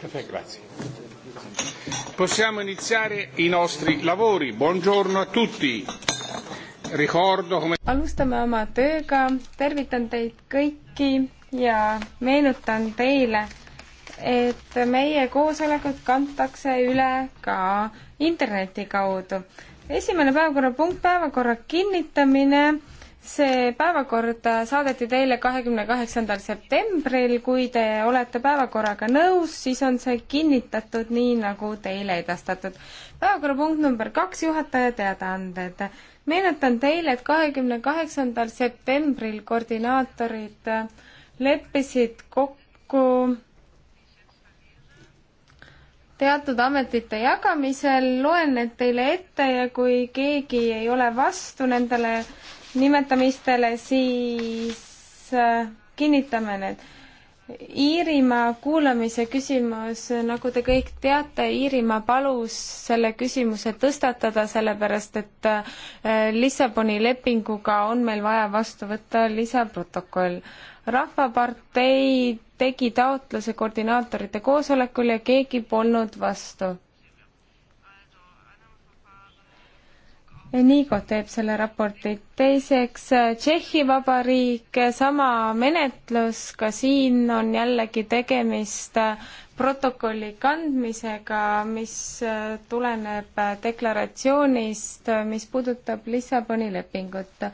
Caffè, grazie. Possiamo iniziare i nostri lavori. Buongiorno a tutti. Ricordo come... alustame oma tööga, tervitan teid kõiki ja meenutan teile, et meie koosolekud kantakse üle ka interneti kaudu. esimene päevakorrapunkt, päevakorra kinnitamine see päevakord saadeti teile kahekümne kaheksandal septembril, kui te olete päevakorraga nõus, siis on see kinnitatud nii, nagu teile edastatud. päevakorrapunkt number kaks, juhataja teadaanded. meenutan teile, et kahekümne kaheksandal septembril koordinaatorid leppisid kokku teatud ametite jagamisel, loen need teile ette ja kui keegi ei ole vastu nendele nimetamistele, siis äh, kinnitame need. Iirimaa kuulamise küsimus, nagu te kõik teate, Iirimaa palus selle küsimuse tõstatada, sellepärast et äh, Lissaboni lepinguga on meil vaja vastu võtta lisaprotokoll. rahvapartei tegi taotluse koordinaatorite koosolekul ja keegi polnud vastu Nigo teeb selle raporti. teiseks Tšehhi Vabariik, sama menetlus, ka siin on jällegi tegemist protokolli kandmisega, mis tuleneb deklaratsioonist, mis puudutab Lissaboni lepingut.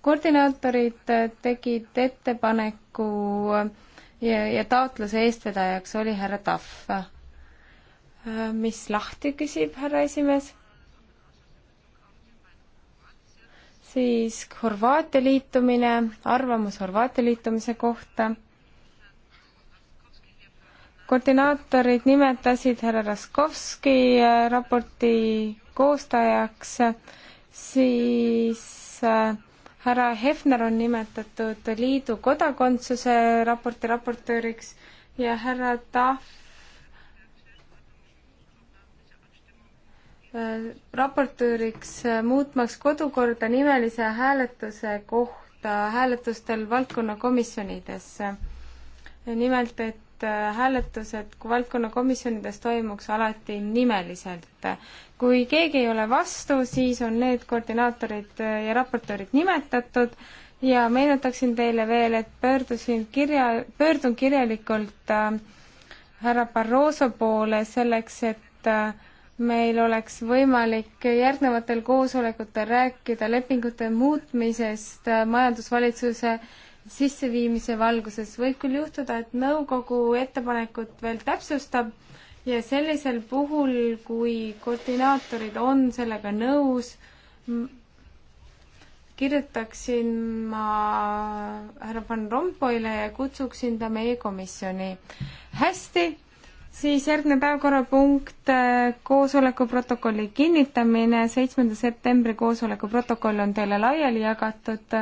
koordinaatorid tegid ettepaneku ja, ja taotluse eestvedajaks oli härra Tahv, mis lahti küsib, härra esimees siis Horvaatia liitumine, arvamus Horvaatia liitumise kohta. koordinaatorid nimetasid härra Raskovski äh, raporti koostajaks, siis äh, härra Hefner on nimetatud liidu kodakondsuse raporti raportööriks ja härra Tahv raportööriks äh, muutmaks kodukorda nimelise hääletuse kohta hääletustel valdkonnakomisjonides. nimelt, et äh, hääletused valdkonnakomisjonides toimuks alati nimeliselt. kui keegi ei ole vastu, siis on need koordinaatorid äh, ja raportöörid nimetatud ja meenutaksin teile veel, et pöördusin kirja, pöördun kirjalikult äh, härra Barroso poole selleks, et äh, meil oleks võimalik järgnevatel koosolekutel rääkida lepingute muutmisest majandusvalitsuse sisseviimise valguses. võib küll juhtuda, et nõukogu ettepanekut veel täpsustab ja sellisel puhul, kui koordinaatorid on sellega nõus, kirjutaksin ma härra Van Rompuyle ja kutsuksin ta meie komisjoni. hästi siis järgmine päevakorrapunkt, äh, koosoleku protokolli kinnitamine, seitsmenda septembri koosoleku protokoll on teile laiali jagatud.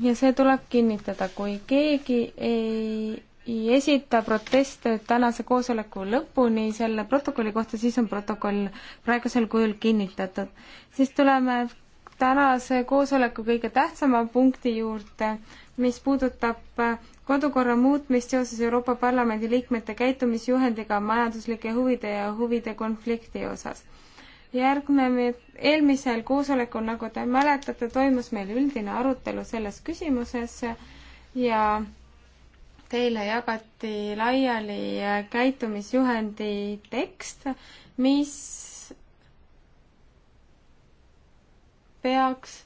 ja see tuleb kinnitada, kui keegi ei, ei esita proteste tänase koosoleku lõpuni selle protokolli kohta, siis on protokoll praegusel kujul kinnitatud. siis tuleme tänase koosoleku kõige tähtsama punkti juurde, mis puudutab äh, kodukorra muutmist seoses Euroopa Parlamendi liikmete käitumisjuhendiga majanduslike huvide ja huvide konflikti osas. järgneme, eelmisel koosolekul, nagu te mäletate, toimus meil üldine arutelu selles küsimuses ja teile jagati laiali käitumisjuhendi tekst, mis peaks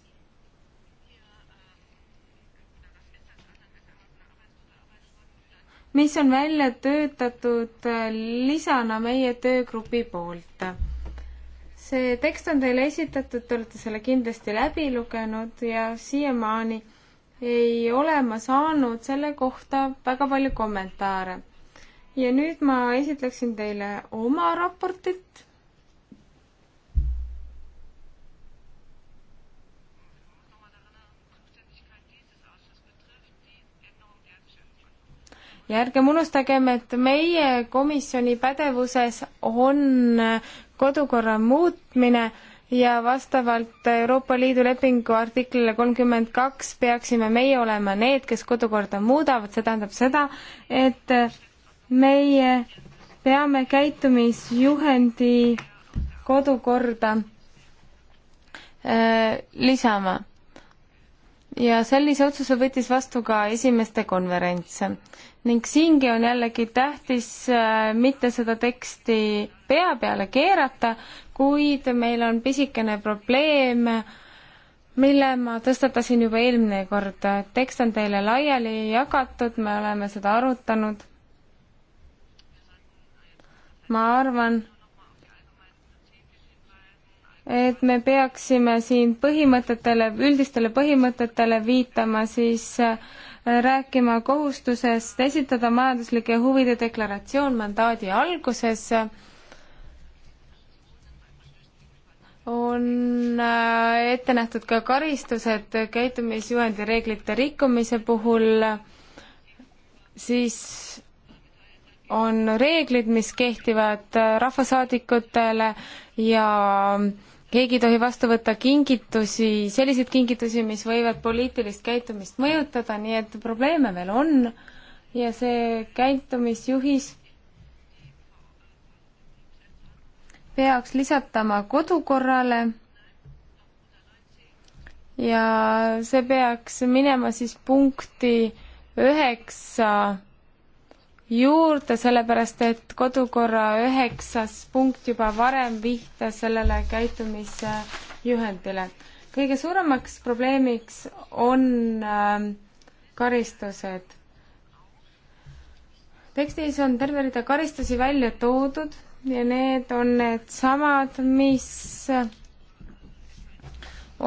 mis on välja töötatud äh, lisana meie töögrupi poolt. see tekst on teile esitatud, te olete selle kindlasti läbi lugenud ja siiamaani ei ole ma saanud selle kohta väga palju kommentaare. ja nüüd ma esitleksin teile oma raportit ja ärgem unustagem, et meie komisjoni pädevuses on kodukorra muutmine ja vastavalt Euroopa Liidu lepingu artiklile kolmkümmend kaks peaksime meie olema need, kes kodukorda muudavad, see tähendab seda, et meie peame käitumisjuhendi kodukorda äh, lisama. ja sellise otsuse võttis vastu ka esimeste konverents ning siingi on jällegi tähtis äh, mitte seda teksti pea peale keerata, kuid meil on pisikene probleem, mille ma tõstatasin juba eelmine kord. tekst on teile laiali jagatud, me oleme seda arutanud. ma arvan, et me peaksime siin põhimõtetele, üldistele põhimõtetele viitama, siis äh, rääkima kohustusest esitada majanduslike huvide deklaratsioon mandaadi alguses on äh, ette nähtud ka karistused käitumisjuhendi reeglite rikkumise puhul, siis on reeglid, mis kehtivad äh, rahvasaadikutele ja äh, keegi ei tohi vastu võtta kingitusi, selliseid kingitusi, mis võivad poliitilist käitumist mõjutada, nii et probleeme veel on ja see käitumisjuhis peaks lisatama kodukorrale ja see peaks minema siis punkti üheksa 9 juurde, sellepärast et kodukorra üheksas punkt juba varem vihtas sellele käitumisjuhendile. kõige suuremaks probleemiks on ähm, karistused. tekstis on terve rida karistusi välja toodud ja need on needsamad, mis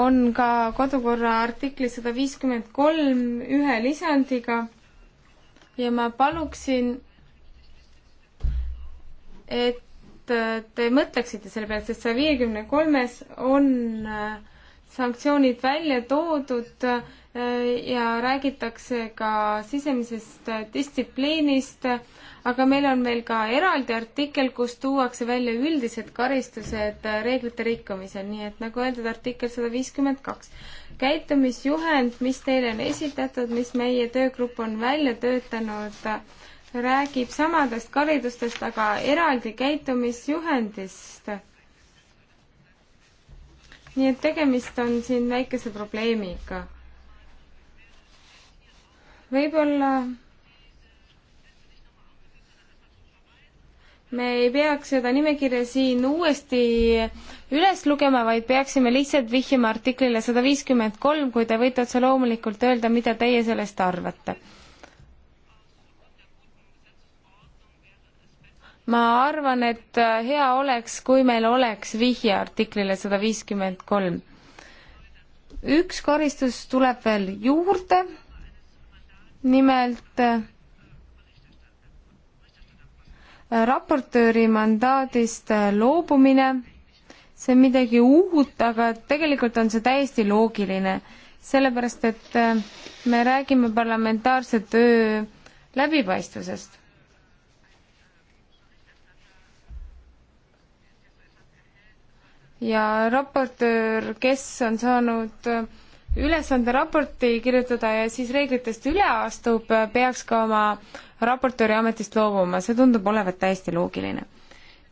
on ka kodukorra artikli sada viiskümmend kolm ühe lisandiga ja ma paluksin, et te mõtleksite selle peale, sest saja viiekümne kolmes on äh, sanktsioonid välja toodud äh, ja räägitakse ka sisemisest äh, distsipliinist, aga meil on veel ka eraldi artikkel, kus tuuakse välja üldised karistused reeglite rikkumisel, nii et nagu öeldud, artikkel sada viiskümmend kaks käitumisjuhend, mis teile on esitatud, mis meie töögrupp on välja töötanud, räägib samadest karidustest, aga eraldi käitumisjuhendist. nii et tegemist on siin väikese probleemiga. võib-olla me ei peaks seda nimekirja siin uuesti üles lugema, vaid peaksime lihtsalt vihjama artiklile sada viiskümmend kolm, kui te võite otse loomulikult öelda, mida teie sellest arvate. ma arvan, et hea oleks, kui meil oleks vihje artiklile sada viiskümmend kolm. üks karistus tuleb veel juurde, nimelt raportööri mandaadist äh, loobumine, see on midagi uut, aga tegelikult on see täiesti loogiline, sellepärast et äh, me räägime parlamentaarse töö läbipaistvusest. ja raportöör, kes on saanud äh, ülesande raporti kirjutada ja siis reeglitest üle astub, peaks ka oma raportööri ametist loobuma, see tundub olevat täiesti loogiline.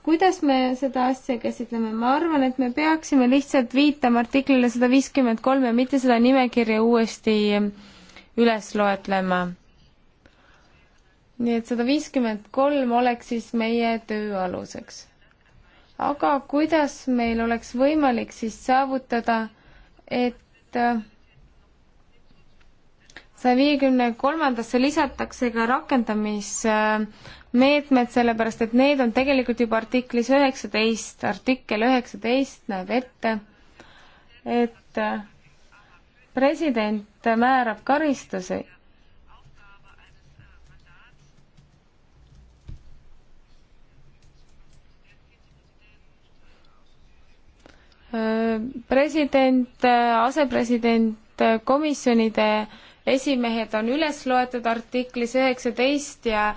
kuidas me seda asja käsitleme, ma arvan, et me peaksime lihtsalt viitama artiklile sada viiskümmend kolm ja mitte seda nimekirja uuesti üles loetlema. nii et sada viiskümmend kolm oleks siis meie töö aluseks. aga kuidas meil oleks võimalik siis saavutada, et saja viiekümne kolmandasse lisatakse ka rakendamismeetmed, sellepärast et need on tegelikult juba artiklis üheksateist, artikkel üheksateist näeb ette, et president määrab karistusi president, asepresident, komisjonide esimehed on üles loetud artiklis üheksateist ja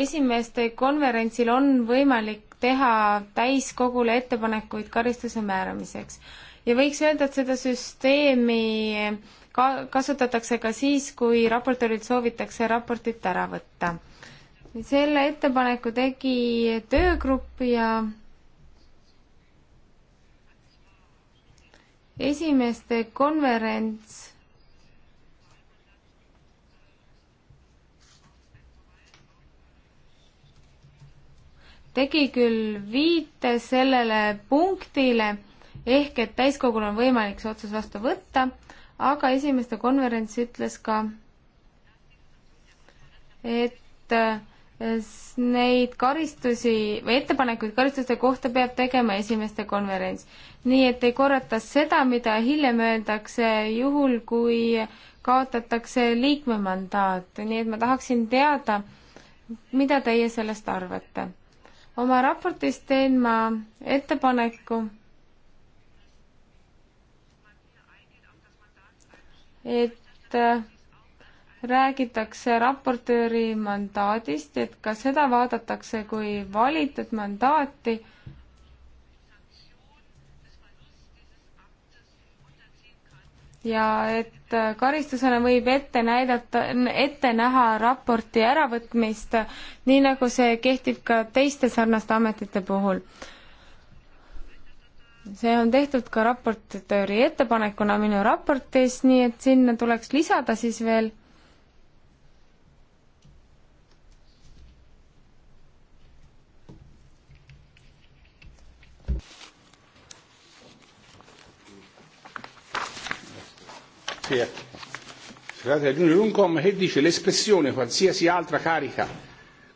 esimeeste konverentsil on võimalik teha täiskogule ettepanekuid karistuse määramiseks. ja võiks öelda, et seda süsteemi ka-, kasutatakse ka siis, kui raportöörilt soovitakse raportit ära võtta. selle ettepaneku tegi töögrupp ja esimeeste konverents tegi küll viite sellele punktile, ehk et täiskogul on võimalik see otsus vastu võtta, aga esimeste konverents ütles ka, et äh, neid karistusi või ettepanekuid karistuste kohta peab tegema esimeste konverents. nii et ei korrata seda, mida hiljem öeldakse juhul, kui kaotatakse liikmemandaat, nii et ma tahaksin teada, mida teie sellest arvate oma raportis teen ma ettepaneku, et äh, räägitakse raportööri mandaadist, et ka seda vaadatakse kui valitud mandaati ja et karistusena võib ette näidata, ette näha raporti äravõtmist, nii nagu see kehtib ka teiste sarnaste ametite puhul. see on tehtud ka raportööri ettepanekuna minu raportis, nii et sinna tuleks lisada siis veel grazie segretaria Giunio Runcom che dice l'espressione qualsiasi altra carica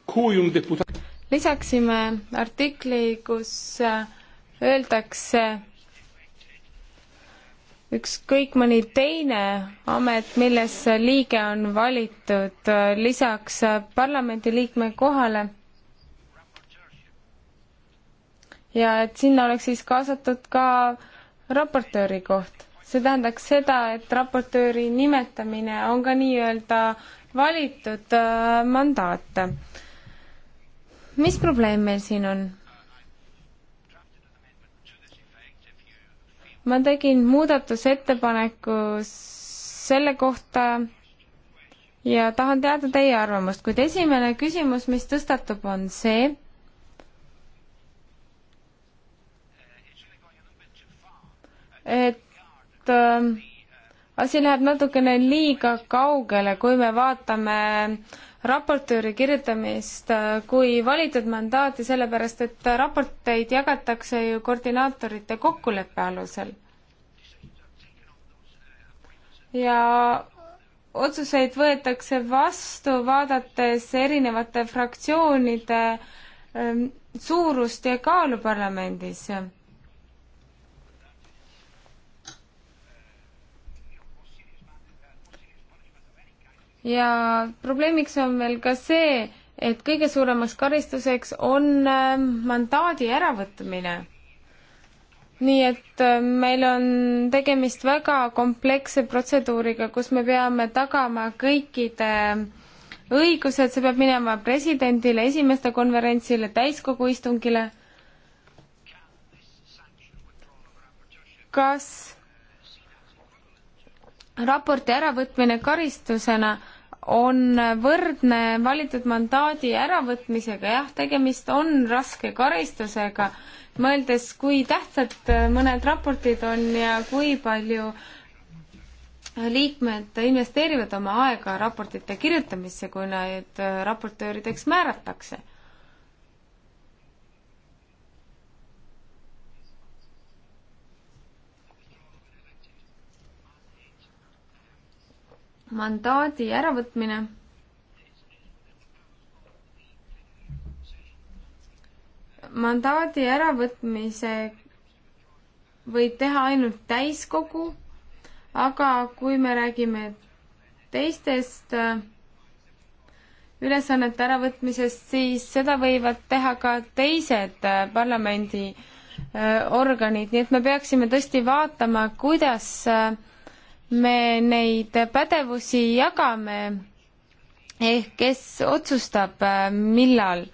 cui un deputato lisaksime artikli, kus eh, öeldakse ükskõik mõni teine amet, millesse liige on valitud, eh, lisaks eh, parlamendiliikme kohale. ja et sinna oleks siis kaasatud ka raportööri koht see tähendaks seda, et raportööri nimetamine on ka nii-öelda valitud äh, mandaat. mis probleem meil siin on? ma tegin muudatusettepaneku selle kohta ja tahan teada teie arvamust, kuid esimene küsimus, mis tõstatub, on see, et et äh, asi läheb natukene liiga kaugele, kui me vaatame raportööri kirjutamist äh, kui valitud mandaati, sellepärast et raporteid jagatakse ju koordinaatorite kokkuleppe alusel. ja otsuseid võetakse vastu, vaadates erinevate fraktsioonide ähm, suurust ja kaalu parlamendis ja probleemiks on veel ka see, et kõige suuremaks karistuseks on ähm, mandaadi äravõtmine. nii et ähm, meil on tegemist väga kompleksse protseduuriga, kus me peame tagama kõikide ähm, õigused, see peab minema presidendile, esimeste konverentsile, täiskogu istungile. kas raporti äravõtmine karistusena on võrdne valitud mandaadi äravõtmisega, jah, tegemist on raske karistusega, mõeldes, kui tähtsad mõned raportid on ja kui palju liikmed investeerivad oma aega raportite kirjutamisse, kui need raportöörideks määratakse mandaadi äravõtmine mandaadi äravõtmise võib teha ainult täiskogu, aga kui me räägime teistest äh, ülesannete äravõtmisest, siis seda võivad teha ka teised äh, parlamendi äh, organid, nii et me peaksime tõesti vaatama, kuidas äh, me neid pädevusi jagame, ehk kes otsustab, millal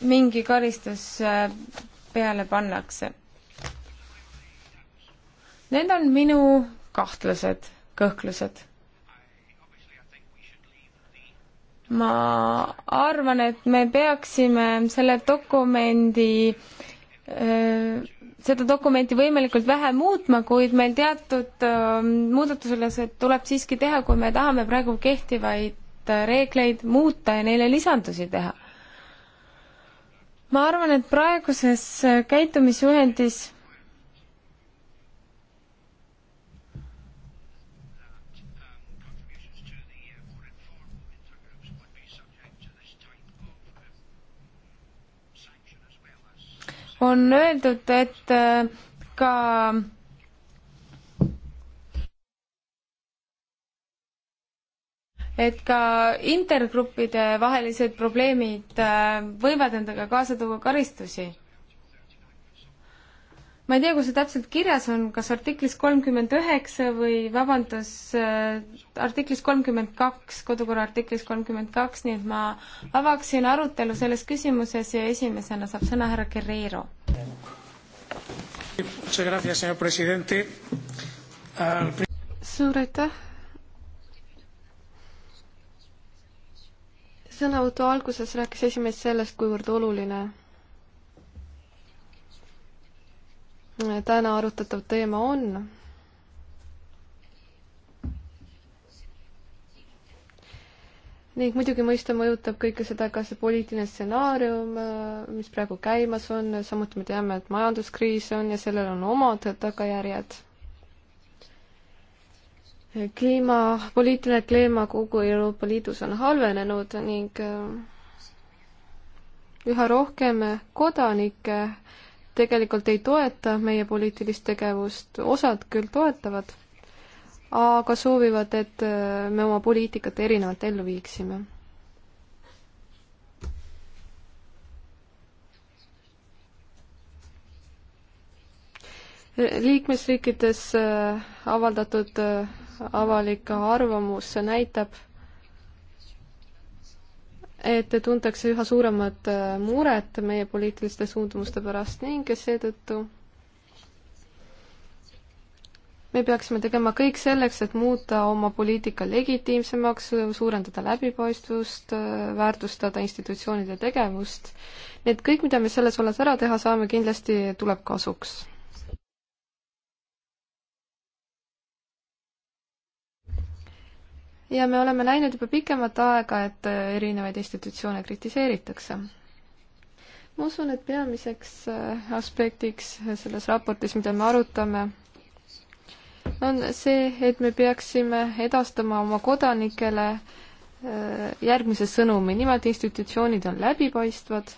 mingi karistus äh, peale pannakse. Need on minu kahtlused, kõhklused ma arvan, et me peaksime selle dokumendi öö, äh, seda dokumenti võimalikult vähe muutma, kuid meil teatud ähm, muudatused tuleb siiski teha, kui me tahame praegu kehtivaid äh, reegleid muuta ja neile lisandusi teha. ma arvan, et praeguses äh, käitumisjuhendis on öeldud, et äh, ka et ka intergruppide vahelised probleemid äh, võivad endaga kaasa tuua karistusi ma ei tea, kus see täpselt kirjas on, kas artiklis kolmkümmend üheksa või vabandust, äh, artiklis kolmkümmend kaks, kodukorra artiklis kolmkümmend kaks, nii et ma avaksin arutelu selles küsimuses ja esimesena saab sõna härra Guerreiro. suur aitäh. sõnavõtu alguses rääkis esimees sellest, kuivõrd oluline täna arutatav teema on. ning muidugi mõista mõjutab kõike seda ka see poliitiline stsenaarium, mis praegu käimas on, samuti me teame, et majanduskriis on ja sellel on omad tagajärjed. kliima, poliitiline kliima kogu Euroopa Liidus on halvenenud ning üha rohkem kodanikke tegelikult ei toeta meie poliitilist tegevust, osad küll toetavad, aga soovivad, et äh, me oma poliitikat erinevalt ellu viiksime. liikmesriikides äh, avaldatud äh, avalik arvamus näitab, et tuntakse üha suuremat äh, muret meie poliitiliste suundumuste pärast ning seetõttu me peaksime tegema kõik selleks, et muuta oma poliitika legitiimsemaks, suurendada läbipaistvust, äh, väärtustada institutsioonide tegevust. nii et kõik, mida me selles vallas ära teha saame, kindlasti tuleb kasuks ja me oleme näinud juba pikemat aega, et äh, erinevaid institutsioone kritiseeritakse. ma usun, et peamiseks äh, aspektiks selles raportis, mida me arutame, on see, et me peaksime edastama oma kodanikele äh, järgmise sõnumi, nimelt institutsioonid on läbipaistvad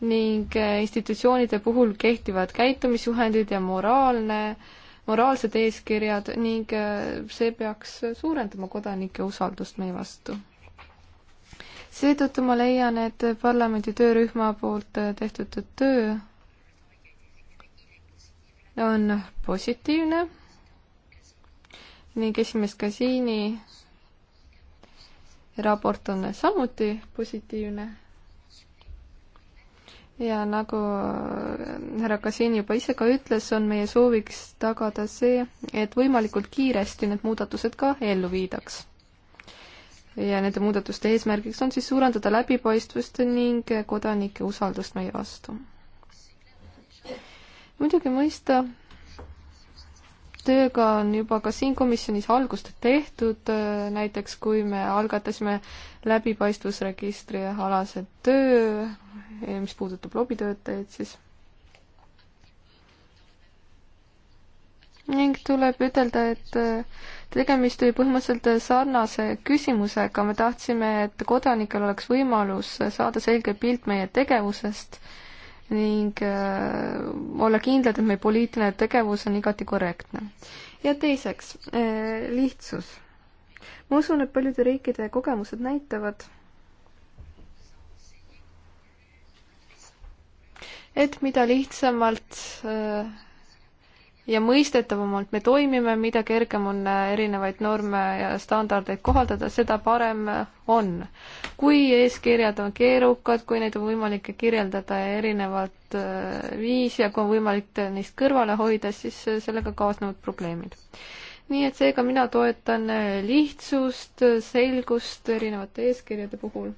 ning institutsioonide puhul kehtivad käitumisjuhendid ja moraalne äh, moraalsed eeskirjad ning äh, see peaks suurendama kodanike usaldust meie vastu. seetõttu ma leian, et parlamendi töörühma poolt äh, tehtud töö on positiivne ning esimest kasiini raport on samuti positiivne ja nagu härra Kasin juba ise ka ütles, on meie sooviks tagada see, et võimalikult kiiresti need muudatused ka ellu viidaks. ja nende muudatuste eesmärgiks on siis suurendada läbipaistvust ning kodanike usaldust meie vastu. muidugi mõista tööga on juba ka siin komisjonis algust tehtud, äh, näiteks kui me algatasime läbipaistvusregistri alase töö, mis puudutab lobitöötajaid siis. ning tuleb ütelda, et äh, tegemist oli põhimõtteliselt sarnase küsimusega, me tahtsime, et kodanikel oleks võimalus saada selge pilt meie tegevusest äh, ning äh, olla kindlad, et meie poliitiline tegevus on igati korrektne. ja teiseks äh,, lihtsus. ma usun, et paljude riikide kogemused näitavad, et mida lihtsamalt äh, ja mõistetavamalt me toimime, mida kergem on äh, erinevaid norme ja standardeid kohaldada, seda parem äh, on. kui eeskirjad on keerukad, kui neid on võimalik kirjeldada erinevat äh, viisi ja kui on võimalik neist kõrvale hoida, siis sellega kaasnevad probleemid. nii et seega mina toetan lihtsust, selgust erinevate eeskirjade puhul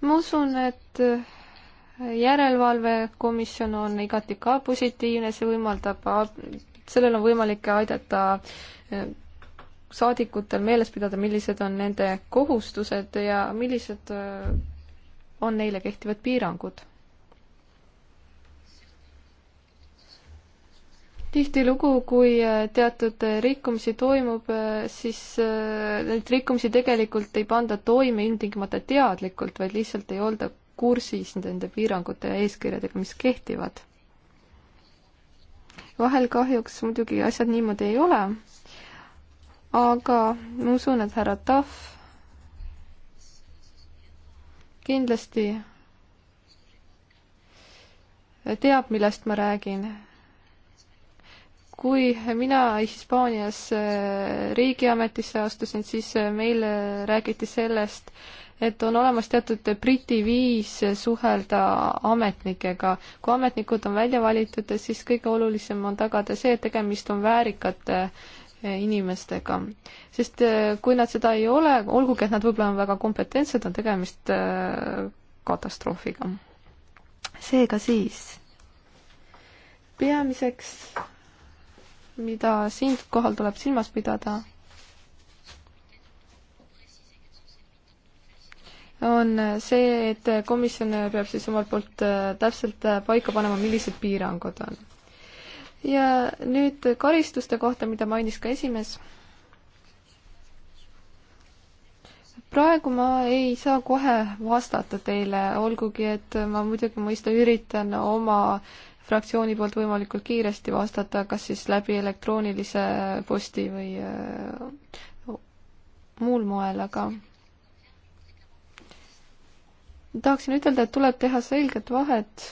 ma usun, et järelevalvekomisjon on igati ka positiivne, see võimaldab, sellel on võimalik aidata eh, saadikutel meeles pidada, millised on nende kohustused ja millised eh, on neile kehtivad piirangud. tihtilugu, kui äh, teatud äh, rikkumisi toimub, äh, siis neid rikkumisi tegelikult ei panda toime ilmtingimata teadlikult, vaid lihtsalt ei olda kursis nende piirangute ja eeskirjadega, mis kehtivad. vahel kahjuks muidugi asjad niimoodi ei ole, aga ma usun, et härra Tahv kindlasti teab, millest ma räägin kui mina Hispaanias äh, riigiametisse astusin, siis äh, meile äh, räägiti sellest, et on olemas teatud Briti viis suhelda ametnikega. kui ametnikud on välja valitud, siis kõige olulisem on tagada see, et tegemist on väärikate inimestega. sest kui nad seda ei ole, olgugi et nad võib-olla on väga kompetentsed, on tegemist katastroofiga. seega siis peamiseks mida siinkohal tuleb silmas pidada, on see, et komisjon peab siis omalt poolt äh, täpselt äh, paika panema, millised piirangud on. ja nüüd karistuste kohta, mida mainis ka esimees praegu ma ei saa kohe vastata teile, olgugi et ma muidugi mõista üritan oma fraktsiooni poolt võimalikult kiiresti vastata, kas siis läbi elektroonilise posti või äh, muul moel, aga tahaksin ütelda, et tuleb teha selget vahet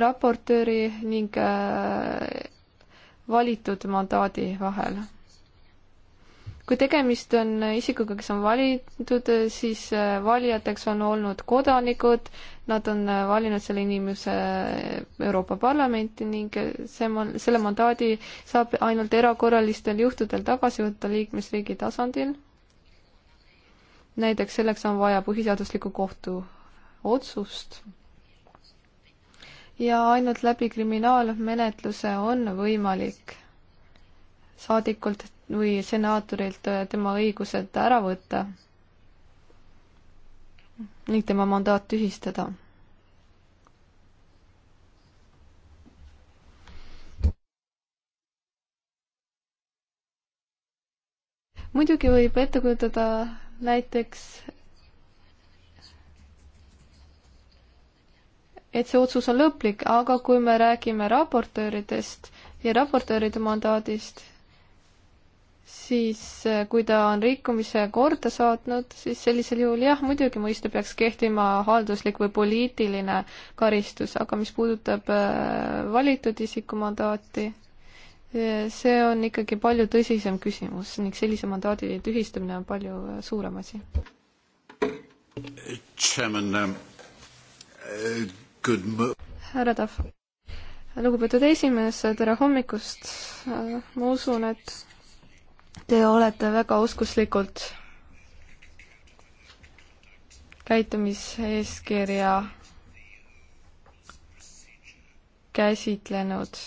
raportööri ning äh, valitud mandaadi vahel. kui tegemist on isikuga, kes on valitud, siis äh, valijateks on olnud kodanikud, Nad on äh, valinud selle inimese äh, Euroopa Parlamenti ning äh, see, selle mandaadi saab ainult erakorralistel juhtudel tagasi võtta liikmesriigi tasandil. näiteks selleks on vaja põhiseadusliku kohtu otsust. ja ainult läbi kriminaalmenetluse on võimalik saadikult või senaaturilt tema õigused ära võtta ning tema mandaat tühistada. muidugi võib ette kujutada näiteks, et see otsus on lõplik, aga kui me räägime raportööridest ja raportööride mandaadist, siis eh, kui ta on rikkumise korda saatnud, siis sellisel juhul jah, muidugi mõista peaks kehtima halduslik või poliitiline karistus, aga mis puudutab eh, valitud isiku mandaati, eh, see on ikkagi palju tõsisem küsimus ning sellise mandaadi tühistamine on palju suurem asi. Um, härra Tahv, lugupeetud esimees, tere hommikust! ma usun, et Te olete väga oskuslikult käitumiseeskirja käsitlenud.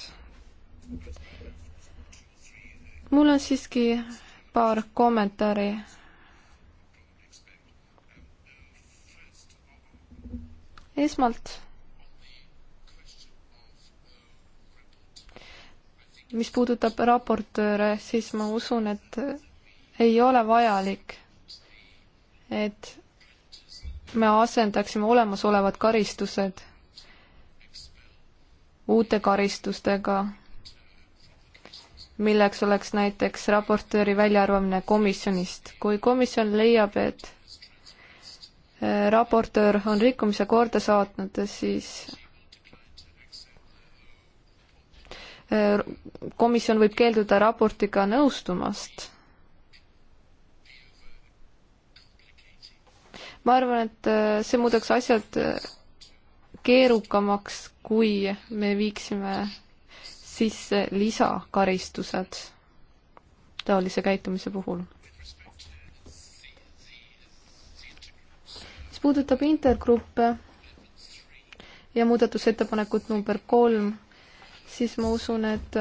mul on siiski paar kommentaari. esmalt mis puudutab raportööre, siis ma usun, et ei ole vajalik, et me asendaksime olemasolevad karistused uute karistustega, milleks oleks näiteks raportööri väljaarvamine komisjonist. kui komisjon leiab, et äh, raportöör on rikkumise korda saatnud, siis komisjon võib keelduda raportiga nõustumast. ma arvan, et äh, see muudaks asjad äh, keerukamaks, kui me viiksime sisse lisakaristused taolise käitumise puhul. mis puudutab intergruppe ja muudatusettepanekut number kolm siis ma usun, et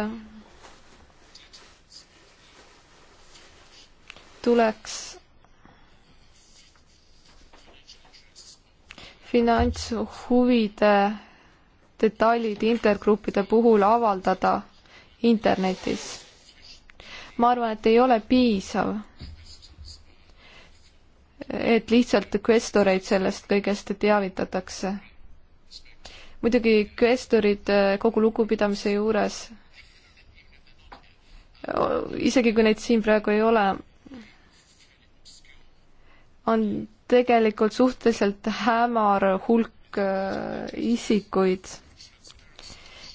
tuleks finantshuvide detailid intergruppide puhul avaldada internetis. ma arvan, et ei ole piisav, et lihtsalt kvestoreid sellest kõigest teavitatakse muidugi kvestorid äh, kogu lugupidamise juures, isegi kui neid siin praegu ei ole, on tegelikult suhteliselt hämar hulk äh, isikuid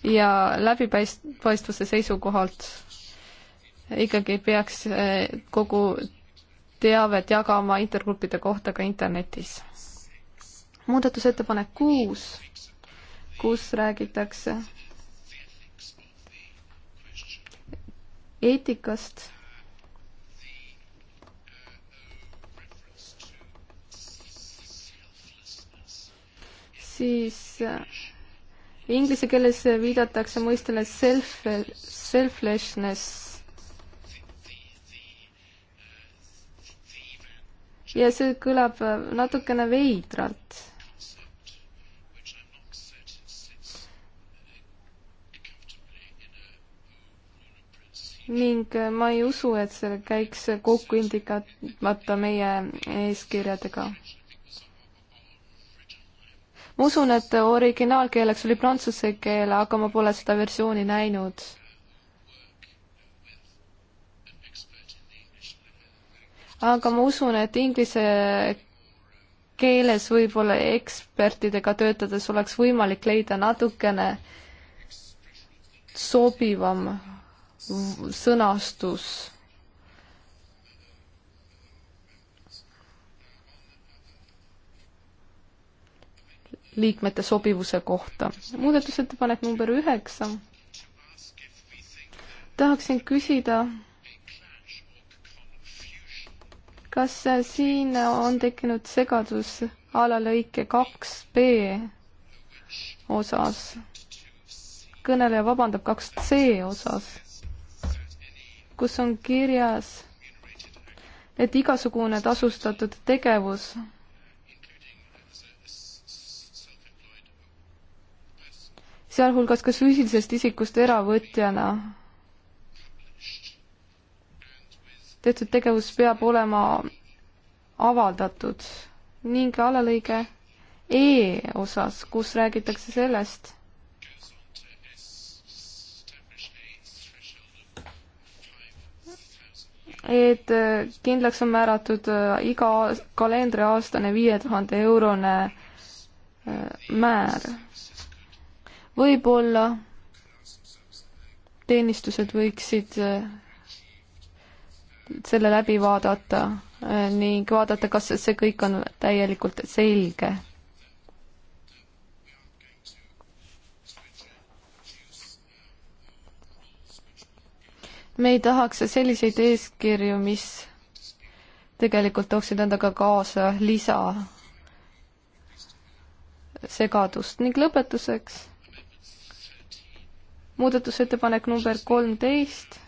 ja läbipaistvuse seisukohalt ikkagi peaks äh, kogu teavet jagama intergruppide kohta ka internetis. muudatusettepanek kuus kus räägitakse eetikast siis äh, inglise keeles viidatakse mõistele self, selflessness. ja see kõlab äh, natukene veidralt ning äh, ma ei usu, et see käiks kokku indikaatmata meie eeskirjadega. ma usun, et originaalkeeleks oli prantsuse keel, aga ma pole seda versiooni näinud. aga ma usun, et inglise keeles võib-olla ekspertidega töötades oleks võimalik leida natukene sobivam sõnastus. liikmete sobivuse kohta. muudatusettepanek number üheksa. tahaksin küsida, kas siin on tekkinud segadus alalõike kaks B osas? kõneleja vabandab kaks C osas kus on kirjas, et igasugune tasustatud tegevus sealhulgas ka füüsilisest isikust eravõtjana tehtud tegevus peab olema avaldatud ning alalõige E osas, kus räägitakse sellest, et äh, kindlaks on määratud äh, iga kalendriaastane viie tuhande eurone äh, määr. võib-olla teenistused võiksid selle läbi vaadata ning vaadata, kas see kõik on täielikult selge me ei tahaks selliseid eeskirju, mis tegelikult tooksid endaga kaasa lisa segadust ning lõpetuseks muudatusettepanek number kolmteist,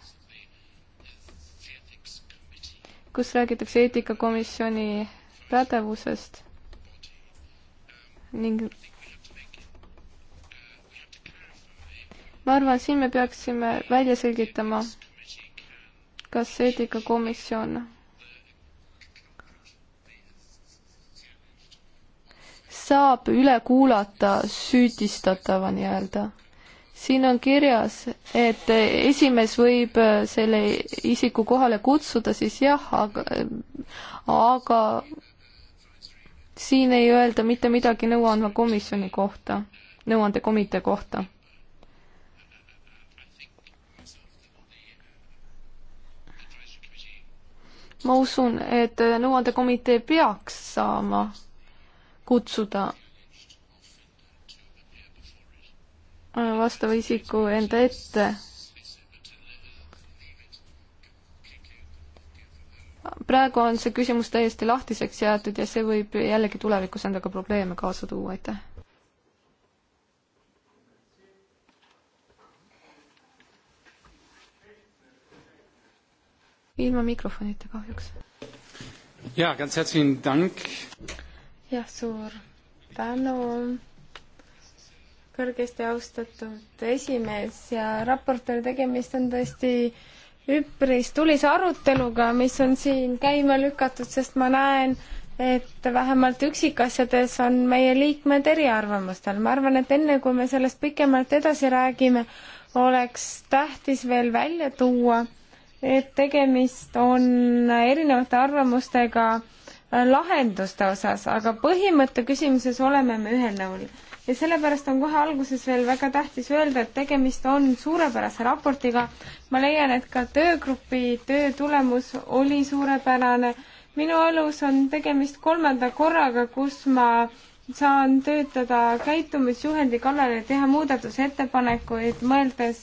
kus räägitakse eetikakomisjoni pädevusest ning ma arvan, siin me peaksime välja selgitama kas eetikakomisjon saab üle kuulata süüdistatava nii-öelda? siin on kirjas, et esimees võib selle isiku kohale kutsuda, siis jah, aga, aga siin ei öelda mitte midagi nõuandva komisjoni kohta, nõuandekomitee kohta ma usun, et nõuandekomitee peaks saama kutsuda vastava isiku enda ette. praegu on see küsimus täiesti lahtiseks jäetud ja see võib jällegi tulevikus endaga probleeme kaasa tuua, aitäh. ilma mikrofonita kahjuks. jaa, ganz herzlichen Dank. jah, suur tänu, kõrgesti austatud esimees ja raportööri tegemist on tõesti üpris tulise aruteluga, mis on siin käima lükatud, sest ma näen, et vähemalt üksikasjades on meie liikmed eriarvamustel. ma arvan, et enne kui me sellest pikemalt edasi räägime, oleks tähtis veel välja tuua, et tegemist on erinevate arvamustega lahenduste osas, aga põhimõtte küsimuses oleme me ühel nõul. ja sellepärast on kohe alguses veel väga tähtis öelda, et tegemist on suurepärase raportiga. ma leian, et ka töögrupi töö tulemus oli suurepärane. minu elus on tegemist kolmanda korraga, kus ma äh, saan töötada käitumisjuhendi kallal ja teha muudatusettepanekuid, mõeldes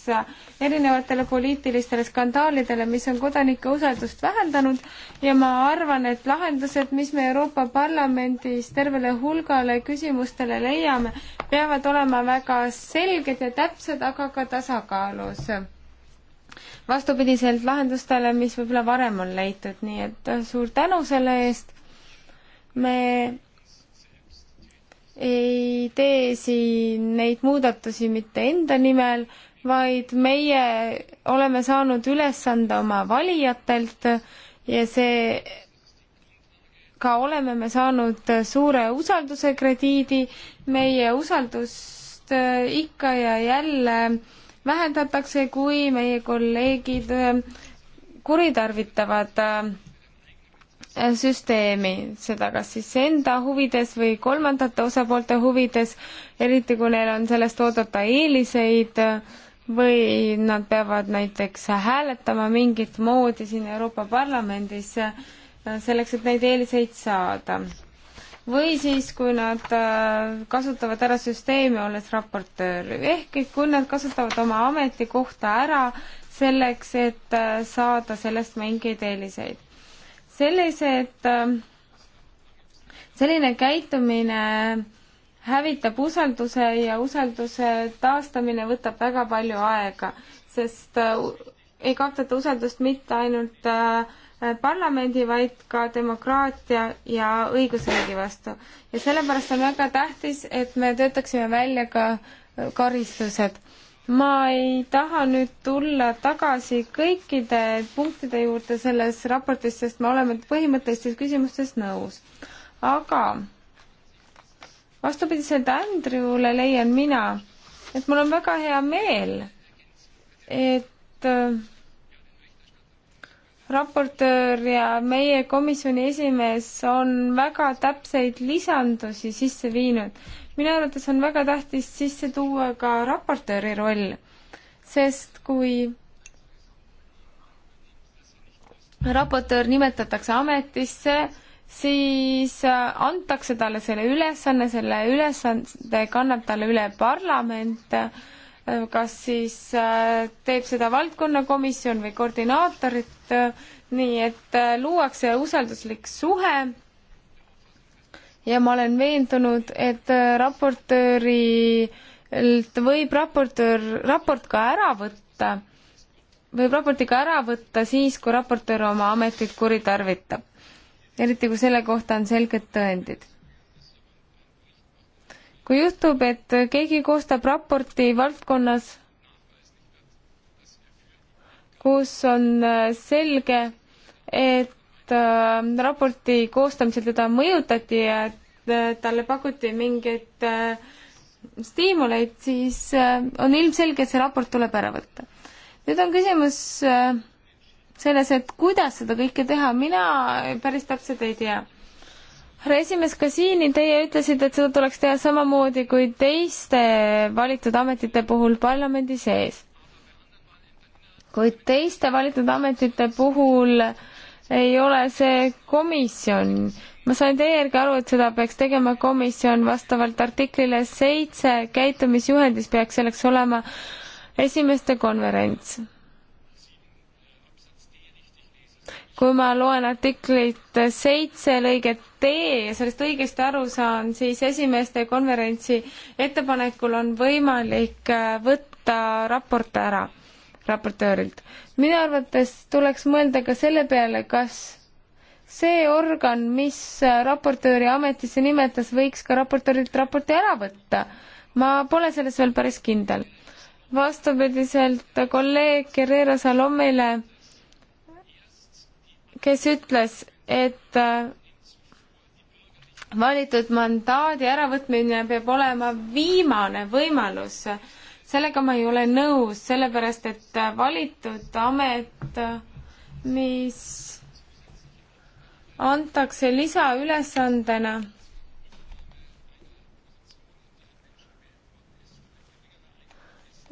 erinevatele poliitilistele skandaalidele, mis on kodanike usaldust vähendanud ja ma arvan, et lahendused, mis me Euroopa Parlamendis tervele hulgale küsimustele leiame, peavad olema väga selged ja täpsed, aga ka tasakaalus. vastupidiselt lahendustele, mis võib-olla varem on leitud, nii et suur tänu selle eest. me ei tee siin neid muudatusi mitte enda nimel, vaid meie oleme saanud ülesande oma valijatelt ja see ka oleme me saanud suure usalduse krediidi, meie usaldust äh, ikka ja jälle vähendatakse, kui meie kolleegid äh, kuritarvitavad äh, Äh, süsteemi, seda kas siis enda huvides või kolmandate osapoolte huvides, eriti kui neil on sellest oodata eeliseid või nad peavad näiteks hääletama mingit moodi siin Euroopa Parlamendis äh, selleks, et neid eeliseid saada. või siis, kui nad äh, kasutavad ära süsteemi, olles raportöör, ehk kui nad kasutavad oma ametikohta ära selleks, et saada sellest mingeid eeliseid sellised, ähm, selline käitumine hävitab usalduse ja usalduse taastamine võtab väga palju aega, sest äh, ei kaotata usaldust mitte ainult äh, parlamendi, vaid ka demokraatia ja õigusriigi vastu. ja sellepärast on väga tähtis, et me töötaksime välja ka äh, karistused ma ei taha nüüd tulla tagasi kõikide punktide juurde selles raportis, sest me oleme põhimõttelistes küsimustes nõus. aga vastupidiselt Andrewle leian mina, et mul on väga hea meel, et äh, raportöör ja meie komisjoni esimees on väga täpseid lisandusi sisse viinud minu arvates on väga tähtis sisse tuua ka raportööri roll, sest kui raportöör nimetatakse ametisse, siis äh, antakse talle selle ülesanne, selle ülesande kannab talle üle parlament, äh, kas siis äh, teeb seda valdkonnakomisjon või koordinaatorit, nii et luuakse usalduslik suhe ja ma olen veendunud, et äh, raportöörilt võib raportöör raport ka ära võtta, võib raporti ka ära võtta siis, kui raportöör oma ametit kuritarvitab. eriti, kui selle kohta on selged tõendid. kui juhtub, et keegi koostab raporti valdkonnas, kus on äh, selge, et et äh, raporti koostamisel teda mõjutati ja äh, talle pakuti mingeid äh, stiimuleid, siis äh, on ilmselge, et see raport tuleb ära võtta. nüüd on küsimus äh, selles, et kuidas seda kõike teha, mina päris täpselt ei tea. härra esimees Kasiini, teie ütlesite, et seda tuleks teha samamoodi kui teiste valitud ametite puhul parlamendi sees. kuid teiste valitud ametite puhul äh, ei ole see komisjon. ma sain teie järgi aru, et seda peaks tegema komisjon vastavalt artiklile seitse, käitumisjuhendis peaks selleks olema esimeste konverents. kui ma loen artiklit seitse lõiget D ja sellest õigesti aru saan, siis esimeste konverentsi ettepanekul on võimalik võtta raport ära raportöörilt. minu arvates tuleks mõelda ka selle peale, kas see organ, mis raportööri ametisse nimetas, võiks ka raportöörilt raporti ära võtta. ma pole selles veel päris kindel. vastupidiselt kolleeg Guerrero Salomele, kes ütles, et äh, valitud mandaadi äravõtmine peab olema viimane võimalus sellega ma ei ole nõus, sellepärast et valitud amet, mis antakse lisaülesandena,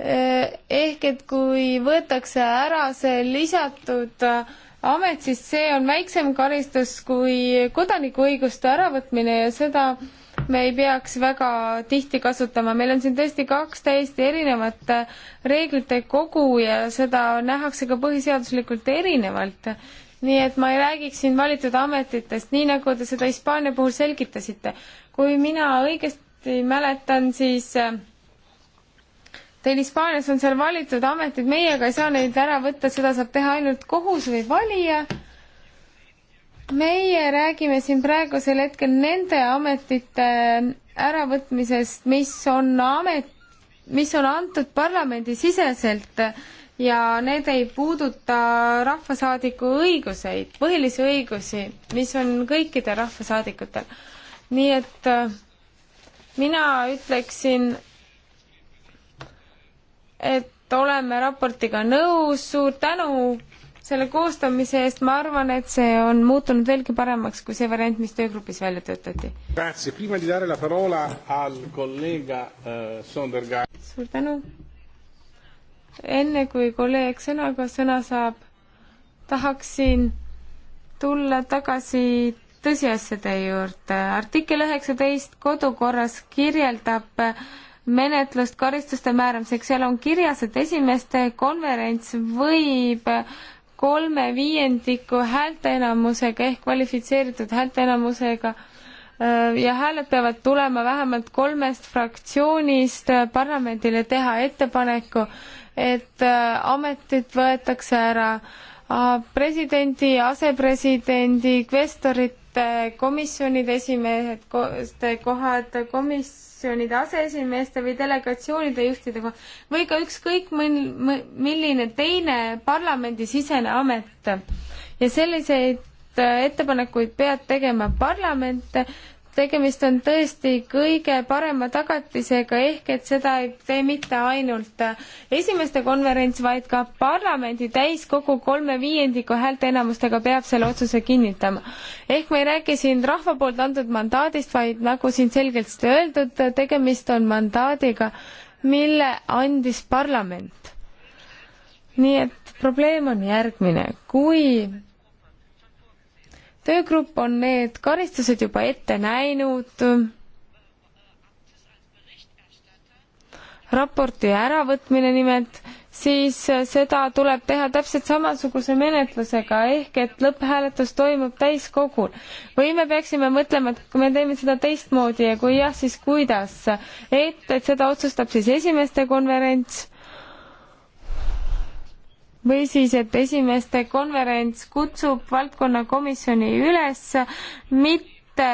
ehk et kui võetakse ära see lisatud amet, siis see on väiksem karistus kui kodanikuõiguste äravõtmine ja seda äh, me ei peaks väga tihti kasutama, meil on siin tõesti kaks täiesti erinevat äh, reeglite kogu ja seda nähakse ka põhiseaduslikult erinevalt. nii et ma ei räägiks siin valitud ametitest, nii nagu te seda Hispaania puhul selgitasite. kui mina õigesti mäletan, siis äh, Teil Hispaanias on seal valitud ametid, meiega ei saa neid ära võtta, seda saab teha ainult kohus või valija meie räägime siin praegusel hetkel nende ametite äh, äravõtmisest, mis on amet, mis on antud parlamendisiseselt äh, ja need ei puuduta rahvasaadiku õiguseid, põhilisi õigusi, mis on kõikidel rahvasaadikutel. nii et äh, mina ütleksin, et oleme raportiga nõus, suur tänu selle koostamise eest, ma arvan, et see on muutunud veelgi paremaks kui see variant, mis töögrupis välja töötati. Eh, suur tänu. enne kui kolleeg sõnaga sõna saab, tahaksin tulla tagasi tõsiasjade juurde. artikkel üheksateist kodukorras kirjeldab menetlust karistuste määramiseks, seal on kirjas, et esimeste konverents võib kolme viiendiku häälteenamusega ehk kvalifitseeritud häälteenamusega äh, ja hääled peavad tulema vähemalt kolmest fraktsioonist äh, parlamendile teha ettepaneku, et äh, ametid võetakse ära presidendi, asepresidendi, kvestorite, komisjonide esimehed, kohad, komis-, komisjonide aseesimeeste või delegatsioonide juhtidega või ka ükskõik milline teine parlamendisisene amet. ja selliseid äh, ettepanekuid peab tegema parlament tegemist on tõesti kõige parema tagatisega, ehk et seda ei tee mitte ainult esimeste konverents, vaid ka parlamendi täiskogu kolme viiendiku häälteenamustega peab selle otsuse kinnitama. ehk me ei räägi siin rahva poolt antud mandaadist, vaid nagu siin selgelt öeldud, tegemist on mandaadiga, mille andis parlament. nii et probleem on järgmine, kui töögrupp on need karistused juba ette näinud, raporti äravõtmine nimelt, siis seda tuleb teha täpselt samasuguse menetlusega, ehk et lõpphääletus toimub täiskogul. või me peaksime mõtlema, et kui me teeme seda teistmoodi ja kui jah, siis kuidas. et, et seda otsustab siis esimeste konverents või siis, et esimeste konverents kutsub valdkonnakomisjoni üles mitte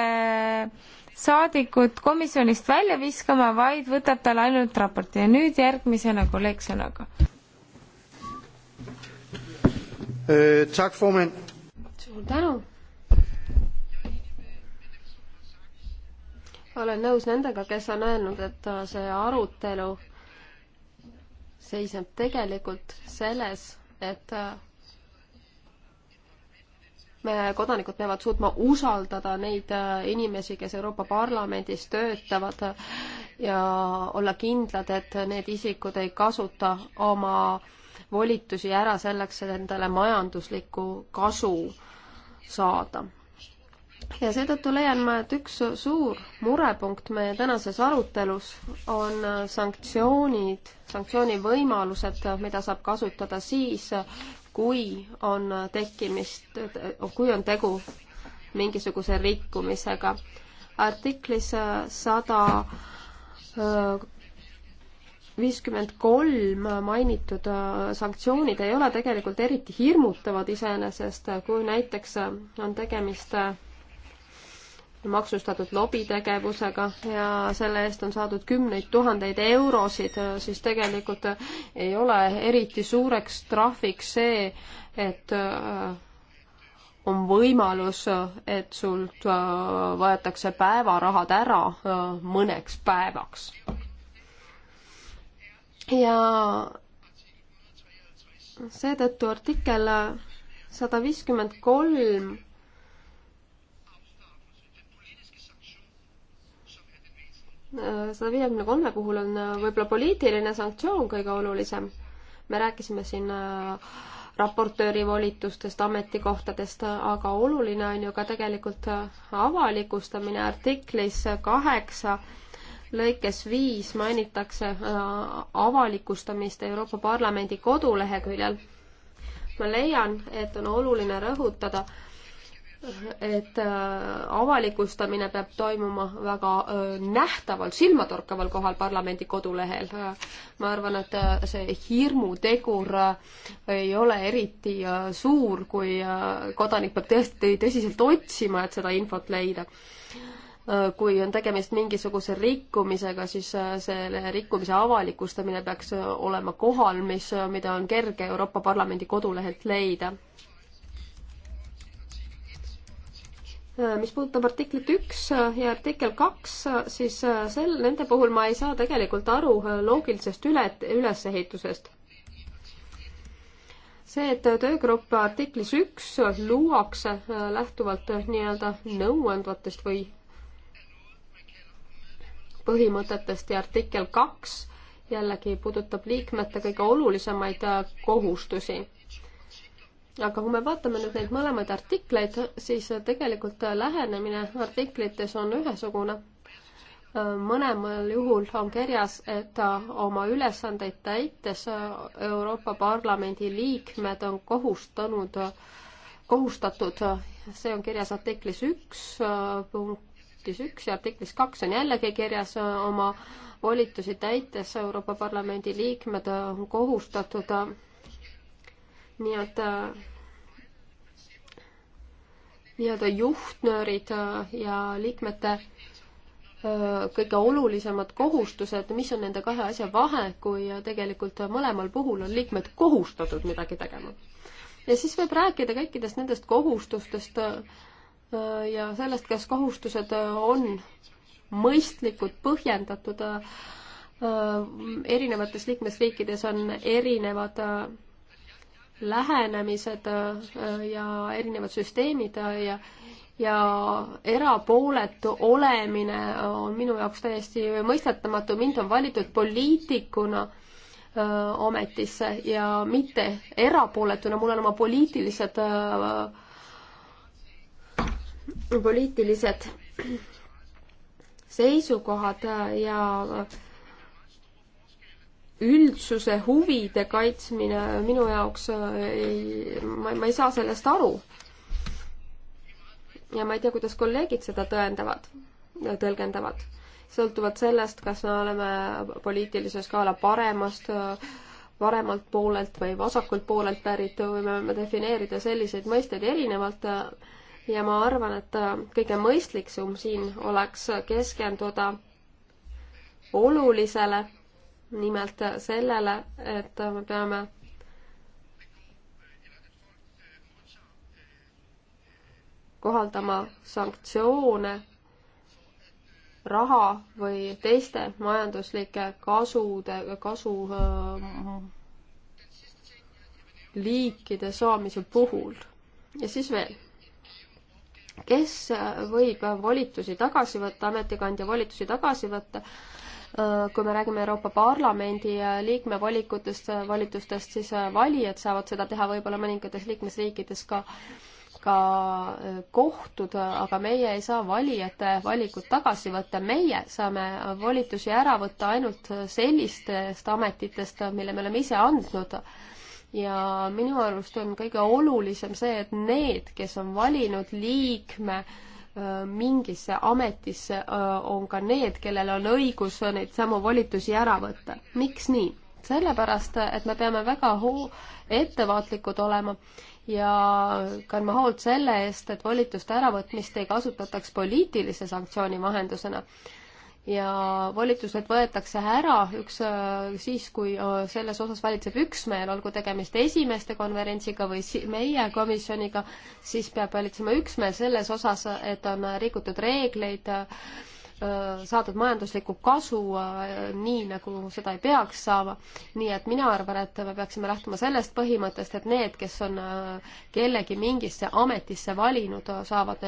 saadikut komisjonist välja viskama, vaid võtab tal ainult raporti ja nüüd järgmisena kolleeg sõnaga. Eh, suur tänu. olen nõus nendega, kes on öelnud, et see arutelu seisneb tegelikult selles, et äh, me, kodanikud peavad suutma usaldada neid äh, inimesi, kes Euroopa Parlamendis töötavad äh, ja olla kindlad, et need isikud ei kasuta oma volitusi ära selleks, et endale majanduslikku kasu saada ja seetõttu leian ma, et üks suur murepunkt meie tänases arutelus on äh, sanktsioonid, sanktsioonivõimalused, mida saab kasutada siis, kui on tekkimist, kui on tegu mingisuguse rikkumisega. artiklis äh, sada äh, viiskümmend kolm mainitud sanktsioonid ei ole tegelikult eriti hirmutavad iseenesest, kui näiteks on tegemist maksustatud lobitegevusega ja selle eest on saadud kümneid tuhandeid eurosid, siis tegelikult ei ole eriti suureks trahviks see, et äh, on võimalus, et sult äh, võetakse päevarahad ära äh, mõneks päevaks. ja seetõttu artikkel sada viiskümmend kolm sada viiekümne kolme puhul on äh, võib-olla poliitiline sanktsioon kõige olulisem. me rääkisime siin äh, raportööri volitustest, ametikohtadest, äh, aga oluline on ju ka tegelikult avalikustamine artiklis kaheksa lõikes viis mainitakse avalikustamist Euroopa Parlamendi koduleheküljel. ma leian, et on oluline rõhutada äh, et äh, avalikustamine peab toimuma väga äh, nähtaval, silmatorkaval kohal parlamendi kodulehel. ma arvan, et äh, see hirmutegur ei ole eriti suur, kui kodanik peab tõesti tõsiselt otsima, et seda infot leida kui on tegemist mingisuguse rikkumisega, siis selle rikkumise avalikustamine peaks olema kohal, mis, mida on kerge Euroopa Parlamendi kodulehelt leida mis puudutab artiklit üks ja artikkel kaks, siis äh, sel, nende puhul ma ei saa tegelikult aru äh, loogilisest üle, ülesehitusest. see, et töögrupp artiklis üks luuakse äh, lähtuvalt nii-öelda nõuandvatest või põhimõtetest ja artikkel kaks jällegi puudutab liikmete kõige olulisemaid kohustusi aga kui me vaatame nüüd neid mõlemaid artikleid, siis tegelikult lähenemine artiklites on ühesugune. mõlemal juhul on kirjas, et oma ülesandeid täites Euroopa Parlamendi liikmed on kohustanud, kohustatud, see on kirjas artiklis üks punktis üks ja artiklis kaks on jällegi kirjas oma volitusi täites Euroopa Parlamendi liikmed on kohustatud nii-öelda äh, nii-öelda juhtnöörid äh, ja liikmete äh, kõige olulisemad kohustused, mis on nende kahe asja vahe, kui äh, tegelikult mõlemal puhul on liikmed kohustatud midagi tegema. ja siis võib rääkida kõikidest nendest kohustustest ja sellest, kas kohustused on mõistlikud, põhjendatud. erinevates liikmesriikides on erinevad lähenemised äh, ja erinevad süsteemid äh, ja ja erapooletu olemine on minu jaoks täiesti mõistetamatu, mind on valitud poliitikuna öö, äh, ametisse ja mitte erapooletuna, mul on oma poliitilised, poliitilised seisukohad ja öö, üldsuse huvide kaitsmine minu jaoks äh, ei, ma, ma ei saa sellest aru. ja ma ei tea, kuidas kolleegid seda tõendavad, tõlgendavad. sõltuvalt sellest, kas me oleme poliitilise skaala paremast, paremalt poolelt või vasakult poolelt pärit, võime me defineerida selliseid mõisteid erinevalt ja ma arvan, et kõige mõistlikum siin oleks keskenduda olulisele nimelt sellele, et me peame kohaldama sanktsioone raha või teiste majanduslike kasude, kasu äh, liikide saamise puhul. ja siis veel. kes võib volitusi tagasi võtta, ametikandja volitusi tagasi võtta Äh, kui me räägime Euroopa Parlamendi äh, liikme volikutest, äh, volitustest, siis valijad saavad seda teha võib-olla mõningates liikmesriikides ka ka kohtud, aga meie ei saa valijate valikut tagasi võtta, meie saame volitusi ära võtta ainult sellistest ametitest, mille me oleme ise andnud ja minu arust on kõige olulisem see, et need, kes on valinud liikme äh, Äh, mingisse ametisse, äh, on ka need, kellel on õigus neid samu volitusi ära võtta. miks nii? sellepärast, et me peame väga hoo-, ettevaatlikud olema ja kandma hoolt selle eest, et volituste äravõtmist ei kasutataks poliitilise sanktsiooni vahendusena ja volitused võetakse ära üks äh, siis, kui äh, selles osas valitseb üksmeel, olgu tegemist esimeste konverentsiga või meie komisjoniga, siis peab valitsema üksmeel selles osas, et on rikutud reegleid äh, Äh, saadud majanduslikku kasu äh, nii, nagu seda ei peaks saama. nii et mina arvan, et me peaksime lähtuma sellest põhimõttest, et need, kes on äh, kellegi mingisse ametisse valinud, saavad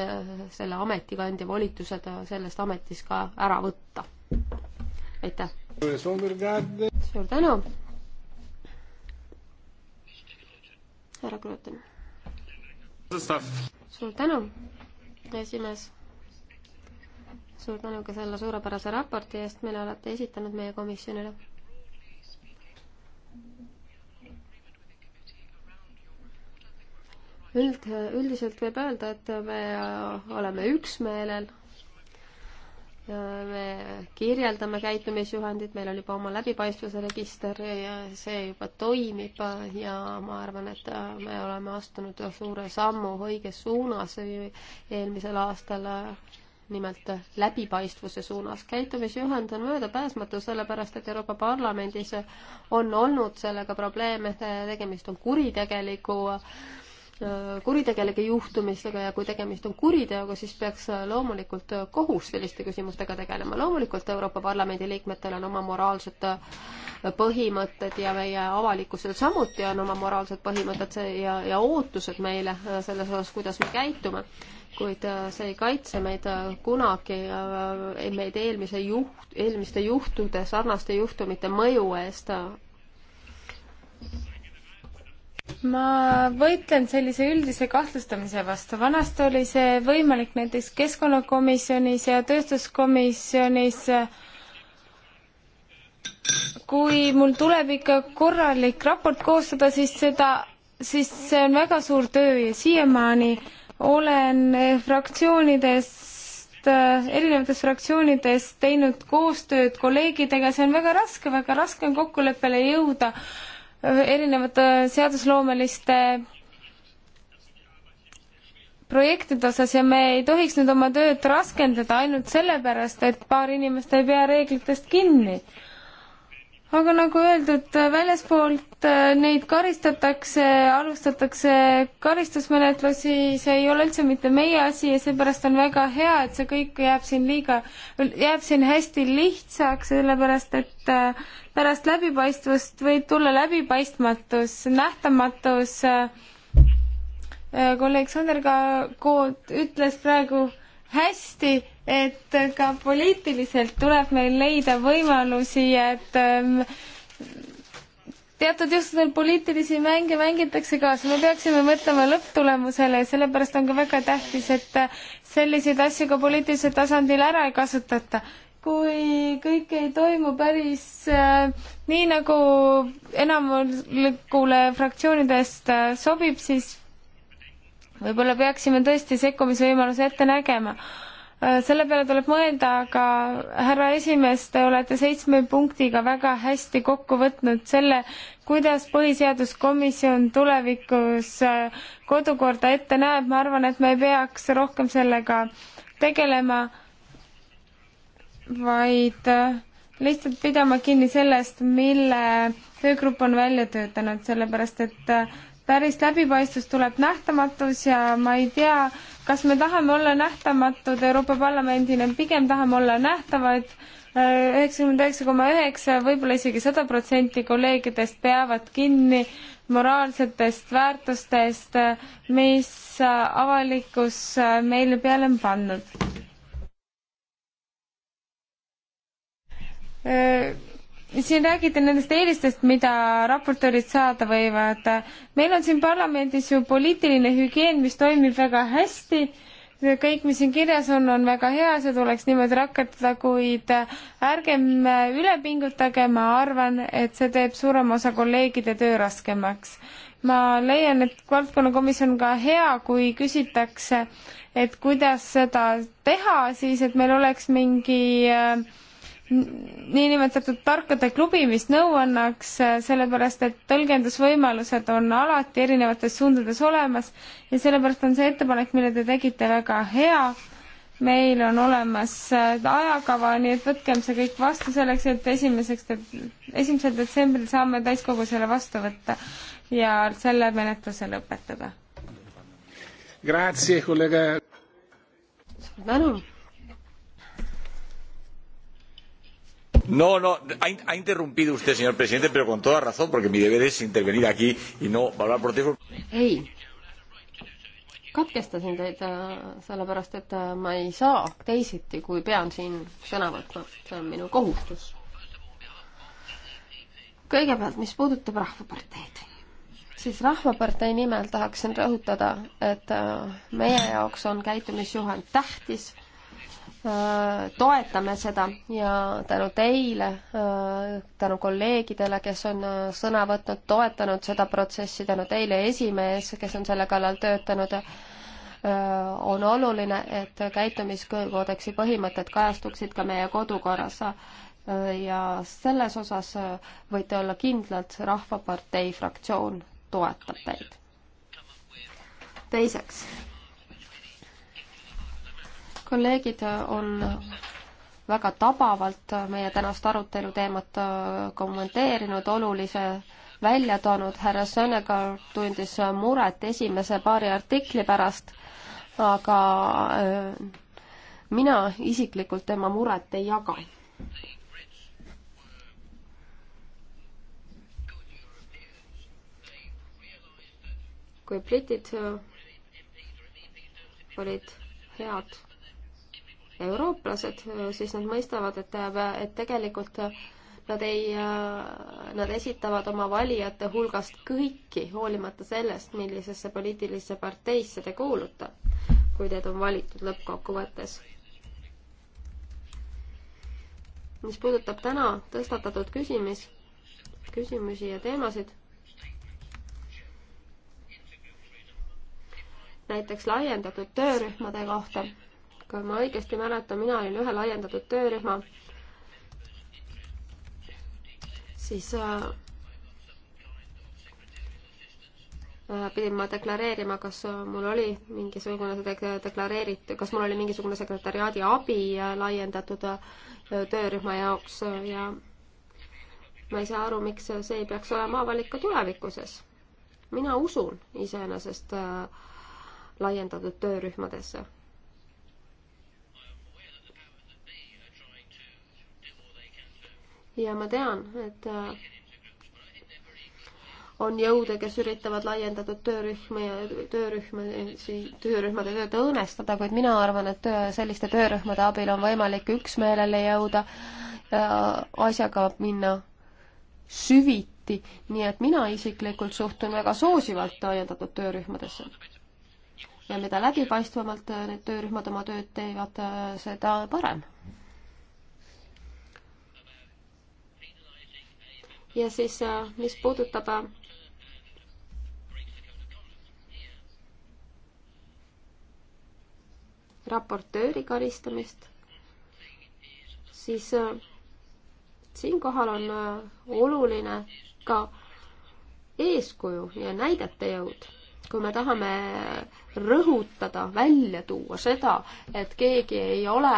selle ametikandja volitused sellest ametist ka ära võtta. aitäh! suur tänu! härra Kruutin. suur tänu, esimees suur tänu ka selle suurepärase raporti eest, mille olete esitanud meie komisjonile. üld, üldiselt võib öelda, et me oleme üksmeelel me kirjeldame käitumisjuhendit, meil on juba oma läbipaistvuse register ja see juba toimib ja ma arvan, et me oleme astunud suure sammu õiges suunas eelmisel aastal nimelt läbipaistvuse suunas. käitumisjuhend on möödapääsmatu, sellepärast et Euroopa Parlamendis on olnud sellega probleeme, tegemist on kuritegeliku kuritegelike juhtumistega ja kui tegemist on kuriteoga, siis peaks loomulikult kohus selliste küsimustega tegelema. loomulikult Euroopa Parlamendi liikmetel on oma moraalsed põhimõtted ja meie avalikkusel samuti on oma moraalsed põhimõtted ja, ja ootused meile selles osas, kuidas me käitume kuid äh, see ei kaitse meid äh, kunagi äh, meid eelmise juht, eelmiste juhtude, sarnaste juhtumite mõju eest. ma võitlen sellise üldise kahtlustamise vastu. vanasti oli see võimalik näiteks keskkonnakomisjonis ja tööstuskomisjonis kui mul tuleb ikka korralik raport koostada, siis seda, siis see on väga suur töö ja siiamaani äh, olen eh, fraktsioonidest, eh, erinevatest fraktsioonidest teinud koostööd kolleegidega, see on väga raske, väga raske on kokkuleppele jõuda eh, erinevate seadusloomeliste projektide osas ja me ei tohiks nüüd oma tööd raskendada ainult sellepärast, et paar inimest ei pea reeglitest kinni aga nagu öeldud, väljaspoolt äh, neid karistatakse, alustatakse karistusmenetlusi, see ei ole üldse mitte meie asi ja seepärast on väga hea, et see kõik jääb siin liiga, jääb siin hästi lihtsaks, sellepärast et äh, pärast läbipaistvust võib tulla läbipaistmatus, nähtamatus. Äh, kolleeg Sander ka ütles praegu hästi et ka poliitiliselt tuleb meil leida võimalusi, et ähm, teatud juhtudel poliitilisi mänge mängitakse kaasa, me peaksime mõtlema lõpptulemusele ja sellepärast on ka väga tähtis, et äh, selliseid asju ka poliitilisel tasandil ära ei kasutata kui kõik ei toimu päris äh, nii, nagu enamulikule fraktsioonidest äh, sobib, siis võib-olla peaksime tõesti sekkumisvõimaluse ette nägema. Äh, selle peale tuleb mõelda, aga härra esimees, te olete seitsme punktiga väga hästi kokku võtnud selle, kuidas põhiseaduskomisjon tulevikus äh, kodukorda ette näeb, ma arvan, et me ei peaks rohkem sellega tegelema, vaid äh, lihtsalt pidama kinni sellest, mille töögrupp on välja töötanud, sellepärast et päris läbipaistvus tuleb nähtamatus ja ma ei tea, kas me tahame olla nähtamatud Euroopa Parlamendina, pigem tahame olla nähtavad, äh, üheksakümmend üheksa koma üheksa, võib-olla isegi sada protsenti kolleegidest peavad kinni moraalsetest väärtustest, mis äh, avalikkus äh, meile peale on pannud siin räägite nendest eelistest, mida raportöörid saada võivad. meil on siin parlamendis ju poliitiline hügieen, mis toimib väga hästi. kõik, mis siin kirjas on, on väga hea, see tuleks niimoodi rakendada, kuid ärgem üle pingutage, ma arvan, et see teeb suurema osa kolleegide töö raskemaks. ma leian, et valdkonnakomisjon on ka hea, kui küsitakse, et kuidas seda teha siis, et meil oleks mingi äh, niinimetatud tarkade klubi, mis nõu annaks, sellepärast et tõlgendusvõimalused on alati erinevates suundades olemas ja sellepärast on see ettepanek, mille te tegite, väga hea. meil on olemas äh, ajakava, nii et võtkem see kõik vastu selleks, et esimeseks, esimesel detsembril saame täiskogu selle vastu võtta ja selle menetluse lõpetada. suur tänu No, no, ha, ha interrumpido usted, señor presidente, pero con toda razón, porque mi deber es intervenir aquí y no hablar por teléfono. ei, katkestasin teid äh, sellepärast, et äh, ma ei saa teisiti, kui pean siin sõna võtma. see on minu kohustus. kõigepealt, mis puudutab Rahvaparteid, siis Rahvapartei nimel tahaksin rõhutada, et äh, meie jaoks on käitumisjuhend tähtis Äh, toetame seda ja tänu teile, äh, tänu kolleegidele, kes on äh, sõna võtnud, toetanud seda protsessi, tänu teile, esimees, kes on selle kallal töötanud, on oluline, et käitumiskoodeksi põhimõtted kajastuksid ka meie kodukorras ja selles osas võite olla kindlad, Rahvapartei fraktsioon toetab teid. teiseks kolleegid on väga tabavalt meie tänast arutelu teemat kommenteerinud, olulise välja toonud. härra Sönegar tundis muret esimese paari artikli pärast, aga äh, mina isiklikult tema muret ei jaga. kui britid äh, olid head eurooplased, siis nad mõistavad, et, et tegelikult nad ei, nad esitavad oma valijate hulgast kõiki, hoolimata sellest, millisesse poliitilisse parteisse te kuulute, kui teid on valitud lõppkokkuvõttes. mis puudutab täna tõstatatud küsimus, küsimusi ja teemasid näiteks laiendatud töörühmade kohta kui ma õigesti mäletan, mina olin ühe laiendatud töörühma, siis äh, äh pidin ma deklareerima, kas äh, mul oli mingisugune deklareeritud, kas mul oli mingisugune sekretäriaadi abi äh, laiendatud töörühma jaoks ja ma ei saa aru, miks see ei peaks olema avalik ka tulevikuses. mina usun iseenesest laiendatud töörühmadesse ja ma tean, et äh, on jõude, kes üritavad laiendatud töörühma ja töörühma, töörühmade tööd õõnestada, kuid mina arvan, et selliste töörühmade abil on võimalik üksmeelele jõuda, asjaga minna süviti, nii et mina isiklikult suhtun väga soosivalt laiendatud töörühmadesse. ja mida läbipaistvamalt need töörühmad oma tööd teevad, seda parem ja siis, äh, mis puudutab äh, raportööri karistamist, siis äh, siinkohal on oluline ka eeskuju ja näidete jõud kui me tahame rõhutada, välja tuua seda, et keegi ei ole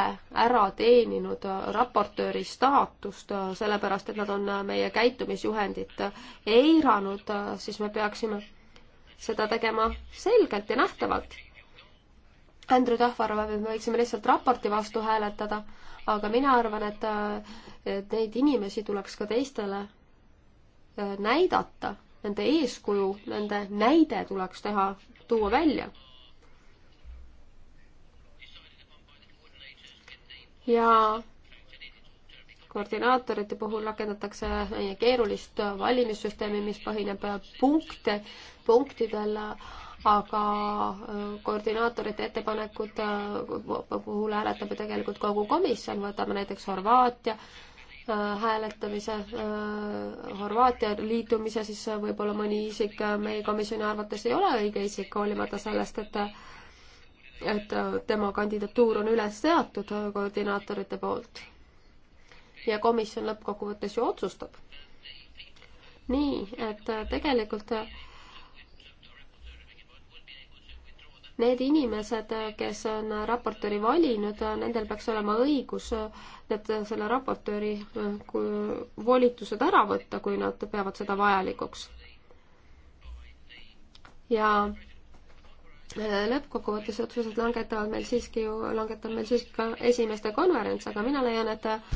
ära teeninud raportööri staatust, äh, sellepärast et nad on äh, meie käitumisjuhendit äh, eiranud, siis me peaksime seda tegema selgelt ja nähtavalt. Andrew Tahv arvab, et me võiksime lihtsalt raporti vastu hääletada, aga mina arvan, et, et neid inimesi tuleks ka teistele näidata nende eeskuju, nende näide tuleks teha, tuua välja. ja koordinaatorite puhul rakendatakse meie keerulist valimissüsteemi, mis põhineb punkte, punktidel, aga äh, koordinaatorite ettepanekud äh, puhul hääletab ju tegelikult kogu komisjon, võtame näiteks Horvaatia, Äh, hääletamise, äh, Horvaatia liitumise, siis äh, võib-olla mõni isik meie komisjoni arvates ei ole õige isik, hoolimata sellest, et et tema kandidatuur on üles seatud koordinaatorite poolt. ja komisjon lõppkokkuvõttes ju otsustab. nii, et tegelikult äh, Need inimesed, kes on raportööri valinud, nendel peaks olema õigus need, selle raportööri volitused ära võtta, kui nad peavad seda vajalikuks. ja äh, lõppkokkuvõttes otsused langetavad meil siiski ju, langetab meil siiski ka esimeeste konverents, aga mina leian, et äh,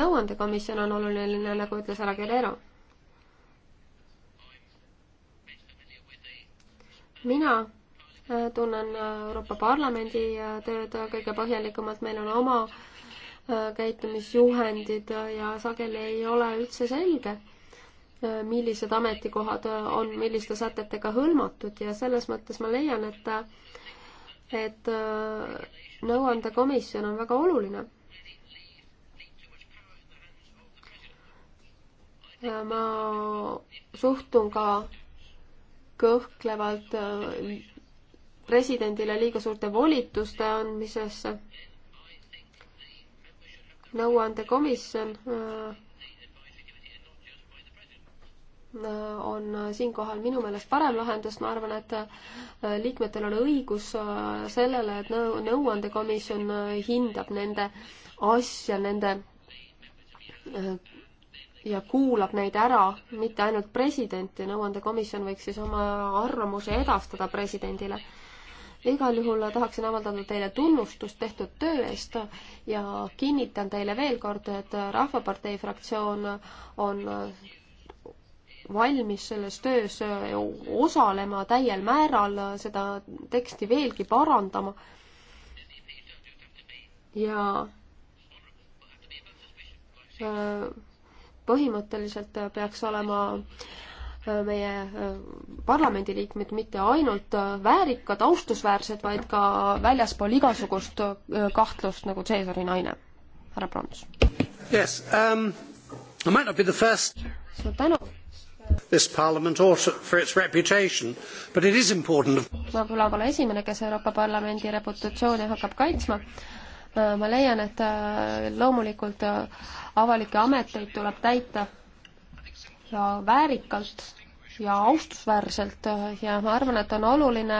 nõuandekomisjon on oluline, nagu ütles härra Guerrero. mina tunnen äh, Euroopa Parlamendi äh, tööd äh, kõige põhjalikumalt, meil on oma käitumisjuhendid ja sageli ei ole üldse selge, millised ametikohad on milliste sätetega hõlmatud ja selles mõttes ma leian, et et nõuandekomisjon on väga oluline. ma suhtun ka kõhklevalt presidendile liiga suurte volituste andmisesse. nõuandekomisjon äh, äh, on siinkohal minu meelest parem lahendus, ma arvan, et äh, liikmetel on õigus sellele, et nõu-, nõuandekomisjon hindab nende asja, nende ja kuulab neid ära, mitte ainult president ja nõuandekomisjon võiks siis oma arvamuse edastada presidendile igal juhul tahaksin avaldada teile tunnustust tehtud töö eest ja kinnitan teile veel kord, et Rahvapartei fraktsioon on valmis selles töös osalema täiel määral, seda teksti veelgi parandama. ja äh, põhimõtteliselt peaks olema äh, meie äh, parlamendiliikmed mitte ainult äh, väärikad, austusväärsed, vaid ka väljaspool igasugust äh, kahtlust, nagu Caesari naine, härra Prants yes, um,. suur tänu. This parliament also for its reputation, but it is important. ma pole võib-olla esimene, kes Euroopa Parlamendi reputatsiooni hakkab kaitsma ma leian, et loomulikult avalikke ameteid tuleb täita ja väärikalt ja austusväärselt ja ma arvan, et on oluline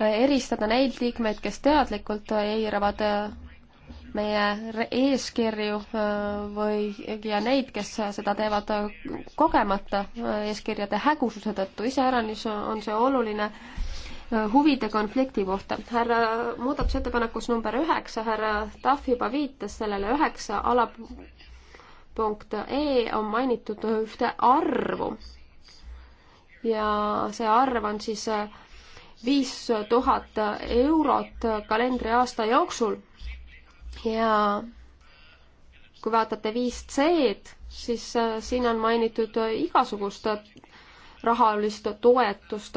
eristada neid liikmeid, kes teadlikult eiravad meie eeskirju või, ja neid, kes seda teevad kogemata eeskirjade hägususe tõttu, iseäranis on see oluline huvide konflikti kohta. härra muudatusettepanekus number üheksa, härra Tahv juba viitas sellele, üheksa alab punkt E on mainitud ühte arvu. ja see arv on siis äh, viis tuhat eurot kalendriaasta jooksul. ja kui vaatate viis C-d, siis äh, siin on mainitud igasugust rahalist toetust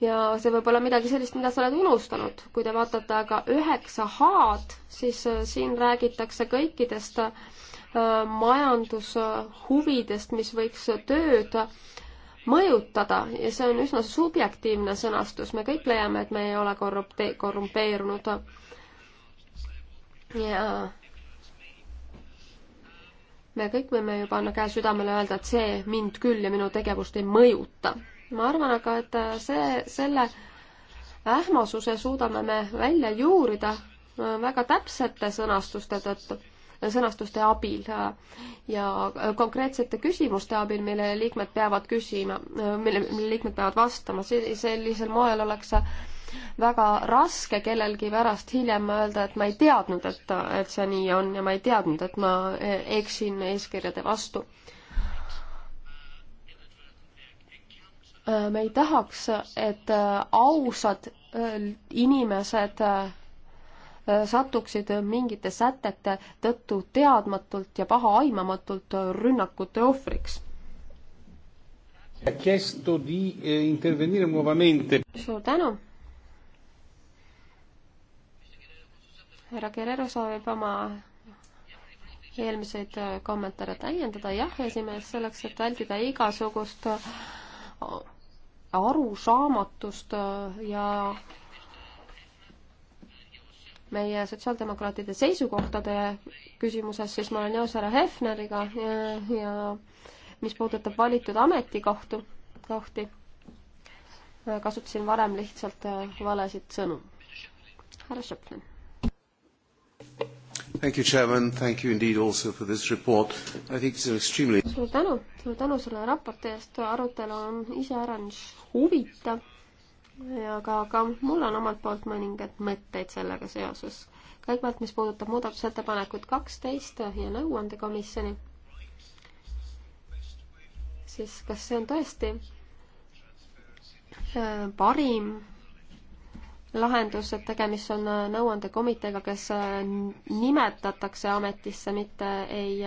ja see võib olla midagi sellist, mida sa oled unustanud. kui te vaatate aga üheksa H-d, siis äh, siin räägitakse kõikidest äh, majandushuvidest, mis võiks tööd mõjutada ja see on üsna subjektiivne sõnastus, me kõik leiame, et me ei ole korrupte-, korrumpeerunud. ja me kõik võime ju panna käe südamele ja öelda, et see mind küll ja minu tegevust ei mõjuta. ma arvan aga, et see, selle ähmasuse suudame me välja juurida väga täpsete sõnastuste tõttu sõnastuste abil ja konkreetsete küsimuste abil, mille liikmed peavad küsima, mille liikmed peavad vastama, sellisel moel oleks väga raske kellelgi pärast hiljem öelda, et ma ei teadnud, et, et see nii on ja ma ei teadnud, et ma eksin eeskirjade vastu. me ei tahaks, et ausad inimesed satuksid mingite sätete tõttu teadmatult ja pahaaimamatult rünnakute ohvriks. Eh, suur tänu. härra Guerrero soovib oma eelmiseid eh, kommentaare täiendada. jah, esimees, selleks, et vältida igasugust eh, arusaamatust ja meie sotsiaaldemokraatide seisukohtade küsimuses, siis ma olen nõus härra Hefneriga ja, ja mis puudutab valitud ametikohtu, kohti, kasutasin varem lihtsalt äh, valesid sõnu. härra Šepnen. Thank you, Chairman. Thank you indeed also for this report. I think it's an extremely suur tänu, suur tänu sulle raporti eest, arutelu on iseäranis huvitav aga, aga mul on omalt poolt mõningad mõtteid sellega seoses. kõigepealt, mis puudutab muudatusettepanekut kaksteist ja nõuandekomisjoni, siis kas see on tõesti äh, parim lahendus, et tegemist on äh, nõuandekomiteega, kes äh, nimetatakse ametisse, mitte ei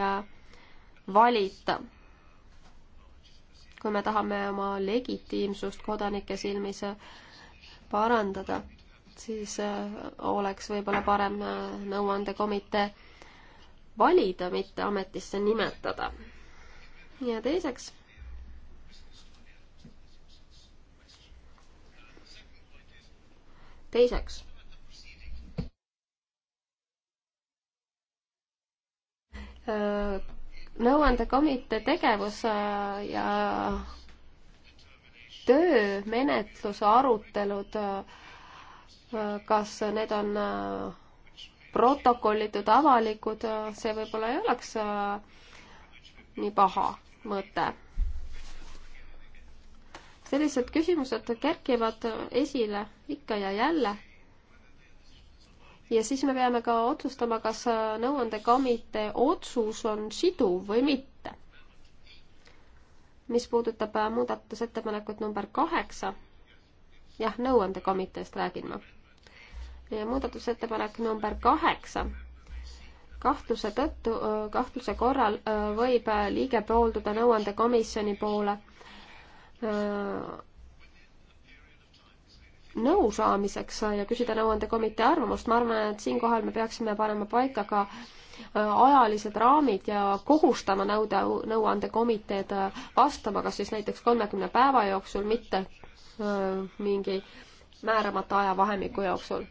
valita kui me tahame oma legitiimsust kodanike silmis parandada, siis äh, oleks võib-olla parem äh, nõuandekomitee valida, mitte ametisse nimetada. ja teiseks teiseks. Äh, nõuandekomitee tegevus äh, ja töö, menetluse arutelud, äh, kas need on äh, protokollitud, avalikud, see võib-olla ei oleks nii paha mõte. sellised küsimused kerkivad esile ikka ja jälle ja siis me peame ka otsustama, kas äh, nõuandekomitee otsus on siduv või mitte. mis puudutab äh, muudatusettepanekut number kaheksa, jah, nõuandekomiteest räägin ma. muudatusettepanek number kaheksa, kahtluse tõttu, äh, kahtluse korral võib liige poolduda nõuandekomisjoni poole nõu saamiseks ja küsida nõuandekomitee arvamust, ma arvan, et siinkohal me peaksime panema paika ka äh, ajalised raamid ja kohustama nõude, nõuandekomiteed äh, vastama kas siis näiteks kolmekümne päeva jooksul, mitte äh, mingi määramata ajavahemiku jooksul.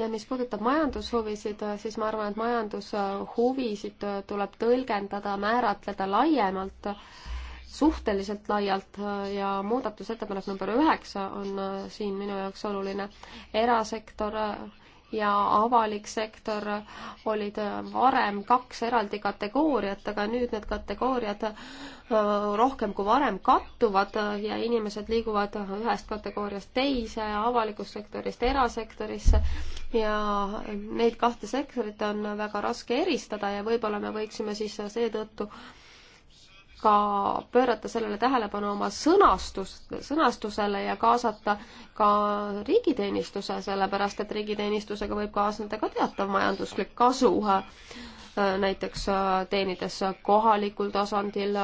ja mis puudutab majandushuvisid, siis ma arvan, et majandushuvisid tuleb tõlgendada, määratleda laiemalt äh, suhteliselt laialt äh, ja muudatusettepanek number üheksa on äh, siin minu jaoks oluline. erasektor äh, ja avalik sektor olid varem kaks eraldi kategooriat, aga nüüd need kategooriad rohkem kui varem kattuvad ja inimesed liiguvad ühest kategooriast teise, avalikust sektorist erasektorisse ja neid kahte sektorit on väga raske eristada ja võib-olla me võiksime siis seetõttu ka pöörata sellele tähelepanu oma sõnastus, sõnastusele ja kaasata ka riigiteenistuse, sellepärast et riigiteenistusega võib kaasneda ka teatav majanduslik kasu, äh, näiteks äh, teenides kohalikul tasandil,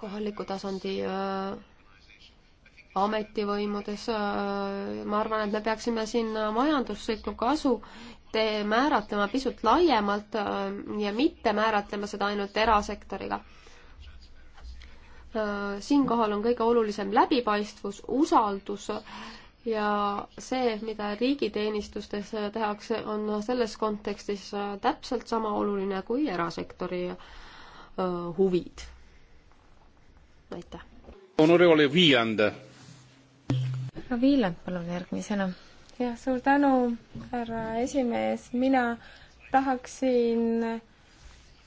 kohaliku tasandi äh, ametivõimudes. ma arvan, et me peaksime siin majanduslikku kasu te määratlema pisut laiemalt äh, ja mitte määratlema seda ainult erasektoriga. Äh, siinkohal on kõige olulisem läbipaistvus, usaldus ja see, mida riigiteenistustes tehakse, on selles kontekstis äh, täpselt sama oluline kui erasektori huvid. aitäh. Honorable Viiland. Viiland, palun järgmisena jah, suur tänu, härra esimees, mina tahaksin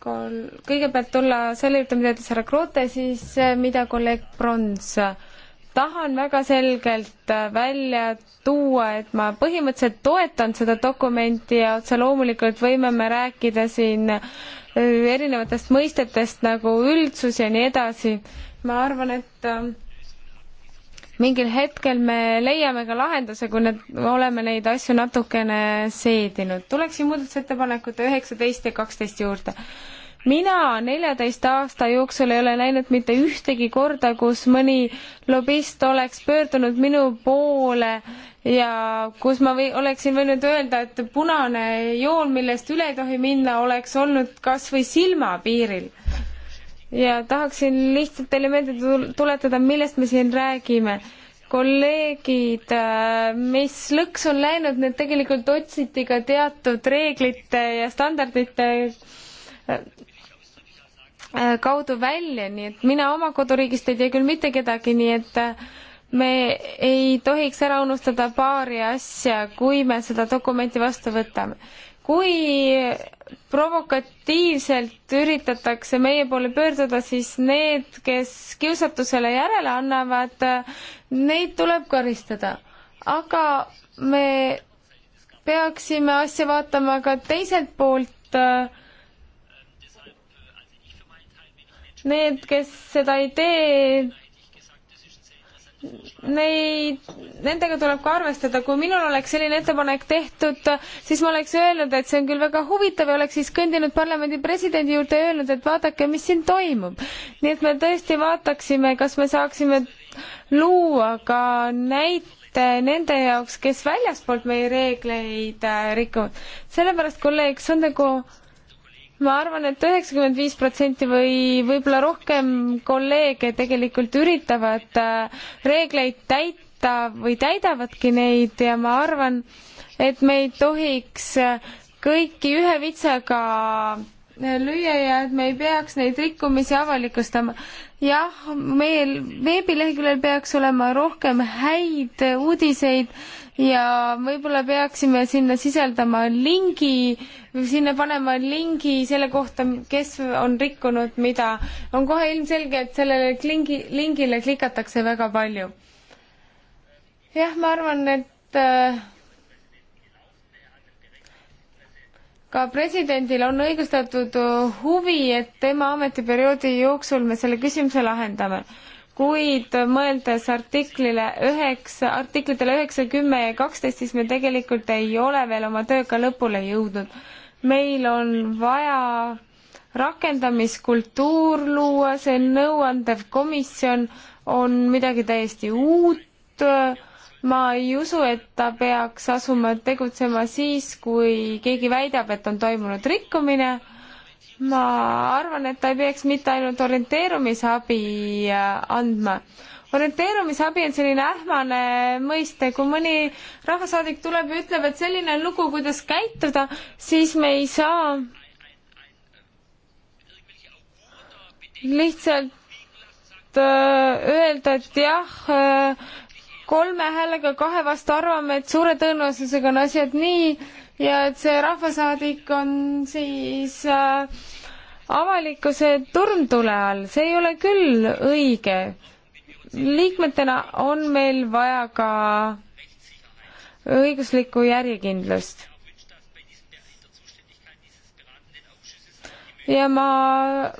kol-, kõigepealt tulla selle juurde, mida ütles härra Kroote, siis eh, mida kolleeg Prons. tahan väga selgelt eh, välja tuua, et ma põhimõtteliselt toetan seda dokumenti ja otse loomulikult võime me rääkida siin eh, erinevatest mõistetest nagu üldsus ja nii edasi. ma arvan, et mingil hetkel me leiame ka lahenduse, kui need, oleme neid asju natukene seedinud. tuleksin muudatusettepanekute üheksateist ja kaksteist juurde. mina neljateist aasta jooksul ei ole näinud mitte ühtegi korda, kus mõni lobist oleks pöördunud minu poole ja kus ma või, oleksin võinud öelda, et punane joon, millest üle ei tohi minna, oleks olnud kas või silmapiiril ja tahaksin lihtsalt teile meelde tuletada, millest me siin räägime. kolleegid, äh, mis lõks on läinud, need tegelikult otsiti ka teatud reeglite ja standardite äh, äh, kaudu välja, nii et mina oma koduriigist ei tea küll mitte kedagi, nii et me ei tohiks ära unustada paari asja, kui me seda dokumenti vastu võtame. kui provokatiivselt üritatakse meie poole pöörduda, siis need, kes kiusatusele järele annavad, neid tuleb karistada. aga me peaksime asja vaatama ka teiselt poolt. Need, kes seda ei tee, neid, nendega tuleb ka arvestada, kui minul oleks selline ettepanek tehtud, siis ma oleks öelnud, et see on küll väga huvitav ja oleks siis kõndinud parlamendi presidendi juurde ja öelnud, et vaadake, mis siin toimub. nii et me tõesti vaataksime, kas me saaksime luua ka näite nende jaoks, kes väljaspoolt meie reegleid äh, rikuvad. sellepärast kolleeg Sõndeko on ma arvan et, et üheksakümmend viis protsenti või võib-olla rohkem kolleege tegelikult üritavad äh, reegleid täita või täidavadki neid ja ma arvan, et me ei tohiks äh, kõiki ühe vitsaga äh, lüüa ja et me ei peaks neid rikkumisi avalikustama. jah, meil veebileheküljel peaks olema rohkem häid uudiseid ja võib-olla peaksime sinna sisaldama lingi, sinna panema lingi selle kohta, kes on rikkunud mida. on kohe ilmselge, et sellele lingi, lingile klikatakse väga palju. jah, ma arvan, et äh, ka presidendil on õigustatud huvi, et tema ametiperioodi jooksul me selle küsimuse lahendame kuid mõeldes artiklile üheksa, artiklitele üheksa, kümme ja kaksteist, siis me tegelikult ei ole veel oma tööga lõpule jõudnud. meil on vaja rakendamiskultuur luua, see nõuandev komisjon on midagi täiesti uut, ma ei usu, et ta peaks asuma tegutsema siis, kui keegi väidab, et on toimunud rikkumine ma arvan, et ta ei peaks mitte ainult orienteerumisabi äh, andma. orienteerumisabi on selline ähmane mõiste, kui mõni rahvasaadik tuleb ja ütleb, et selline on lugu, kuidas käituda, siis me ei saa lihtsalt äh, öelda, et jah, äh, kolme häälega kahe vastu arvame, et suure tõenäosusega on asjad nii ja et see rahvasaadik on siis äh, avalikkuse turmtule all, see ei ole küll õige. liikmetena on meil vaja ka õiguslikku järjekindlust. ja ma,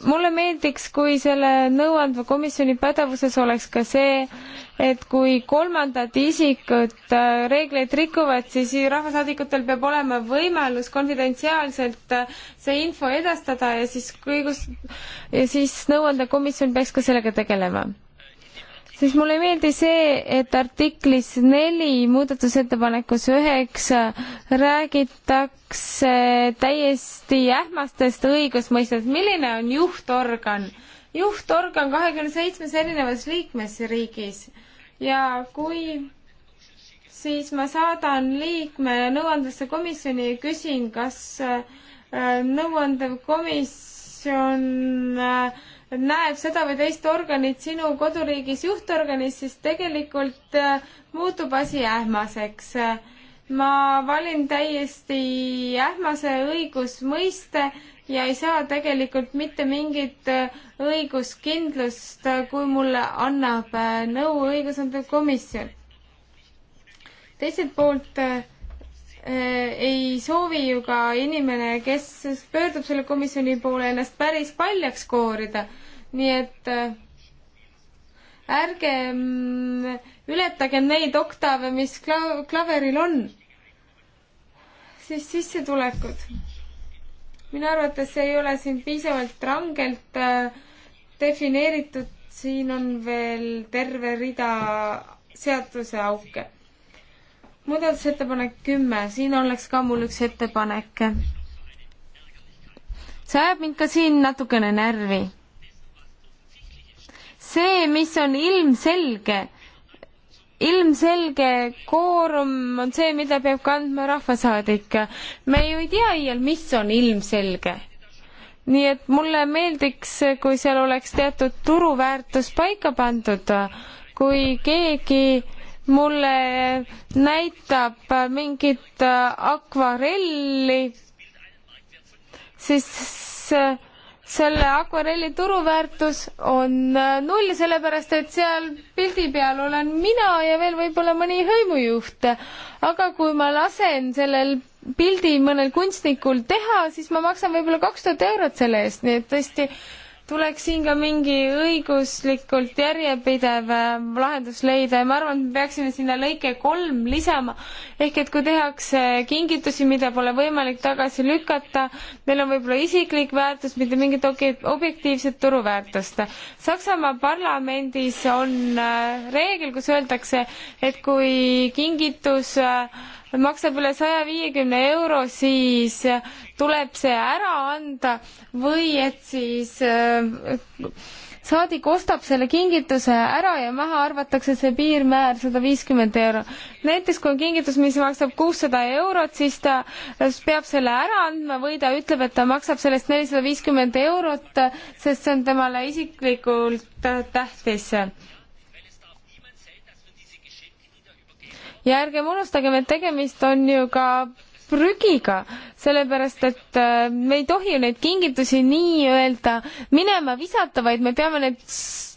mulle meeldiks, kui selle nõuandva komisjoni pädevuses oleks ka see, et kui kolmandat isikut äh, reegleid rikuvad, siis rahvasaadikutel peab olema võimalus konfidentsiaalselt äh, see info edastada ja siis õigus, ja siis nõuandekomisjon peaks ka sellega tegelema siis mulle ei meeldi see, et artiklis neli muudatusettepanekus üheksa äh, räägitakse täiesti ähmastest õigusmõistest, milline on juhtorgan äh, juhtorgan kahekümne seitsmes erinevas liikmesriigis ja kui siis ma saadan liikme nõuandvasse komisjoni ja küsin, kas äh, nõuandev komisjon äh, näeb seda või teist organit sinu koduriigis juhtorganis, siis tegelikult äh, muutub asi ähmaseks. ma valin täiesti ähmase õigusmõiste ja ei saa tegelikult mitte mingit äh, õiguskindlust, äh, kui mulle annab äh, nõu õigusandev komisjon. teiselt poolt ei soovi ju ka inimene, kes pöördub selle komisjoni poole, ennast päris paljaks koorida. nii et ärgem ületagem neid oktaave, mis kla-, klaveril on. siis sissetulekud minu arvates ei ole siin piisavalt rangelt äh, defineeritud, siin on veel terve rida seaduseauke. muudatusettepanek kümme, siin oleks ka mul üks ettepanek. see ajab mind ka siin natukene närvi see, mis on ilmselge, ilmselge koorum on see, mida peab kandma rahvasaadik. me ju ei tea iial, mis on ilmselge. nii et mulle meeldiks, kui seal oleks teatud turuväärtus paika pandud, kui keegi mulle näitab mingit akvarelli, siis selle akvarelli turuväärtus on äh, null, sellepärast et seal pildi peal olen mina ja veel võib-olla mõni hõimujuht. aga kui ma lasen sellel pildi mõnel kunstnikul teha, siis ma maksan võib-olla kaks tuhat eurot selle eest, nii et tõesti tuleks siin ka mingi õiguslikult järjepidev äh, lahendus leida ja ma arvan, et me peaksime sinna lõike kolm lisama. ehk et kui tehakse kingitusi, mida pole võimalik tagasi lükata, neil on võib-olla isiklik väärtus, mitte mingit objektiivset turuväärtust. Saksamaa parlamendis on äh, reegel, kus öeldakse, et kui kingitus äh, maksab üle saja viiekümne euro, siis tuleb see ära anda või et siis äh, saadik ostab selle kingituse ära ja maha arvatakse see piirmäär sada viiskümmend euro. näiteks kui on kingitus, mis maksab kuussada eurot, siis ta peab selle ära andma või ta ütleb, et ta maksab sellest nelisada viiskümmend eurot, sest see on temale isiklikult tähtis ja ärgem unustagem, et tegemist on ju ka prügiga, sellepärast et äh, me ei tohi ju neid kingitusi nii-öelda minema visata, vaid me peame need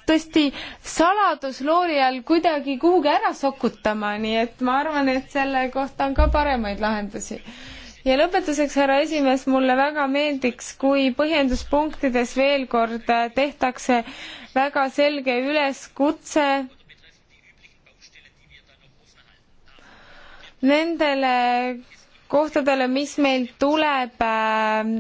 tõesti saladusloori all kuidagi kuhugi ära sokutama, nii et ma arvan, et selle kohta on ka paremaid lahendusi. ja lõpetuseks, härra esimees, mulle väga meeldiks, kui põhjenduspunktides veel kord äh, tehtakse väga selge üleskutse nendele kohtadele, mis meil tuleb äh,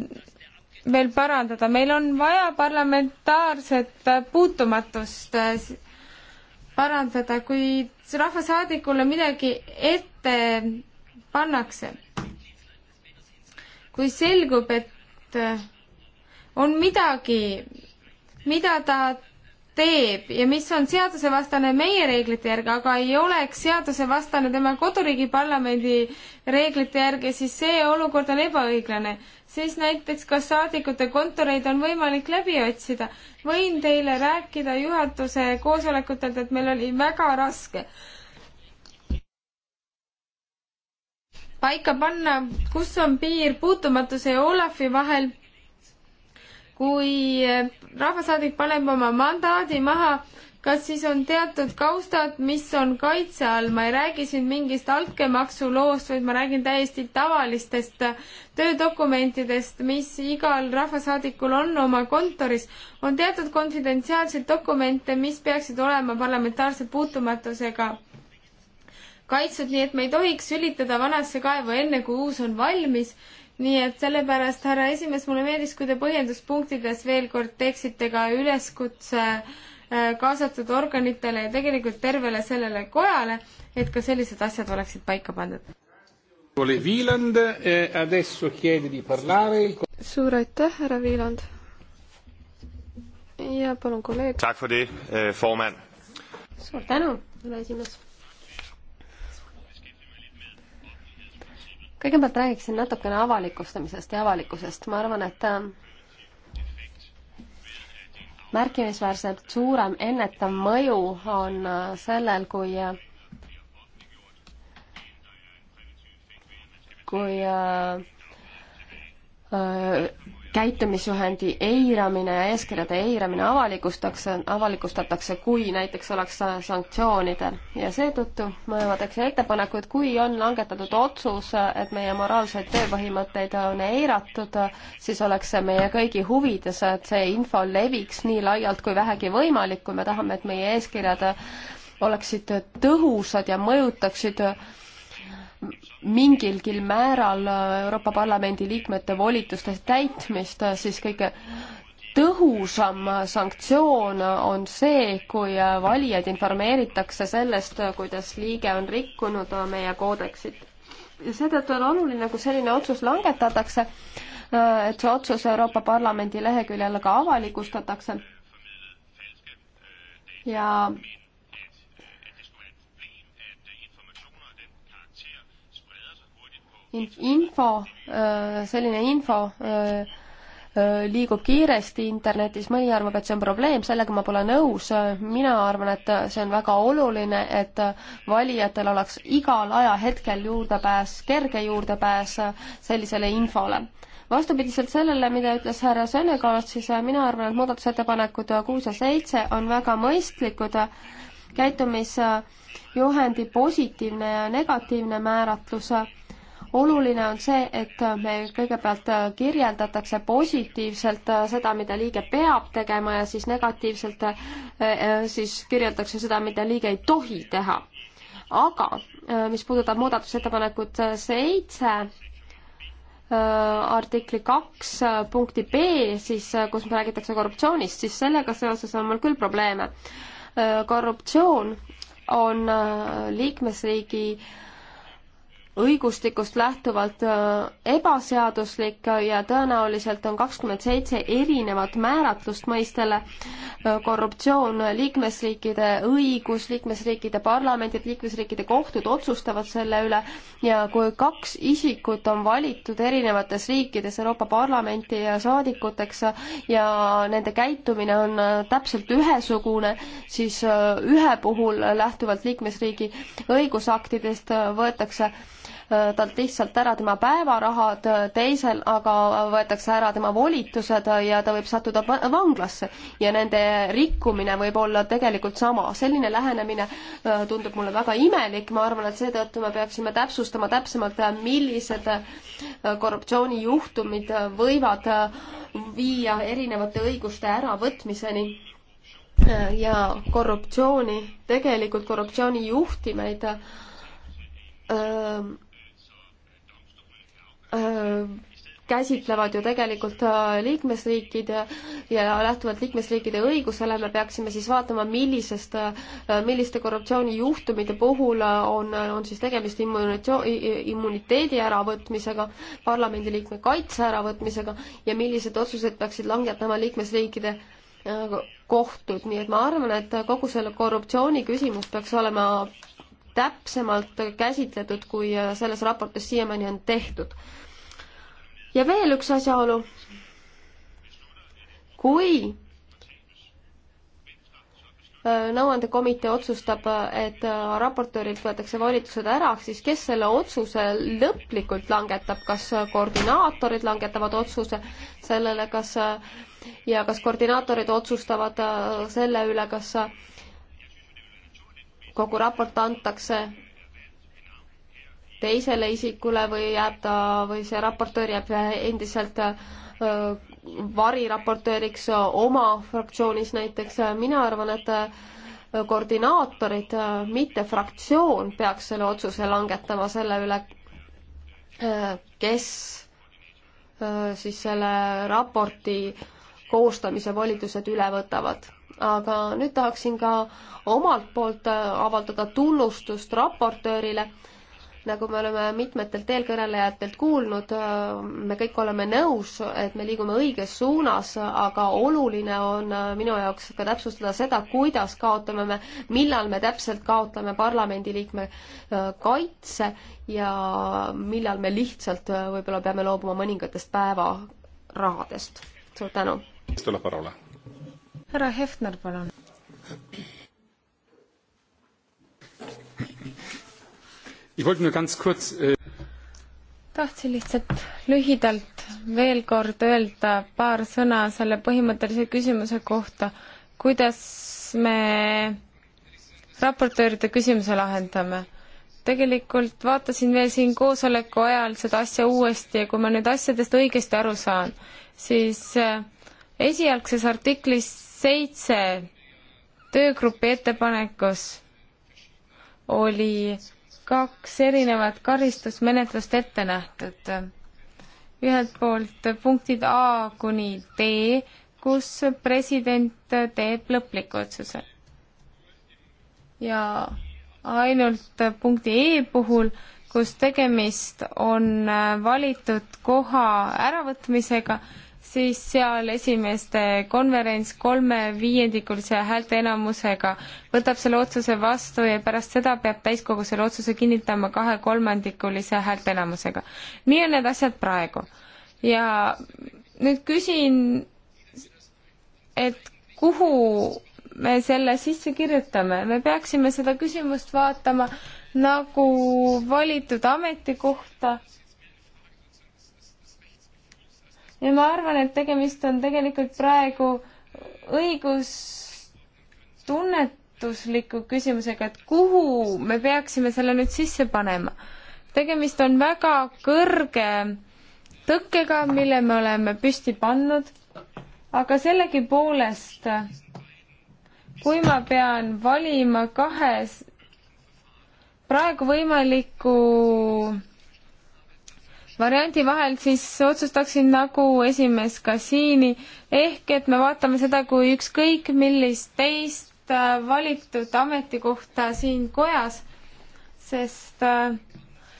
veel parandada. meil on vaja parlamentaarset äh, puutumatust äh, parandada, kui rahvasaadikule midagi ette pannakse, kui selgub, et on midagi, mida ta teeb ja mis on seadusevastane meie reeglite järgi, aga ei oleks seadusevastane tema koduriigi parlamendi reeglite järgi, siis see olukord on ebaõiglane. siis näiteks, kas saadikute kontoreid on võimalik läbi otsida? võin teile rääkida juhatuse koosolekutelt, et meil oli väga raske paika panna, kus on piir puutumatuse ja Olafi vahel kui rahvasaadik paneb oma mandaadi maha, kas siis on teatud kaustad, mis on kaitse all, ma ei räägi siin mingist altkäemaksu loost, vaid ma räägin täiesti tavalistest töödokumentidest, mis igal rahvasaadikul on oma kontoris. on teatud konfidentsiaalseid dokumente, mis peaksid olema parlamentaarse puutumatusega kaitstud, nii et me ei tohiks sülitada vanasse kaevu enne, kui uus on valmis nii et sellepärast, härra esimees, mulle meeldis, kui te põhjenduspunktides veel kord teeksite ka üleskutse äh, kaasatud organitele ja tegelikult tervele sellele kojale, et ka sellised asjad oleksid paika pandud. Eh, suur aitäh, härra Viiland. ja palun, kolleeg. Eh, suur tänu, härra esimees kõigepealt räägiksin natukene avalikustamisest ja avalikkusest. ma arvan, et äh, märkimisväärselt suurem ennetav mõju on äh, sellel, kui äh, kui äh, käitumisjuhendi eiramine ja eeskirjade eiramine avalikustatakse, avalikustatakse, kui näiteks oleks sanktsioonidel. ja seetõttu ma teen ettepaneku, et kui on langetatud otsus, et meie moraalseid tööpõhimõtteid on eiratud, siis oleks see meie kõigi huvides, et see info leviks nii laialt kui vähegi võimalik, kui me tahame, et meie eeskirjad oleksid tõhusad ja mõjutaksid mingilgi määral Euroopa Parlamendi liikmete volituste täitmist, siis kõige tõhusam sanktsioon on see, kui valijaid informeeritakse sellest, kuidas liige on rikkunud meie koodeksit. ja seetõttu on oluline, kui selline otsus langetatakse, et see otsus Euroopa Parlamendi leheküljel ka avalikustatakse. ja info, äh, selline info äh, äh, liigub kiiresti internetis, mõni arvab, et see on probleem, sellega ma pole nõus, mina arvan, et see on väga oluline, et valijatel oleks igal ajahetkel juurdepääs, kerge juurdepääs sellisele infole. vastupidiselt sellele, mida ütles härra Sõnekaart, siis mina arvan, et muudatusettepanekud kuus ja seitse on väga mõistlikud, käitumisjuhendi positiivne ja negatiivne määratlus oluline on see, et meil kõigepealt kirjeldatakse positiivselt seda, mida liige peab tegema ja siis negatiivselt eh, eh, siis kirjeldatakse seda, mida liige ei tohi teha. aga eh, mis puudutab muudatusettepanekut seitse, artikli kaks punkti B, siis kus räägitakse korruptsioonist, siis sellega seoses on mul küll probleeme. korruptsioon on liikmesriigi äh, õigustikust lähtuvalt äh, ebaseaduslik ja tõenäoliselt on kakskümmend seitse erinevat määratlust mõistele äh, korruptsioon, liikmesriikide õigus, liikmesriikide parlamendid, liikmesriikide kohtud otsustavad selle üle ja kui kaks isikut on valitud erinevates riikides Euroopa Parlamenti ja saadikuteks ja nende käitumine on äh, täpselt ühesugune, siis ühe puhul lähtuvalt liikmesriigi õigusaktidest võetakse talt lihtsalt ära tema päevarahad, äh, teisel aga võetakse ära tema volitused äh, ja ta võib sattuda vanglasse. ja nende rikkumine võib olla tegelikult sama. selline lähenemine äh, tundub mulle väga imelik, ma arvan, et seetõttu me peaksime täpsustama täpsemalt, millised korruptsioonijuhtumid võivad viia erinevate õiguste äravõtmiseni ja korruptsiooni, tegelikult korruptsiooni juhtimeid öö, Äh, käsitlevad ju tegelikult äh, liikmesriikide ja lähtuvalt liikmesriikide õigusele me peaksime siis vaatama, millisest, äh, milliste korruptsioonijuhtumite puhul on, on siis tegemist immunitsioon, immuniteedi äravõtmisega, parlamendiliikme kaitse äravõtmisega ja millised otsused peaksid langetama liikmesriikide kohtud, nii et ma arvan, et kogu selle korruptsiooni küsimus peaks olema täpsemalt käsitletud, kui selles raportis siiamaani on tehtud. ja veel üks asjaolu. kui äh, nõuandekomitee otsustab, et äh, raportöörilt võetakse volitused ära, siis kes selle otsuse lõplikult langetab, kas äh, koordinaatorid langetavad otsuse sellele, kas ja kas koordinaatorid otsustavad selle üle, kas kogu raport antakse teisele isikule või jääb ta või see raportöör jääb endiselt variraportööriks oma fraktsioonis näiteks, mina arvan, et koordinaatorid, mitte fraktsioon peaks selle otsuse langetama selle üle, kes siis selle raporti koostamise volitused üle võtavad aga nüüd tahaksin ka omalt poolt äh, avaldada tunnustust raportöörile. nagu me oleme mitmetelt eelkõnelejatelt kuulnud, äh, me kõik oleme nõus, et me liigume õiges suunas, aga oluline on äh, minu jaoks ka täpsustada seda, kuidas kaotame me, millal me täpselt kaotame parlamendiliikme kaitse ja millal me lihtsalt võib-olla peame loobuma mõningatest päevarahadest. suur tänu! härra Hefner, palun. Äh, tahtsin lihtsalt lühidalt veel kord öelda paar sõna selle põhimõttelise küsimuse kohta, kuidas me raportööride küsimuse lahendame tegelikult vaatasin veel siin koosoleku ajal seda asja uuesti ja kui ma nüüd asjadest õigesti aru saan, siis äh, esialgses artiklis seitse töögrupi ettepanekus oli kaks erinevat karistusmenetlust ette nähtud. ühelt poolt punktid A kuni D, kus president teeb lõpliku otsuse. ja ainult punkti E puhul, kus tegemist on valitud koha äravõtmisega, siis seal esimeeste konverents kolmeviiendikulise häälteenamusega võtab selle otsuse vastu ja pärast seda peab täiskogu selle otsuse kinnitama kahekolmandikulise häälteenamusega. nii on need asjad praegu. ja nüüd küsin, et kuhu me selle sisse kirjutame, me peaksime seda küsimust vaatama nagu valitud ametikohta ja ma arvan, et tegemist on tegelikult praegu õigustunnetusliku küsimusega, et kuhu me peaksime selle nüüd sisse panema. tegemist on väga kõrge tõkkega, mille me oleme püsti pannud, aga sellegipoolest, kui ma pean valima kahes praegu võimaliku variandi vahel, siis otsustaksin nagu esimees Kassiini, ehk et me vaatame seda kui ükskõik millist teist äh, valitud ametikohta siin kojas, sest äh,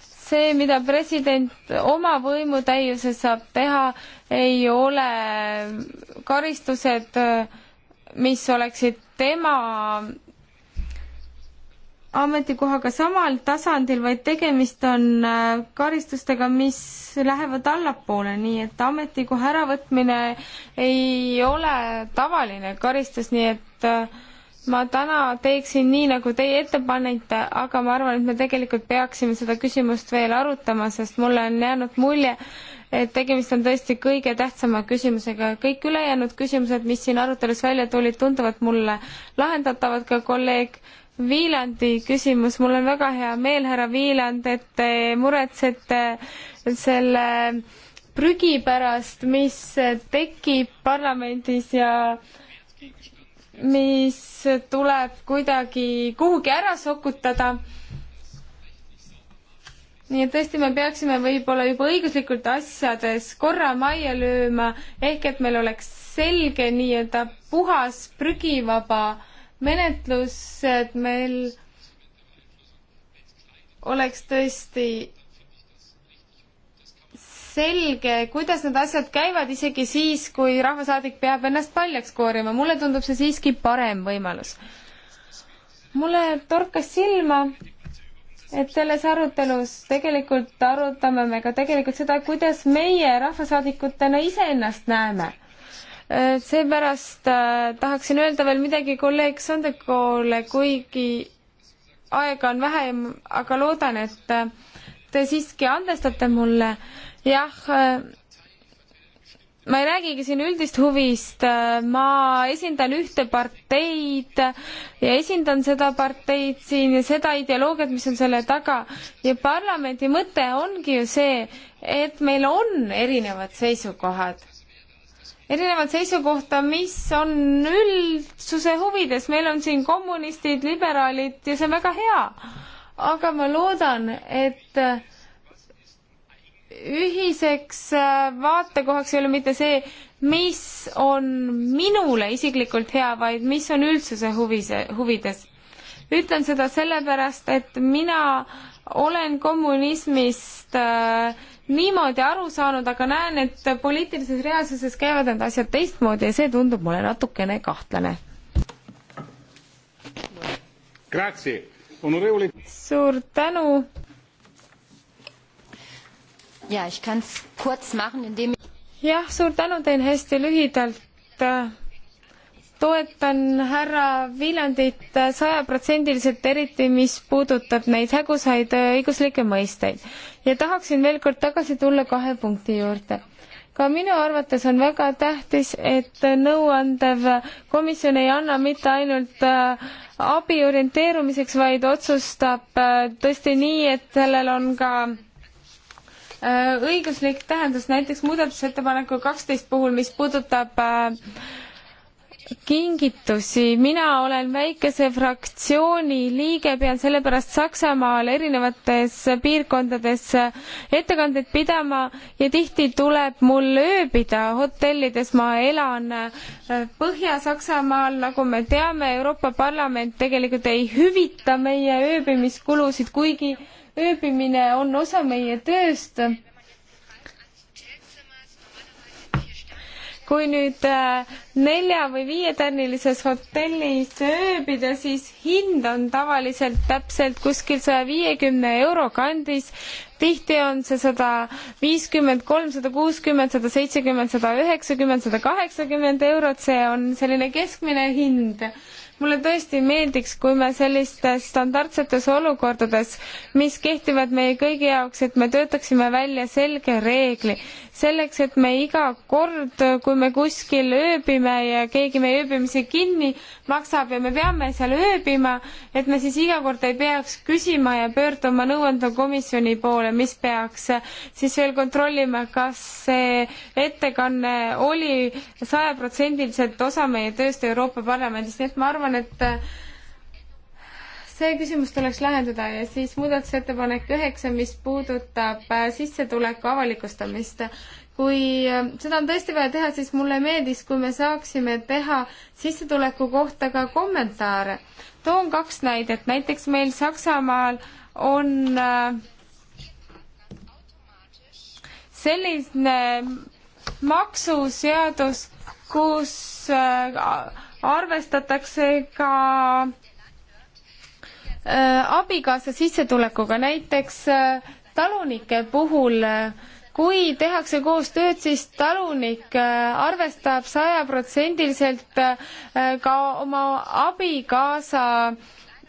see, mida president oma võimutäiuses saab teha, ei ole karistused, äh, mis oleksid tema ametikohaga samal tasandil, vaid tegemist on äh, karistustega, mis lähevad allapoole, nii et ametikoha äravõtmine ei ole tavaline karistus, nii et äh, ma täna teeksin nii, nagu teie ette panite, aga ma arvan, et me tegelikult peaksime seda küsimust veel arutama, sest mulle on jäänud mulje, et tegemist on tõesti kõige tähtsama küsimusega. kõik ülejäänud küsimused, mis siin arutelus välja tulid, tunduvad mulle lahendatavad, ka kolleeg Viilandi küsimus, mul on väga hea meel, härra Viiland, et te muretsete selle prügi pärast, mis tekib parlamendis ja mis tuleb kuidagi kuhugi ära sokutada. nii et tõesti, me peaksime võib-olla juba õiguslikult asjades korra majja lööma, ehk et meil oleks selge nii-öelda puhas prügivaba äh, menetlused meil oleks tõesti selge, kuidas need asjad käivad, isegi siis, kui rahvasaadik peab ennast paljaks koorima. mulle tundub see siiski parem võimalus. mulle torkas silma, et selles arutelus tegelikult arutame me ka tegelikult seda, kuidas meie rahvasaadikutena iseennast näeme Äh, seepärast äh, tahaksin öelda veel midagi kolleeg Sandekoole, kuigi aega on vähe, aga loodan, et äh, te siiski andestate mulle. jah, ma ei räägigi siin üldist huvist, ma esindan ühte parteid ja esindan seda parteid siin ja seda ideoloogiat, mis on selle taga. ja parlamendi mõte ongi ju see, et meil on erinevad seisukohad erinevat seisukohta, mis on üldsuse huvides, meil on siin kommunistid, liberaalid ja see on väga hea. aga ma loodan, et ühiseks vaatekohaks ei ole mitte see, mis on minule isiklikult hea, vaid mis on üldsuse huvise, huvides. ütlen seda sellepärast, et mina olen kommunismist äh, niimoodi aru saanud, aga näen, et poliitilises reaalsuses käivad need asjad teistmoodi ja see tundub mulle natukene kahtlane. suur tänu. jah, suur tänu, teen hästi lühidalt toetan härra Viljandit sajaprotsendiliselt, eriti mis puudutab neid hägusaid õiguslikke mõisteid. ja tahaksin veel kord tagasi tulla kahe punkti juurde. ka minu arvates on väga tähtis, et nõuandev komisjon ei anna mitte ainult äh, abi orienteerumiseks, vaid otsustab äh, tõesti nii, et sellel on ka äh, õiguslik tähendus, näiteks muudatusettepaneku kaksteist puhul, mis puudutab äh, kingitusi, mina olen väikese fraktsiooni liige, pean sellepärast Saksamaal erinevates piirkondades ettekandeid pidama ja tihti tuleb mul ööbida hotellides, ma elan äh, Põhja-Saksamaal, nagu me teame, Euroopa Parlament tegelikult ei hüvita meie ööbimiskulusid, kuigi ööbimine on osa meie tööst kui nüüd äh, nelja või viietärnilises hotellis ööbida, siis hind on tavaliselt täpselt kuskil saja viiekümne euro kandis. tihti on see sada viiskümmend, kolmsada kuuskümmend, sada seitsekümmend, sada üheksakümmend, sada kaheksakümmend eurot, see on selline keskmine hind mulle tõesti meeldiks, kui me sellistes standardsetes olukordades, mis kehtivad meie kõigi jaoks, et me töötaksime välja selge reegli, selleks, et me iga kord, kui me kuskil ööbime ja keegi meie ööbimise kinni maksab ja me peame seal ööbima, et me siis iga kord ei peaks küsima ja pöörduma nõuandekomisjoni poole, mis peaks siis veel kontrollima, kas see ettekanne oli sajaprotsendiliselt osa meie tööst Euroopa Parlamendis, nii et ma arvan, et see küsimus tuleks lahendada ja siis muudatusettepanek üheksa, mis puudutab äh, sissetuleku avalikustamist. kui äh, seda on tõesti vaja teha, siis mulle meeldis, kui me saaksime teha sissetuleku kohta ka kommentaare. toon kaks näidet, näiteks meil Saksamaal on äh, selline maksuseadus, kus arvestatakse ka äh, Äh, abikaasa sissetulekuga, näiteks äh, talunike puhul äh, kui tehakse koos tööd, siis talunik arvestab sajaprotsendiliselt ka oma abikaasa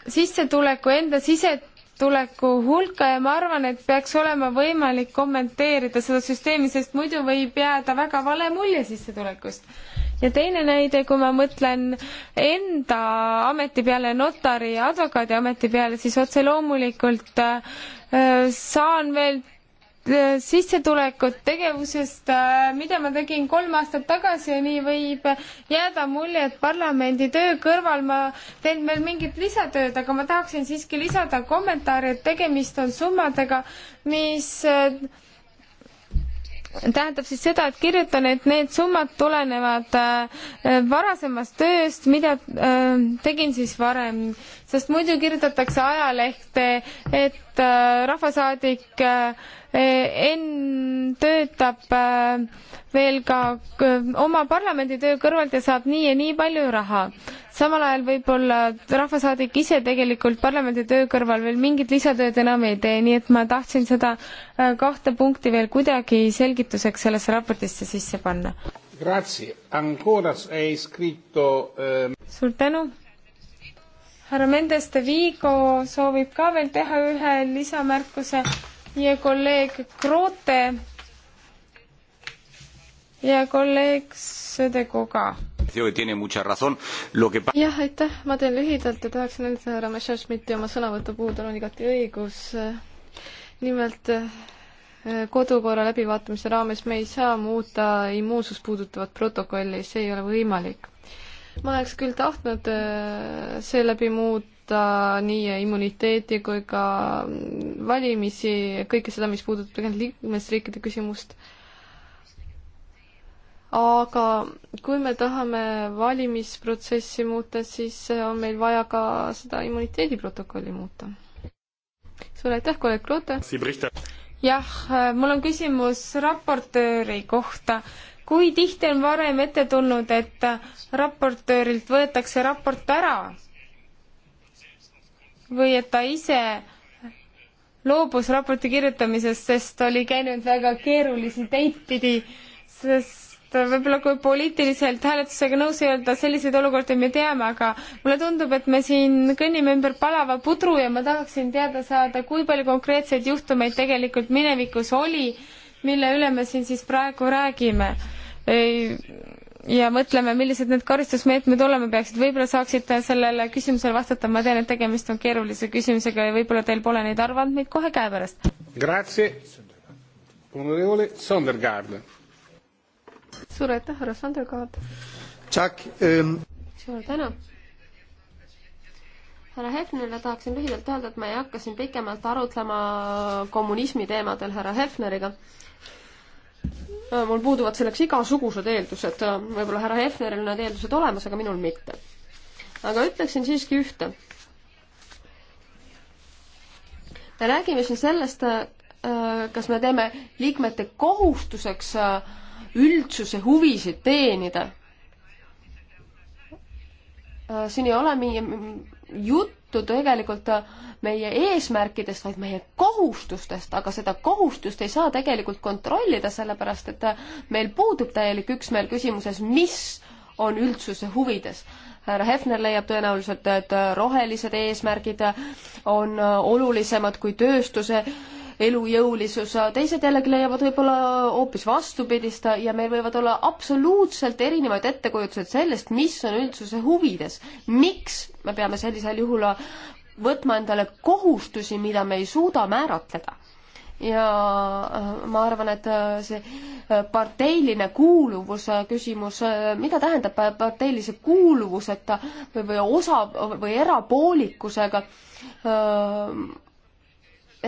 sissetuleku, enda sissetuleku hulka ja ma arvan, et peaks olema võimalik kommenteerida seda süsteemi, sest muidu võib jääda väga vale mulje sissetulekust ja teine näide, kui ma mõtlen enda ameti peale, notari ja advokaadiameti peale, siis otse loomulikult äh, saan veel äh, sissetulekut tegevusest, äh, mida ma tegin kolm aastat tagasi ja nii võib jääda mulje, et parlamendi töö kõrval ma teen veel mingit lisatööd, aga ma tahaksin siiski lisada kommentaari, et tegemist on summadega, mis tähendab siis seda, et kirjutan, et need summad tulenevad äh, varasemast tööst, mida äh, tegin siis varem sest muidu kirjutatakse ajalehte, et äh, rahvasaadik äh, N töötab äh, veel ka oma parlamenditöö kõrvalt ja saab nii ja nii palju raha. samal ajal võib-olla rahvasaadik ise tegelikult parlamenditöö kõrval veel mingit lisatööd enam ei tee, nii et ma tahtsin seda kahte punkti veel kuidagi selgituseks sellesse raportisse sisse panna. Grazie, ancora sei scritto eh... suur tänu härra Mendes de Vigo soovib ka veel teha ühe lisamärkuse ja kolleeg Kroote ja kolleeg Sõdego ka. jah, aitäh, ma teen lühidalt ja tahaksin öelda härra Messerschmitti oma sõnavõtu puhul, tal on igati õigus. nimelt eh, kodukorra läbivaatamise raames me ei saa muuta immuunsust puudutavat protokolli, see ei ole võimalik ma oleks küll tahtnud äh, seeläbi muuta nii immuniteeti kui ka valimisi, kõike seda, mis puudutab tegelikult liikmesriikide küsimust. aga kui me tahame valimisprotsessi muuta, siis on meil vaja ka seda immuniteediprotokolli muuta. suur aitäh, kolleeg Kloote! jah, mul on küsimus raportööri kohta kui tihti on varem ette tulnud, et raportöörilt võetakse raport ära või et ta ise loobus raporti kirjutamisest, sest oli käinud väga keerulisi teid pidi, sest võib-olla kui poliitiliselt hääletusega nõus ei olda, selliseid olukordi me teame, aga mulle tundub, et me siin kõnnime ümber palava pudru ja ma tahaksin teada saada, kui palju konkreetseid juhtumeid tegelikult minevikus oli, mille üle me siin siis praegu räägime ja mõtleme, millised need karistusmeetmed olema peaksid, võib-olla saaksite sellele küsimusele vastata, ma tean, et tegemist on keerulise küsimusega ja võib-olla teil pole neid arvandmeid kohe käepärast. suur aitäh, härra Sondergaard. Ehm. suur tänu härra Hefnerile tahaksin lühidalt öelda, et ma ei hakka siin pikemalt arutlema kommunismi teemadel härra Hefneriga. Äh, mul puuduvad selleks igasugused eeldused, äh, võib-olla härra Hefneril need eeldused olemas, aga minul mitte. aga ütleksin siiski ühte. me räägime siin sellest, äh, kas me teeme liikmete kohustuseks üldsuse huvisid teenida. siin ei ole mingi jutt sõltu tegelikult äh, meie eesmärkidest, vaid meie kohustustest, aga seda kohustust ei saa tegelikult kontrollida, sellepärast et äh, meil puudub täielik üksmeel küsimuses, mis on üldsuse huvides. härra Hefner leiab tõenäoliselt, et äh, rohelised eesmärgid on olulisemad kui tööstuse elujõulisus, teised jällegi leiavad võib-olla hoopis vastupidist ja meil võivad olla absoluutselt erinevaid ettekujutused sellest, mis on üldsuse huvides. miks me peame sellisel juhul võtma endale kohustusi, mida me ei suuda määratleda? ja äh, ma arvan, et äh, see äh, parteiline kuuluvus küsimus, mida tähendab parteilise kuuluvuseta või, või osa või erapoolikusega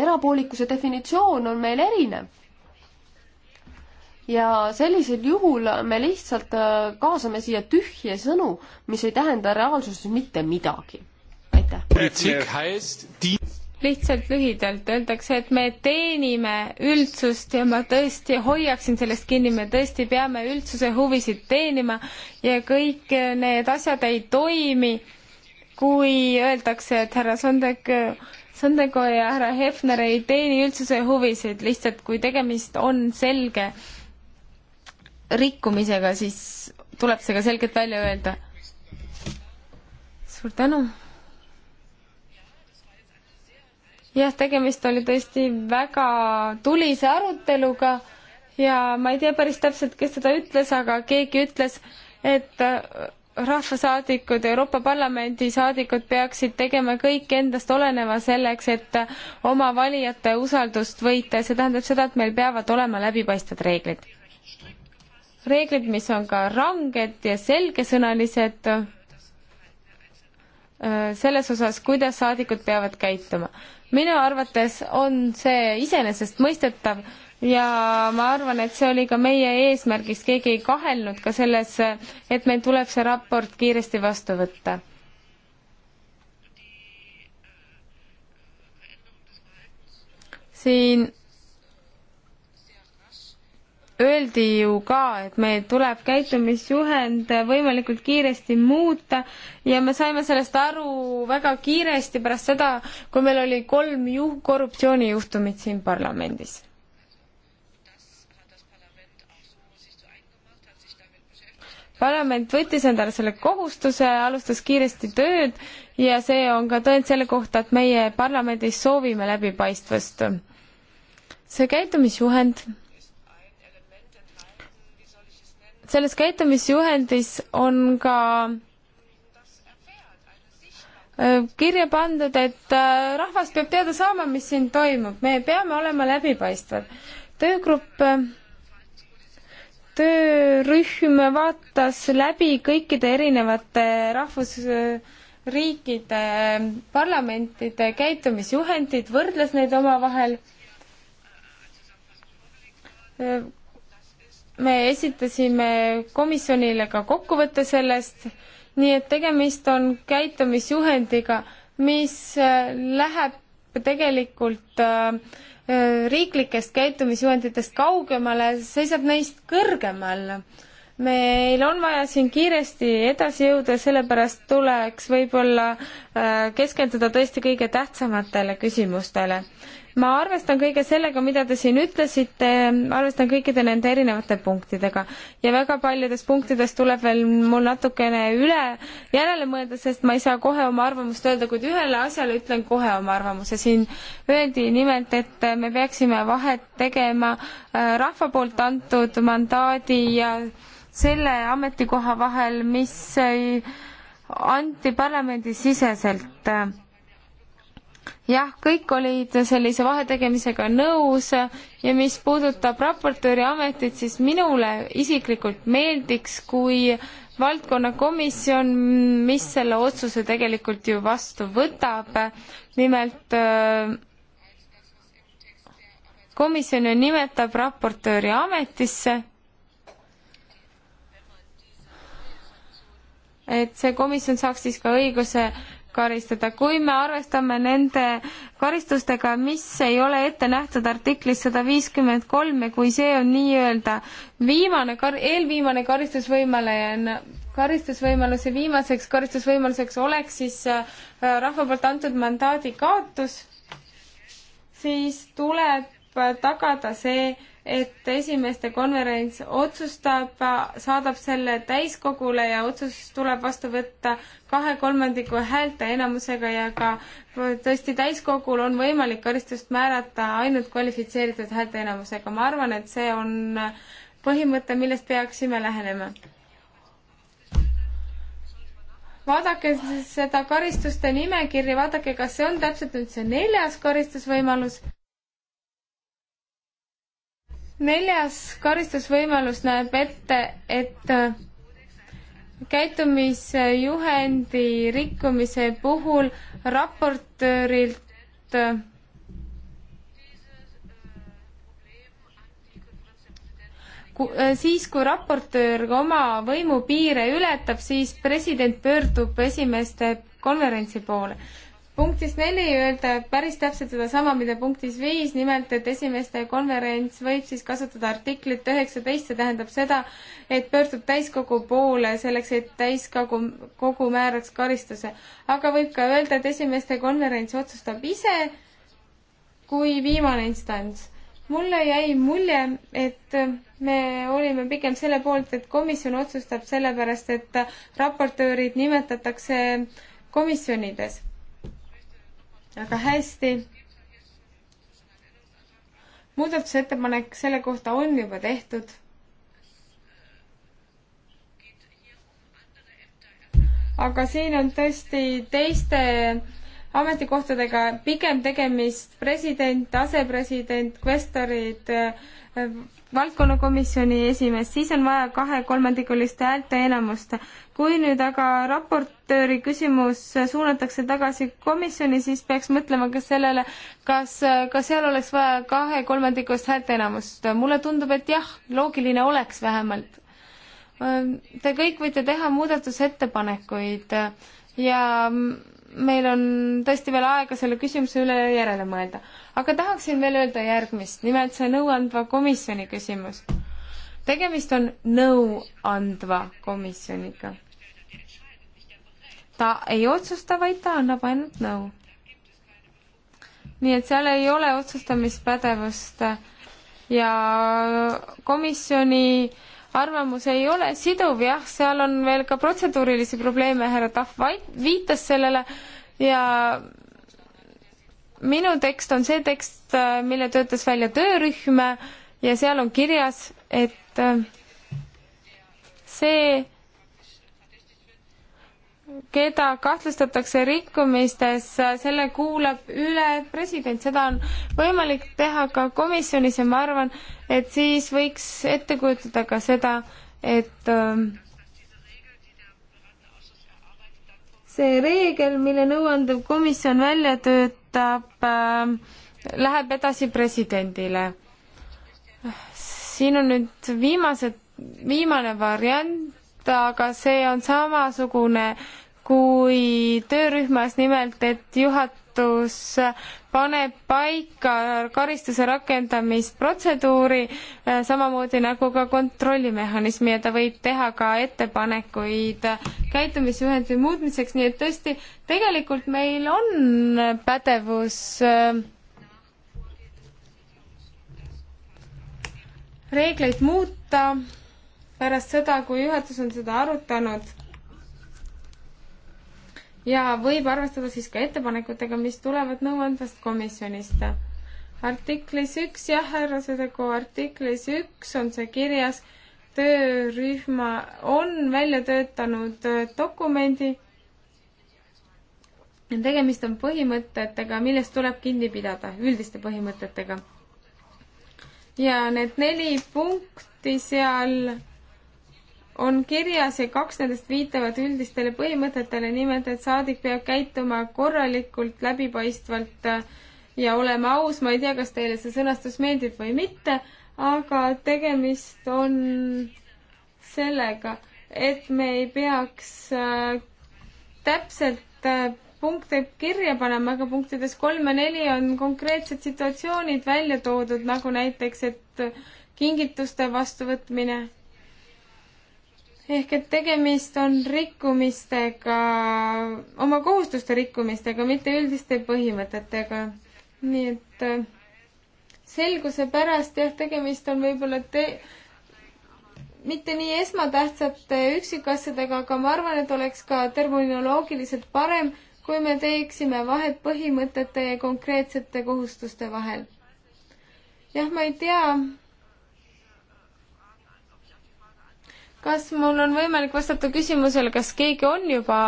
erapoolikuse definitsioon on meil erinev. ja sellisel juhul me lihtsalt äh, kaasame siia tühje sõnu, mis ei tähenda reaalsuses mitte midagi. aitäh. lihtsalt lühidalt öeldakse, et me teenime üldsust ja ma tõesti hoiaksin sellest kinni, me tõesti peame üldsuse huvisid teenima ja kõik need asjad ei toimi, kui öeldakse, et härra Sondek Sandeko ja härra Hefner ei teeni üldsuse huvisid, lihtsalt kui tegemist on selge rikkumisega, siis tuleb see ka selgelt välja öelda. suur tänu! jah, tegemist oli tõesti väga tulise aruteluga ja ma ei tea päris täpselt, kes seda ütles, aga keegi ütles, et rahvasaadikud, Euroopa Parlamendi saadikud peaksid tegema kõik endast oleneva selleks, et oma valijate usaldust võita ja see tähendab seda, et meil peavad olema läbipaistvad reeglid. reeglid, mis on ka ranged ja selgesõnalised äh, selles osas, kuidas saadikud peavad käituma. minu arvates on see iseenesestmõistetav, ja ma arvan, et see oli ka meie eesmärgiks, keegi ei kahelnud ka selles, et meil tuleb see raport kiiresti vastu võtta. siin öeldi ju ka, et meil tuleb käitumisjuhend võimalikult kiiresti muuta ja me saime sellest aru väga kiiresti pärast seda, kui meil oli kolm ju-, korruptsioonijuhtumit siin parlamendis parlament võttis endale selle kohustuse, alustas kiiresti tööd ja see on ka tõend selle kohta, et meie parlamendis soovime läbipaistvust. see käitumisjuhend, selles käitumisjuhendis on ka äh, kirja pandud, et äh, rahvas peab teada saama, mis siin toimub, me peame olema läbipaistvad. töögrupp äh, töörühm vaatas läbi kõikide erinevate rahvusriikide parlamentide käitumisjuhendid, võrdles neid omavahel. me esitasime komisjonile ka kokkuvõtte sellest, nii et tegemist on käitumisjuhendiga, mis läheb tegelikult äh, Äh, riiklikest käitumisjuhenditest kaugemale, seisab neist kõrgemal. meil on vaja siin kiiresti edasi jõuda, sellepärast tuleks võib-olla äh, keskenduda tõesti kõige tähtsamatele küsimustele ma arvestan kõige sellega, mida te siin ütlesite, arvestan kõikide nende erinevate punktidega ja väga paljudest punktidest tuleb veel mul natukene üle järele mõelda, sest ma ei saa kohe oma arvamust öelda, kuid ühele asjale ütlen kohe oma arvamuse. siin öeldi nimelt, et me peaksime vahet tegema äh, rahva poolt antud mandaadi ja selle ametikoha vahel, mis anti parlamendisiseselt jah, kõik olid sellise vahetegemisega nõus ja mis puudutab raportööri ametit, siis minule isiklikult meeldiks, kui valdkonnakomisjon, mis selle otsuse tegelikult ju vastu võtab, nimelt äh, komisjon ju nimetab raportööri ametisse, et see komisjon saaks siis ka õiguse karistada, kui me arvestame nende karistustega, mis ei ole ette nähtud artiklis sada viiskümmend kolm ja kui see on nii-öelda viimane kar-, eelviimane karistusvõimeleja, karistusvõimaluse viimaseks karistusvõimaluseks oleks siis äh, rahva poolt antud mandaadi kaotus, siis tuleb tagada see, et esimeste konverents otsustab, saadab selle täiskogule ja otsus tuleb vastu võtta kahe kolmandiku häälte enamusega ja ka tõesti täiskogul on võimalik karistust määrata ainult kvalifitseeritud häälte enamusega. ma arvan, et see on põhimõte, millest peaksime lähenema. vaadake seda karistuste nimekirja, vaadake, kas see on täpselt nüüd see neljas karistusvõimalus neljas karistusvõimalus näeb ette, et äh, käitumisjuhendi rikkumise puhul raportöörilt äh, äh, siis, kui raportöör oma võimupiire ületab, siis president pöördub esimeste konverentsi poole punktis neli öelda päris täpselt sedasama, mida punktis viis, nimelt et esimeste konverents võib siis kasutada artiklit üheksateist, see tähendab seda, et pöördub täiskogu poole selleks, et täiskogu, kogu määraks karistuse. aga võib ka öelda, et esimeste konverents otsustab ise kui viimane instants. mulle jäi mulje, et me olime pigem selle poolt, et komisjon otsustab sellepärast, et raportöörid nimetatakse komisjonides väga hästi. muudatusettepanek selle kohta on juba tehtud. aga siin on tõesti teiste ametikohtadega pigem tegemist president, asepresident, kvestorid, valdkonnakomisjoni esimees, siis on vaja kahekolmandikulist häälteenamust. kui nüüd aga raportööri küsimus suunatakse tagasi komisjoni, siis peaks mõtlema ka sellele, kas, ka seal oleks vaja kahekolmandikulist häälteenamust. mulle tundub, et jah, loogiline oleks vähemalt. Te kõik võite teha muudatusettepanekuid ja meil on tõesti veel aega selle küsimuse üle järele mõelda. aga tahaksin veel öelda järgmist, nimelt see nõuandva komisjoni küsimus. tegemist on nõuandva komisjoniga. ta ei otsusta, vaid ta annab ainult nõu. nii et seal ei ole otsustamispädevust ja komisjoni äh, arvamus ei ole siduv, jah, seal on veel ka protseduurilisi probleeme, härra Tahv viitas sellele ja minu tekst on see tekst, äh, mille töötas välja töörühm ja seal on kirjas, et äh, see keda kahtlustatakse rikkumistes, selle kuulab üle president, seda on võimalik teha ka komisjonis ja ma arvan, et siis võiks ette kujutada ka seda, et ähm, see reegel, mille nõuandev komisjon välja töötab, ähm, läheb edasi presidendile. siin on nüüd viimased, viimane variant, aga see on samasugune äh, kui töörühmas nimelt, et juhatus paneb paika karistuse rakendamisprotseduuri, äh, samamoodi nagu ka kontrollimehhanismi ja ta võib teha ka ettepanekuid käitumisjuhendi muutmiseks, nii et tõesti, tegelikult meil on pädevus äh, reegleid muuta pärast seda, kui juhatus on seda arutanud ja võib arvestada siis ka ettepanekutega, mis tulevad nõuandvast komisjonist. artiklis üks, jah, härra Sõdeko, artiklis üks on see kirjas, töörühma on välja töötanud äh, dokumendi, tegemist on põhimõtetega, millest tuleb kinni pidada, üldiste põhimõtetega. ja need neli punkti seal on kirjas ja kaks nendest viitavad üldistele põhimõtetele, nimelt et saadik peab käituma korralikult, läbipaistvalt äh, ja olema aus, ma ei tea, kas teile see sõnastus meeldib või mitte, aga tegemist on sellega, et me ei peaks äh, täpselt äh, punkte kirja panema, aga punktides kolm ja neli on konkreetsed situatsioonid välja toodud, nagu näiteks, et kingituste vastuvõtmine ehk et tegemist on rikkumistega, oma kohustuste rikkumistega, mitte üldiste põhimõtetega. nii et äh, selguse pärast jah, tegemist on võib-olla te-, mitte nii esmatähtsate üksikasjadega, aga ma arvan, et oleks ka terminoloogiliselt parem, kui me teeksime vahet põhimõtete ja konkreetsete kohustuste vahel. jah, ma ei tea, kas mul on võimalik vastata küsimusele, kas keegi on juba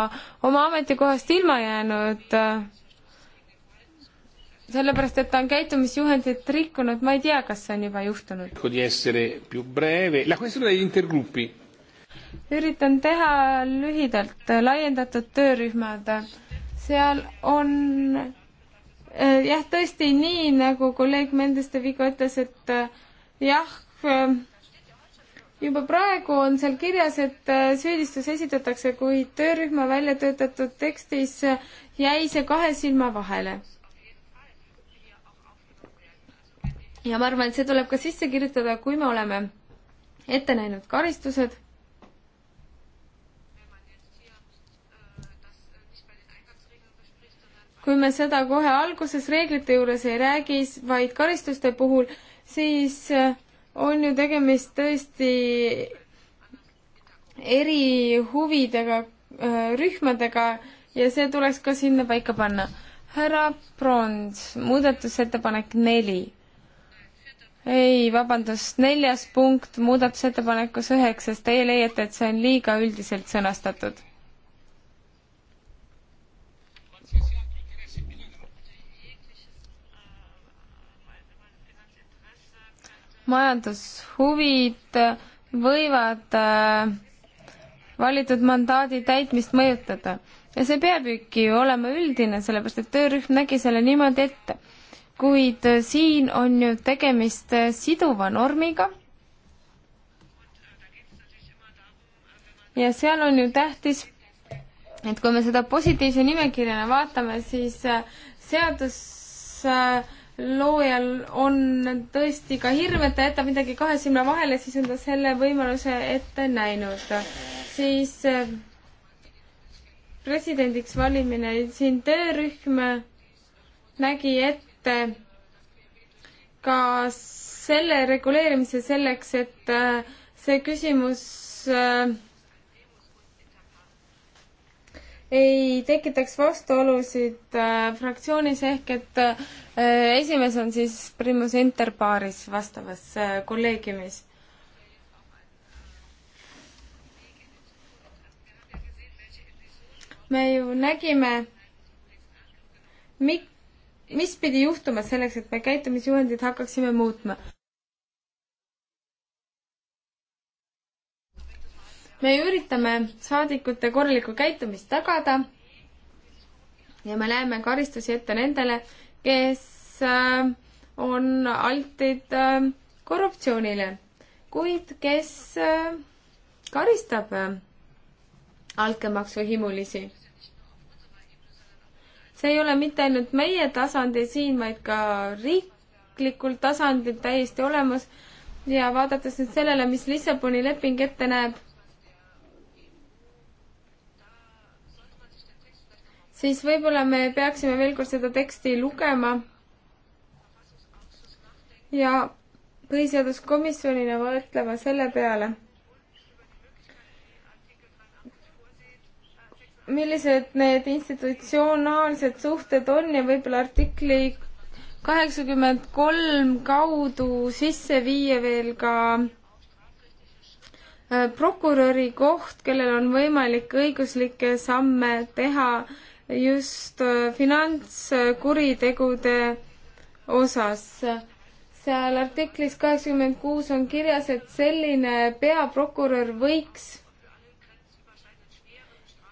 oma ametikohast ilma jäänud? sellepärast, et ta on käitumisjuhendit rikkunud, ma ei tea, kas see on juba juhtunud. üritan teha lühidalt, laiendatud töörühmad, seal on eh, jah, tõesti nii, nagu kolleeg Mendes de Vigo ütles, et eh, jah, eh, juba praegu on seal kirjas, et äh, süüdistus esitatakse, kuid töörühma välja töötatud tekstis äh, jäi see kahe silma vahele. ja ma arvan, et see tuleb ka sisse kirjutada, kui me oleme ette näinud karistused kui me seda kohe alguses reeglite juures ei räägi, vaid karistuste puhul, siis äh, on ju tegemist tõesti eri huvidega äh, rühmadega ja see tuleks ka sinna paika panna. härra Prons, muudatusettepanek neli. ei, vabandust, neljas punkt muudatusettepanekus üheksas, teie leiate, et see on liiga üldiselt sõnastatud majandushuvid võivad äh, valitud mandaadi täitmist mõjutada. ja see peab ju olema üldine, sellepärast et töörühm nägi selle niimoodi ette. kuid äh, siin on ju tegemist äh, siduva normiga. ja seal on ju tähtis, et kui me seda positiivse nimekirjana vaatame, siis seadus äh, loojal on tõesti ka hirm, et ta jätab midagi kahe silma vahele, siis on ta selle võimaluse ette näinud. siis eh, presidendiks valimine, siin töörühm nägi ette ka selle reguleerimise selleks, et eh, see küsimus äh, ei tekitaks vastuolusid äh, fraktsioonis, ehk et äh, esimees on siis primus inter pares vastavas äh, kolleegiumis. me ju nägime, mi-, mis pidi juhtuma selleks, et me käitumisjuhendit hakkaksime muutma me üritame saadikute korralikku käitumist tagada ja me näeme karistusi ette nendele, kes äh, on altid äh, korruptsioonile, kuid kes äh, karistab altkäemaksu himulisi. see ei ole mitte ainult meie tasandil siin, vaid ka riiklikul tasandil täiesti olemas ja vaadates nüüd sellele, mis Lissaboni leping ette näeb, siis võib-olla me peaksime veel kord seda teksti lugema ja põhiseaduskomisjonina mõtlema selle peale, millised need institutsionaalsed suhted on ja võib-olla artikli kaheksakümmend kolm kaudu sisse viia veel ka äh, prokuröri koht, kellel on võimalik õiguslikke samme teha just äh, finantskuritegude osas. seal artiklis kaheksakümmend kuus on kirjas, et selline peaprokurör võiks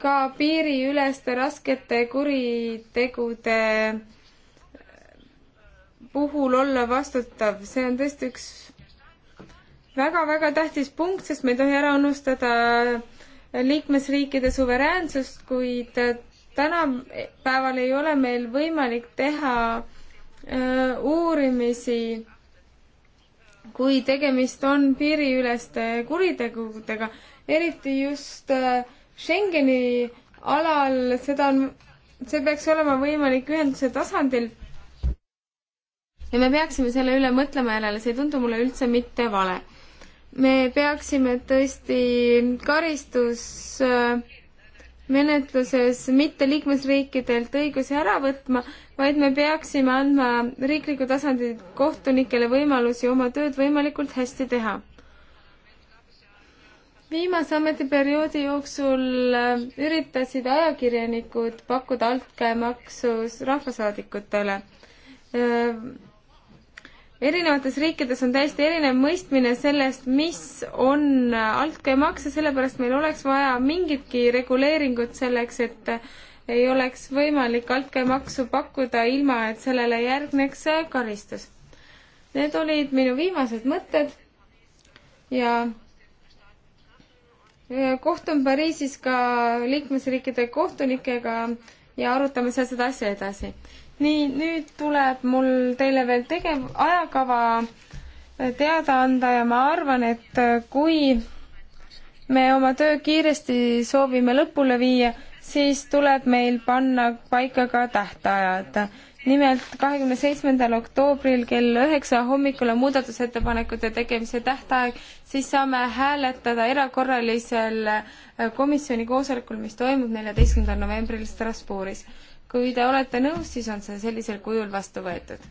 ka piiriüleste raskete kuritegude puhul olla vastutav, see on tõesti üks väga-väga tähtis punkt, sest me ei tohi ära unustada liikmesriikide suveräänsust, kuid tänapäeval ei ole meil võimalik teha öö, uurimisi, kui tegemist on piiriüleste kuritegudega, eriti just öö, Schengeni alal, seda on, see peaks olema võimalik ühenduse tasandil. ja me peaksime selle üle mõtlema järele, see ei tundu mulle üldse mitte vale. me peaksime tõesti karistus öö, menetluses mitte liikmesriikidelt õigusi ära võtma, vaid me peaksime andma riikliku tasandi kohtunikele võimalusi oma tööd võimalikult hästi teha. viimase ametiperioodi jooksul äh, üritasid ajakirjanikud pakkuda altkäemaksu rahvasaadikutele äh, erinevates riikides on täiesti erinev mõistmine sellest, mis on altkäemaks ja sellepärast meil oleks vaja mingitki reguleeringut selleks, et ei oleks võimalik altkäemaksu pakkuda ilma, et sellele järgneks karistus. Need olid minu viimased mõtted ja kohtun Pariisis ka liikmesriikide kohtunikega ja arutame seal seda asja edasi nii, nüüd tuleb mul teile veel tegev, ajakava äh, teada anda ja ma arvan, et äh, kui me oma töö kiiresti soovime lõpule viia, siis tuleb meil panna paika ka tähtajad. nimelt kahekümne seitsmendal oktoobril kell üheksa hommikul on muudatusettepanekute tegemise tähtaeg, siis saame hääletada erakorralisel äh, komisjoni koosolekul, mis toimub neljateistkümnendal novembril Strasbourgis kui te olete nõus, siis on see sellisel kujul vastu võetud.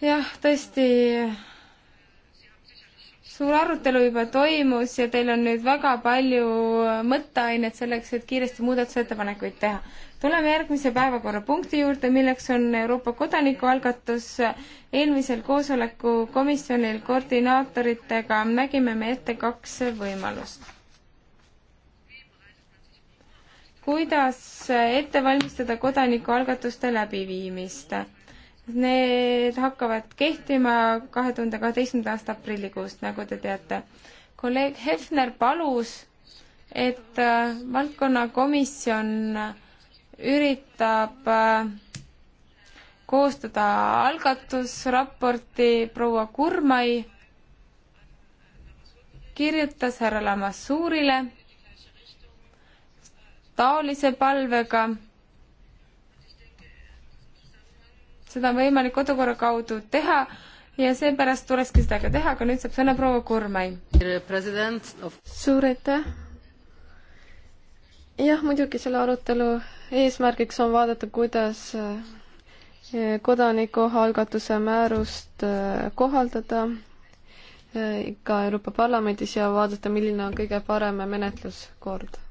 jah, tõesti, suur arutelu juba toimus ja teil on nüüd väga palju mõtteainet selleks, et kiiresti muudatusettepanekuid teha. tuleme järgmise päevakorrapunkti juurde, milleks on Euroopa kodanikualgatus. eelmisel koosoleku komisjonil koordinaatoritega nägime me ette kaks võimalust kuidas ette valmistada kodanikualgatuste läbiviimist. Need hakkavad kehtima kahe tuhande kaheteistkümnenda aasta aprillikuust, nagu te teate. kolleeg Hefner palus, et äh, valdkonnakomisjon üritab äh, koostada algatusraporti proua Kurmai kirjutas härra Lamassuurile taolise palvega. seda on võimalik kodukorra kaudu teha ja seepärast tulekski seda ka teha, aga nüüd saab sõna proua Kurmai. suur aitäh! jah, muidugi selle arutelu eesmärgiks on vaadata, kuidas eh, kodanikualgatuse määrust eh, kohaldada eh, ka Euroopa Parlamendis ja vaadata, milline on kõige parem menetluskord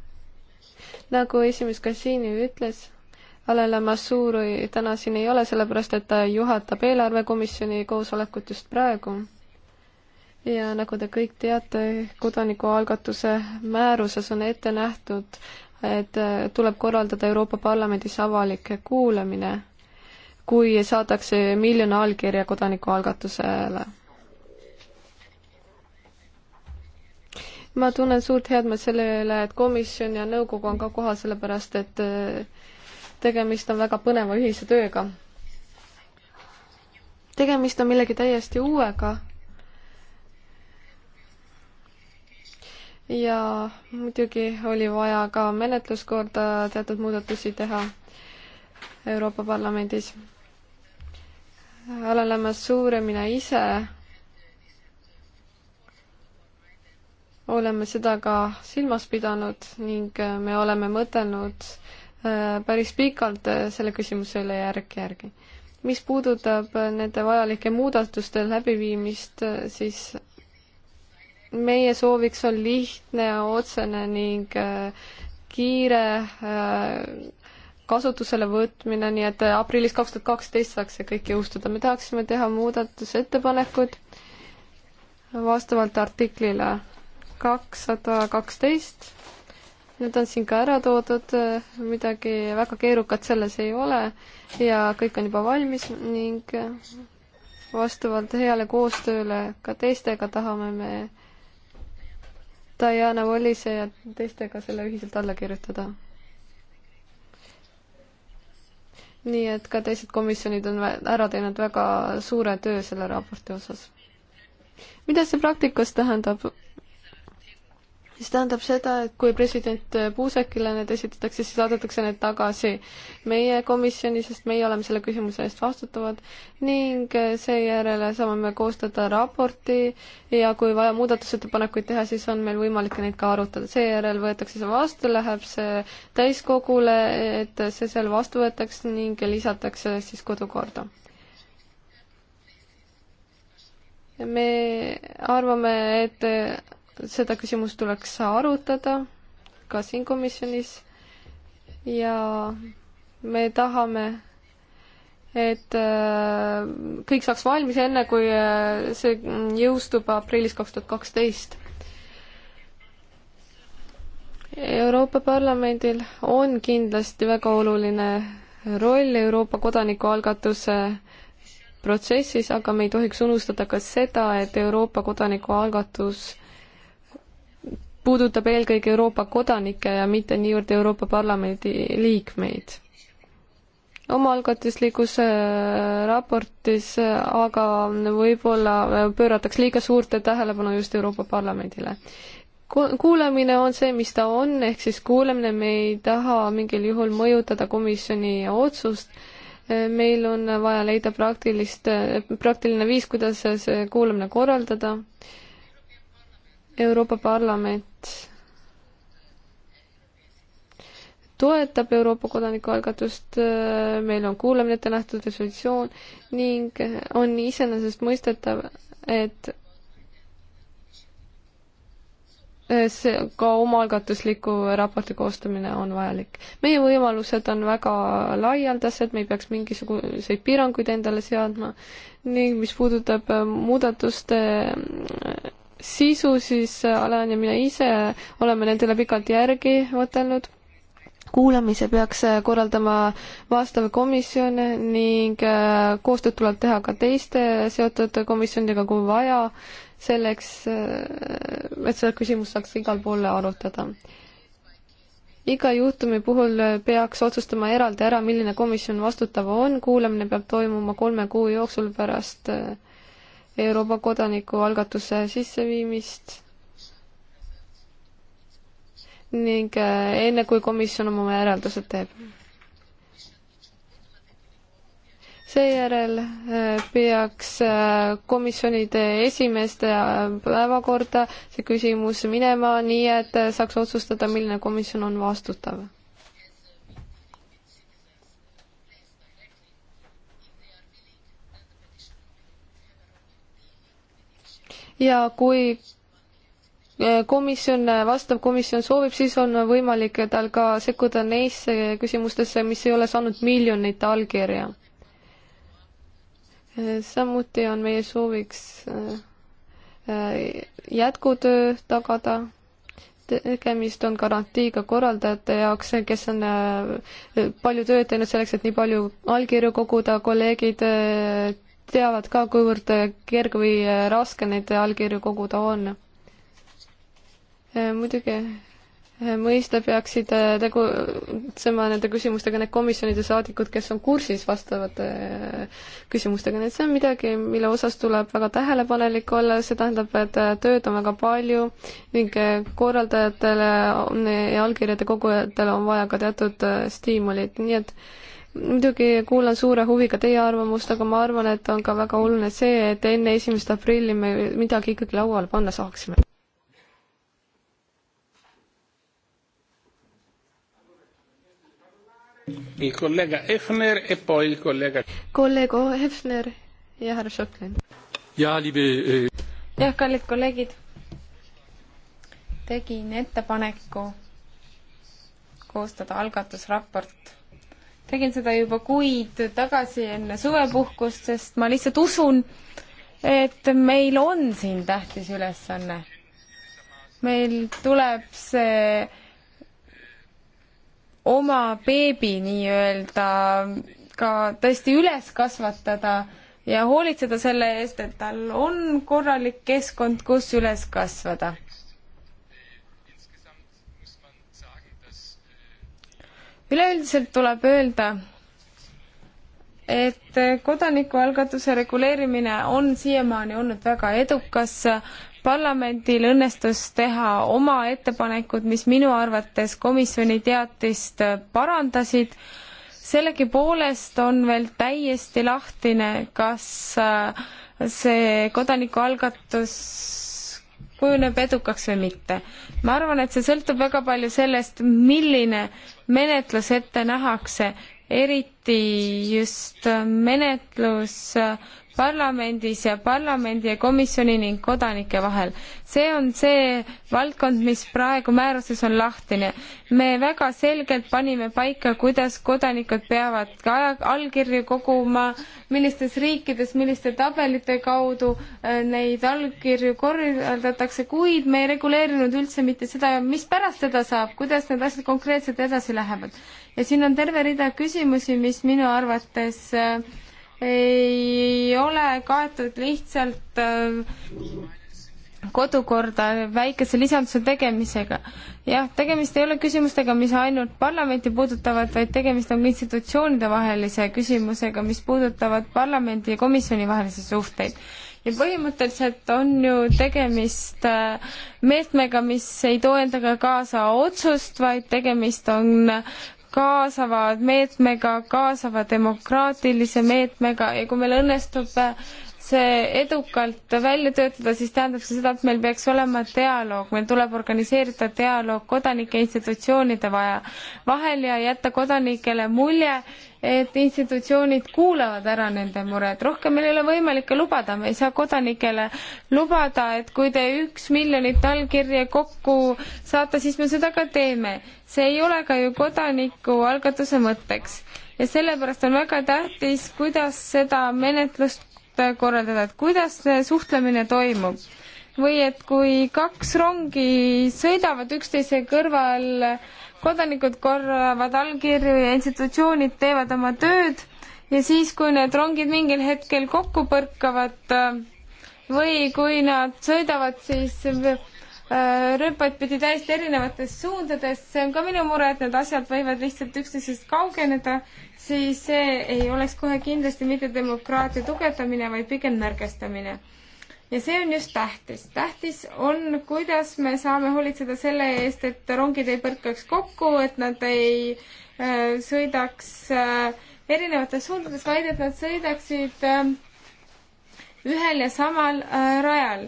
nagu esimees Kassiini ütles, Alele Masuri täna siin ei ole, sellepärast et ta juhatab eelarvekomisjoni koosolekut just praegu. ja nagu te kõik teate, kodanikualgatuse määruses on ette nähtud, et tuleb korraldada Euroopa Parlamendis avalik kuulamine, kui saadakse miljon allkirja kodanikualgatusele ma tunnen suurt headmeelt selle üle, et komisjon ja nõukogu on ka kohal, sellepärast et äh, tegemist on väga põneva ühise tööga. tegemist on millegi täiesti uuega. ja muidugi oli vaja ka menetluskorda teatud muudatusi teha Euroopa Parlamendis. Alan Lamassoure, mina ise oleme seda ka silmas pidanud ning äh, me oleme mõtelnud äh, päris pikalt äh, selle küsimuse üle järk-järgi. mis puudutab nende vajalike muudatuste läbiviimist, siis meie sooviks on lihtne, otsene ning kiire kasutusele võtmine, nii et aprillis kaks tuhat kaksteist saaks see kõik jõustuda. me tahaksime teha muudatusettepanekud vastavalt artiklile kakssada kaksteist. Need on siin ka ära toodud, midagi väga keerukat selles ei ole ja kõik on juba valmis ning vastavalt heale koostööle ka teistega tahame me Diana Wallise ja teistega selle ühiselt alla kirjutada. nii et ka teised komisjonid on ära teinud väga suure töö selle raporti osas. mida see praktikas tähendab? siis tähendab seda, et kui president Puusekile need esitatakse, siis saadetakse need tagasi meie komisjoni, sest meie oleme selle küsimuse eest vastutavad ning seejärel saame me koostada raporti ja kui vaja muudatusettepanekuid teha, siis on meil võimalik neid ka arutada. seejärel võetakse see vastu, läheb see täiskogule, et see seal vastu võetaks ning lisatakse siis kodukorda me arvame, et seda küsimust tuleks arutada ka siin komisjonis ja me tahame, et äh, kõik saaks valmis enne, kui äh, see jõustub aprillis kaks tuhat kaksteist. Euroopa Parlamendil on kindlasti väga oluline roll Euroopa kodanikualgatuse protsessis, aga me ei tohiks unustada ka seda, et Euroopa kodanikualgatus puudutab eelkõige Euroopa kodanikke ja mitte niivõrd Euroopa Parlamendi liikmeid. omaalgatuslikus äh, raportis äh, aga võib-olla äh, pööratakse liiga suurt tähelepanu just Euroopa Parlamendile kuulamine on see, mis ta on, ehk siis kuulamine, me ei taha mingil juhul mõjutada komisjoni otsust. meil on vaja leida praktilist, praktiline viis, kuidas see kuulamine korraldada. Euroopa Parlament toetab Euroopa kodanikualgatust, meil on kuulamine ette nähtud resolutsioon ning on iseenesestmõistetav, et see ka omaalgatusliku raporti koostamine on vajalik. meie võimalused on väga laialdased, me ei peaks mingisuguseid piiranguid endale seadma ning mis puudutab muudatuste sisu, siis äh, Alan ja mina ise oleme nendele pikalt järgi võtelnud. kuulamise peaks äh, korraldama vastav komisjon ning äh, koostööd tuleb teha ka teiste seotud komisjonidega, kui vaja, selleks, et seda küsimust saaks igal pool arutada iga juhtumi puhul peaks otsustama eraldi ära, milline komisjon vastutav on, kuulamine peab toimuma kolme kuu jooksul pärast äh, Euroopa kodanikualgatuse sisseviimist ning äh, enne, kui komisjon oma järeldused teeb. seejärel äh, peaks äh, komisjonide esimeeste päevakorda see küsimus minema, nii et saaks otsustada, milline komisjon on vastutav ja kui eh, komisjon, eh, vastav komisjon soovib, siis on võimalik tal ka sekkuda neisse küsimustesse, mis ei ole saanud miljonite allkirja. Eh, samuti on meie sooviks jätkutöö tagada, tegemist on garantiiga korraldajate jaoks, kes on palju tööd teinud selleks, et nii palju allkirju koguda, kolleegid teavad ka, kuivõrd kerge või raske neid allkirju koguda on. muidugi eh, mõista peaksid eh, tegutsema nende küsimustega need komisjonide saadikud, kes on kursis vastavate eh, küsimustega, nii et see on midagi, mille osas tuleb väga tähelepanelik olla, see tähendab, et tööd on väga palju ning korraldajatele ja allkirjade kogujatele on vaja ka teatud stiimulit, nii et äh, muidugi kuulan suure huviga teie arvamust, aga ma arvan, et on ka väga oluline see, et enne esimest aprilli me midagi ikkagi lauale panna saaksime. E kolleeg Hefner ja härra Šoklin. Äh, jah, kallid kolleegid, tegin ettepaneku koostada algatusraport tegin seda juba kuid tagasi enne suvepuhkust, sest ma lihtsalt usun, et meil on siin tähtis ülesanne. meil tuleb see oma beebi nii-öelda ka tõesti üles kasvatada ja hoolitseda selle eest, et tal on korralik keskkond, kus üles kasvada. üleüldiselt tuleb öelda, et kodanikualgatuse reguleerimine on siiamaani olnud väga edukas, parlamendil õnnestus teha oma ettepanekud, mis minu arvates komisjoni teatist parandasid, sellegipoolest on veel täiesti lahtine, kas see kodanikualgatus kujuneb edukaks või mitte. ma arvan, et see sõltub väga palju sellest, milline menetlus ette nähakse, eriti just menetlus äh, parlamendis ja parlamendi ja komisjoni ning kodanike vahel. see on see valdkond, mis praegu määruses on lahtine. me väga selgelt panime paika, kuidas kodanikud peavad ka allkirju koguma, millistes riikides, milliste tabelite kaudu äh, neid allkirju korraldatakse, kuid me ei reguleerinud üldse mitte seda, mis pärast seda saab, kuidas need asjad konkreetselt edasi lähevad. ja siin on terve rida küsimusi, mis minu arvates äh, ei ole kaetud lihtsalt äh, kodukorda väikese lisanduse tegemisega. jah, tegemist ei ole küsimustega, mis ainult parlamenti puudutavad, vaid tegemist on institutsioonide vahelise küsimusega, mis puudutavad parlamendi ja komisjoni vahelisi suhteid ja põhimõtteliselt on ju tegemist äh, meetmega, mis ei too endaga kaasa otsust, vaid tegemist on kaasava meetmega, kaasava demokraatilise meetmega ja kui meil õnnestub see edukalt välja töötada, siis tähendab see seda, et meil peaks olema dialoog, meil tuleb organiseerida dialoog kodanike institutsioonide vaja vahel ja jätta kodanikele mulje, et institutsioonid kuulavad ära nende mured, rohkem meil ei ole võimalik ka lubada, me ei saa kodanikele lubada, et kui te üks miljonit allkirja kokku saate, siis me seda ka teeme. see ei ole ka ju kodanikualgatuse mõtteks ja sellepärast on väga tähtis, kuidas seda menetlust korraldada, et kuidas see suhtlemine toimub? või et kui kaks rongi sõidavad üksteise kõrval, kodanikud korravad allkirju ja institutsioonid teevad oma tööd ja siis, kui need rongid mingil hetkel kokku põrkavad äh, või kui nad sõidavad siis äh, rööpaid pidi täiesti erinevates suundades, see on ka minu mure, et need asjad võivad lihtsalt üksteisest kaugeneda siis see ei oleks kohe kindlasti mitte demokraatia tugevdamine, vaid pigem nõrgestamine. ja see on just tähtis. tähtis on, kuidas me saame hoolitseda selle eest, et rongid ei põrkaks kokku, et nad ei äh, sõidaks äh, erinevates suundades, vaid et nad sõidaksid äh, ühel ja samal äh, rajal.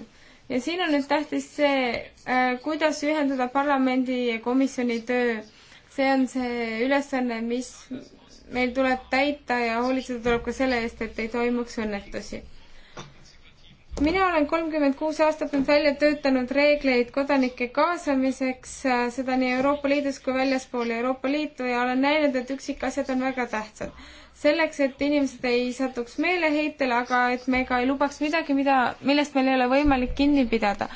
ja siin on nüüd tähtis see äh,, kuidas ühendada parlamendi ja komisjoni töö. see on see ülesanne, mis meil tuleb täita ja hoolitseda tuleb ka selle eest, et ei toimuks õnnetusi. mina olen kolmkümmend kuus aastat nüüd välja töötanud reegleid kodanike kaasamiseks, äh, seda nii Euroopa Liidus kui väljaspool Euroopa Liitu ja olen näinud, et üksikasjad on väga tähtsad. selleks, et inimesed ei satuks meeleheitele, aga et me ka ei lubaks midagi, mida, millest meil ei ole võimalik kinni pidada.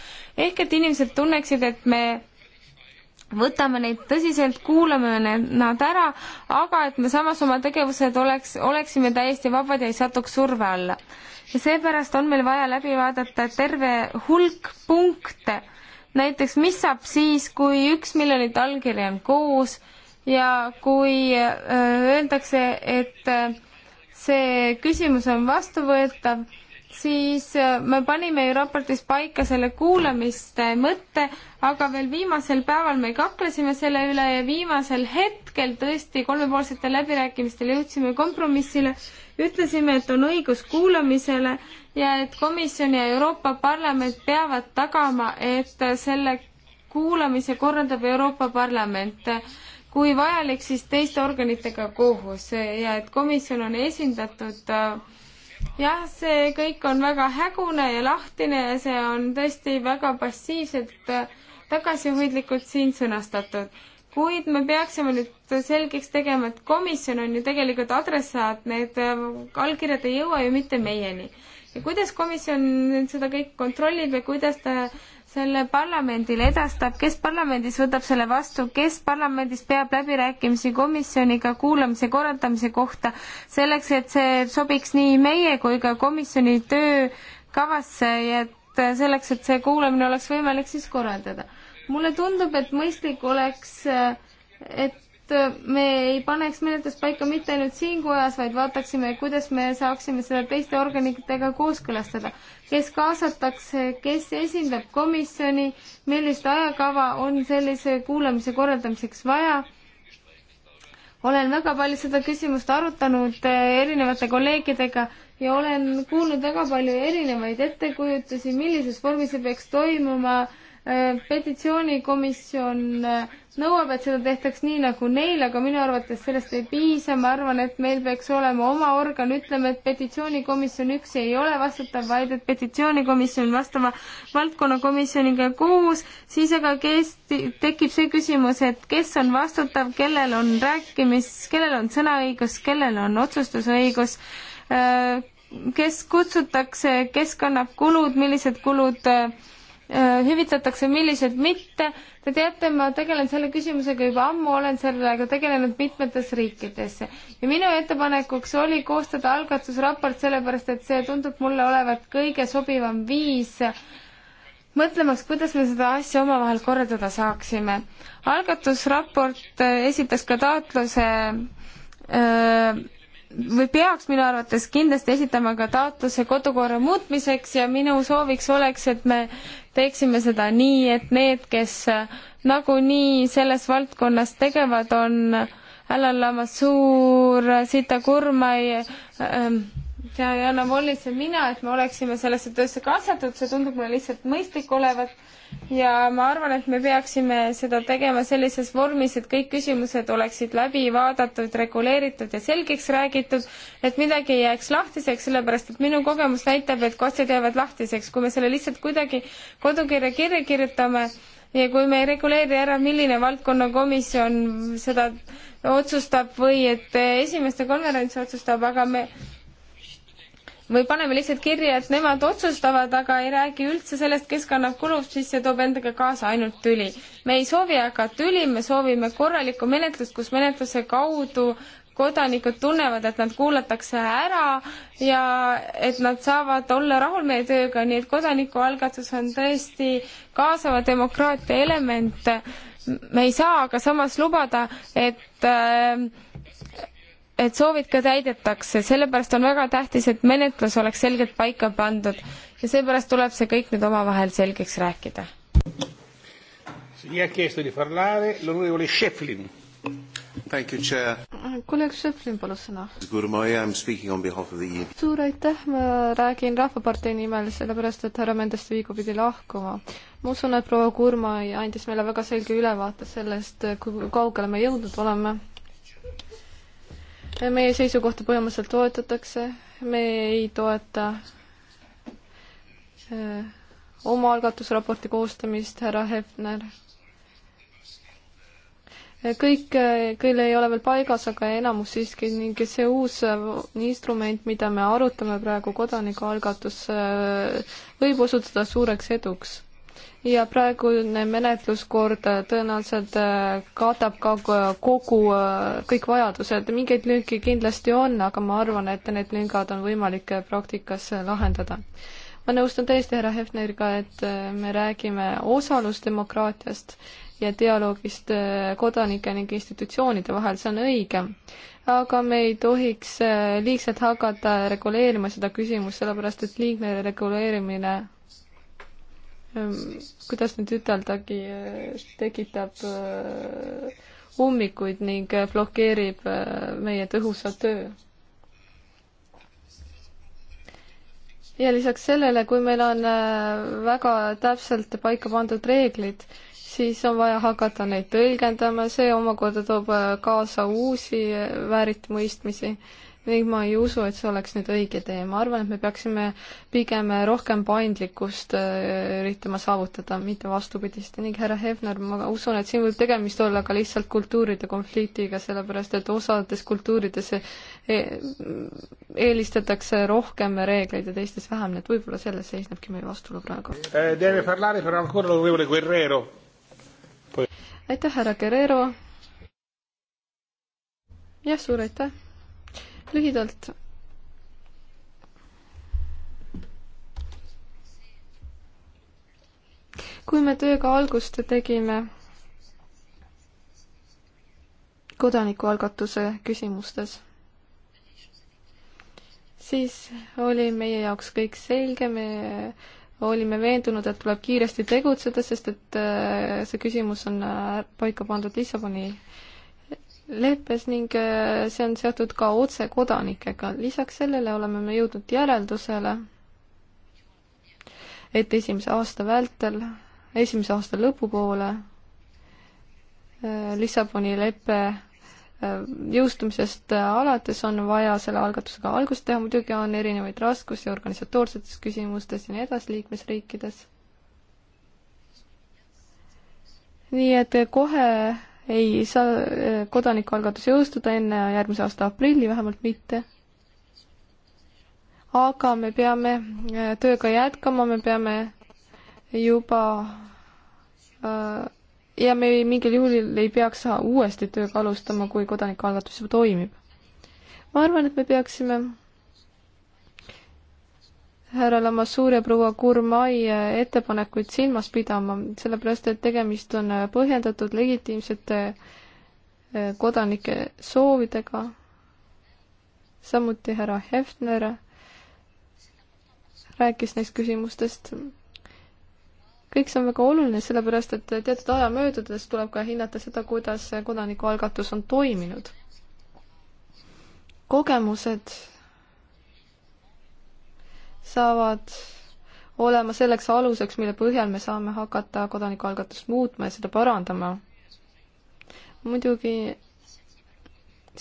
ehk et inimesed tunneksid, et me võtame neid tõsiselt, kuulame nad ära, aga et me samas oma tegevused oleks, oleksime täiesti vabad ja ei satuks surve alla. ja seepärast on meil vaja läbi vaadata terve hulk punkte, näiteks mis saab siis, kui üks miljonit allkirja on koos ja kui öö, äh, öeldakse, et äh, see küsimus on vastuvõetav siis äh, me panime ju raportis paika selle kuulamiste mõtte, aga veel viimasel päeval me kaklesime selle üle ja viimasel hetkel tõesti kolmepoolsetel läbirääkimistel jõudsime kompromissile, ütlesime, et on õigus kuulamisele ja et komisjon ja Euroopa Parlament peavad tagama, et selle kuulamise korraldab Euroopa Parlament kui vajalik, siis teiste organitega koos ja et komisjon on esindatud äh, jah, see kõik on väga hägune ja lahtine ja see on tõesti väga passiivselt, äh, tagasihoidlikult siin sõnastatud. kuid me peaksime nüüd selgeks tegema, et komisjon on ju tegelikult adressaat, need äh, allkirjad ei jõua ju mitte meieni. ja kuidas komisjon seda kõike kontrollib ja kuidas ta selle parlamendile edastab, kes parlamendis võtab selle vastu, kes parlamendis peab läbirääkimisi komisjoniga kuulamise korraldamise kohta, selleks et see sobiks nii meie kui ka komisjoni töökavasse ja et selleks, et see kuulamine oleks võimalik siis korraldada. mulle tundub, et mõistlik oleks, et me ei paneks menetlust paika mitte ainult siin kojas, vaid vaataksime, kuidas me saaksime seda teiste organitega kooskõlastada. kes kaasatakse, kes esindab komisjoni, millist ajakava on sellise kuulamise korraldamiseks vaja. olen väga palju seda küsimust arutanud eh, erinevate kolleegidega ja olen kuulnud väga palju erinevaid ettekujutusi, millises vormis see peaks toimuma äh, Äh, petitsioonikomisjon äh, nõuab, et seda tehtaks nii nagu neil, aga minu arvates sellest ei piisa, ma arvan, et meil peaks olema oma organ, ütleme, et petitsioonikomisjon üksi ei ole vastutav, vaid et petitsioonikomisjon vastama valdkonnakomisjoniga koos, siis aga kes, tekib see küsimus, et kes on vastutav, kellel on rääkimis, kellel on sõnaõigus, kellel on otsustusõigus äh, kes kutsutakse, kes kannab kulud, millised kulud Äh, hüvitatakse, millised mitte. Te teate, ma tegelen selle küsimusega juba ammu, olen sellega tegelenud mitmetes riikides ja minu ettepanekuks oli koostada algatusraport, sellepärast et see tundub mulle olevat kõige sobivam viis mõtlemaks, kuidas me seda asja omavahel korraldada saaksime. algatusraport äh, esitas ka taotluse öö, äh, või peaks minu arvates kindlasti esitama ka taotluse kodukorra muutmiseks ja minu sooviks oleks, et me teeksime seda nii, et need, kes nagunii selles valdkonnas tegevad, on Alan Lamassoor, Sita Kurmai ähm,, ja Janno Mollis ja mina, et me oleksime sellesse töösse kaasatud, see tundub mulle lihtsalt mõistlik olevat. ja ma arvan, et me peaksime seda tegema sellises vormis, et kõik küsimused oleksid läbi vaadatud, reguleeritud ja selgeks räägitud, et midagi ei jääks lahtiseks, sellepärast et minu kogemus näitab, et kui asjad jäävad lahtiseks, kui me selle lihtsalt kuidagi kodukirja kirja kirjutame, ja kui me ei reguleeri ära, milline valdkonnakomisjon seda otsustab või et esimeste konverents otsustab, aga me või paneme lihtsalt kirja, et nemad otsustavad, aga ei räägi üldse sellest, kes kannab kulud, siis see toob endaga kaasa ainult tüli. me ei soovi aga tüli, me soovime korralikku menetlust, kus menetluse kaudu kodanikud tunnevad, et nad kuulatakse ära ja et nad saavad olla rahul meie tööga, nii et kodanikualgatus on tõesti kaasava demokraatia element. me ei saa aga samas lubada, et äh, et soovid ka täidetakse, sellepärast on väga tähtis, et menetlus oleks selgelt paika pandud ja seepärast tuleb see kõik nüüd omavahel selgeks rääkida. kolleeg Šeflin palus sõna. E suur aitäh, ma räägin Rahvapartei nimel, sellepärast et härra Mendest Viigu pidi lahkuma. ma usun, et proua Kurmai andis meile väga selge ülevaate sellest, kui kaugele me jõudnud oleme meie seisukohta põhimõtteliselt toetatakse, me ei toeta äh, oma algatusraporti koostamist, härra Hefner. Äh, kõik, äh, kõigil ei ole veel paigas, aga enamus siiski ning see uus instrument, mida me arutame praegu, kodanikualgatus, võib osutuda suureks eduks ja praegune menetluskord äh, tõenäoliselt äh, katab ka kogu, äh, kõik vajadused, mingeid lünki kindlasti on, aga ma arvan, et need lüngad on võimalik praktikas lahendada. ma nõustun täiesti härra Hefneriga, et me räägime osalusdemokraatiast ja dialoogist kodanike ning institutsioonide vahel, see on õige. aga me ei tohiks liigselt hakata reguleerima seda küsimust, sellepärast et liigne reguleerimine Ehm, kuidas nüüd üteldagi, eh, tekitab eh, ummikuid ning eh, blokeerib meie tõhusa töö. ja lisaks sellele, kui meil on väga täpselt paika pandud reeglid, siis on vaja hakata neid tõlgendama, see omakorda toob kaasa uusi vääritmõistmisi ning ma ei usu, et see oleks nüüd õige tee, ma arvan, et me peaksime pigem rohkem paindlikkust äh, üritama saavutada, mitte vastupidist. ning härra Hefner, ma usun, et siin võib tegemist olla ka lihtsalt kultuuride konfliktiga, sellepärast et osades kultuurides e, eelistatakse rohkem reegleid ja teistes vähem, nii et võib-olla selles seisnebki meie vastuolu praegu. Eh, aitäh, härra Guerrero! jah, suur aitäh! lühidalt. kui me tööga algust tegime kodanikualgatuse küsimustes, siis oli meie jaoks kõik selge, me olime veendunud, et tuleb kiiresti tegutseda, sest et äh, see küsimus on äh, paika pandud Lissaboni leppes ning äh, see on seotud ka otse kodanikega. lisaks sellele oleme me jõudnud järeldusele, et esimese aasta vältel, esimese aasta lõpupoole äh, Lissaboni leppe äh, jõustumisest alates on vaja selle algatusega algust teha, muidugi on erinevaid raskusi organisatoorsetes küsimustes ja nii edasi liikmesriikides. nii et kohe ei saa eh, kodanikualgatus jõustuda enne järgmise aasta aprilli, vähemalt mitte. aga me peame eh, tööga jätkama, me peame juba eh, ja me ei, mingil juhul ei peaks uuesti tööga alustama, kui kodanikualgatus juba toimib. ma arvan, et me peaksime härra Lamassuur ja proua Kurmai ettepanekuid silmas pidama, sellepärast et tegemist on põhjendatud legitiimsete eh, kodanike soovidega. samuti härra Hefner rääkis neist küsimustest. kõik see on väga oluline, sellepärast et teatud aja möödudes tuleb ka hinnata seda, kuidas kodanikualgatus on toiminud. kogemused saavad olema selleks aluseks, mille põhjal me saame hakata kodanikualgatust muutma ja seda parandama. muidugi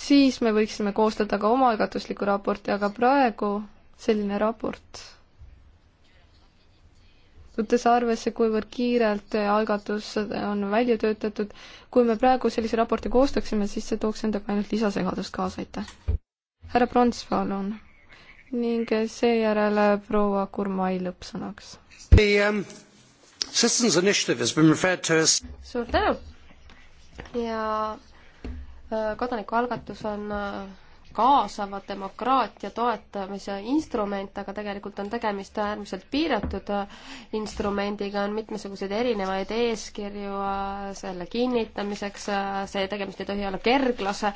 siis me võiksime koostada ka omaalgatusliku raporti, aga praegu selline raport, võttes arvesse, kuivõrd kiirelt algatus on välja töötatud, kui me praegu sellise raporti koostaksime, siis see tooks endaga ainult lisasegadust kaasa, aitäh. härra Prants, palun ning seejärel proua Kurmai lõppsõnaks. Um, suur tänu ja äh, kodanikualgatus on äh, kaasava demokraatia toetamise instrument, aga tegelikult on tegemist äärmiselt piiratud instrumendiga, on mitmesuguseid erinevaid eeskirju selle kinnitamiseks, see tegemist ei tohi olla kerglase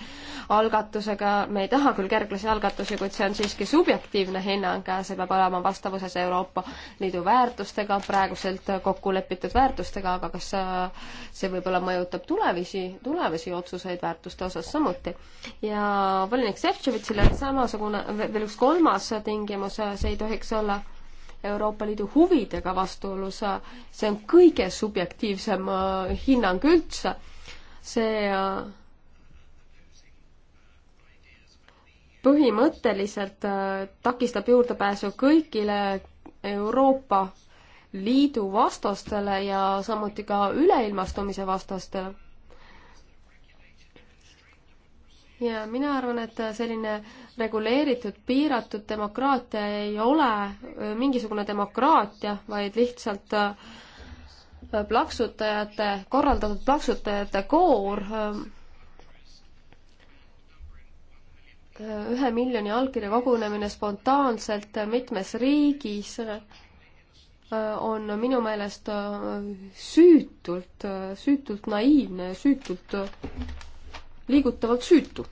algatusega, me ei taha küll kerglase algatusi, kuid see on siiski subjektiivne hinnang, see peab olema vastavuses Euroopa Liidu väärtustega, praeguselt kokku lepitud väärtustega, aga kas see võib-olla mõjutab tulevisi, tulevasi otsuseid väärtuste osas samuti. ja volinik see Šefčovitšile samasugune, veel üks kolmas tingimus, see ei tohiks olla Euroopa Liidu huvidega vastuolus, see on kõige subjektiivsem äh, hinnang üldse, see äh, põhimõtteliselt äh, takistab juurdepääsu kõigile Euroopa Liidu vastastele ja samuti ka üleilmastumise vastastele ja mina arvan, et selline reguleeritud, piiratud demokraatia ei ole äh, mingisugune demokraatia, vaid lihtsalt äh, plaksutajate, korraldatud plaksutajate koor. Äh, ühe miljoni allkirja kogunemine spontaanselt mitmes riigis on minu meelest süütult, süütult naiivne ja süütult liigutavalt süütu.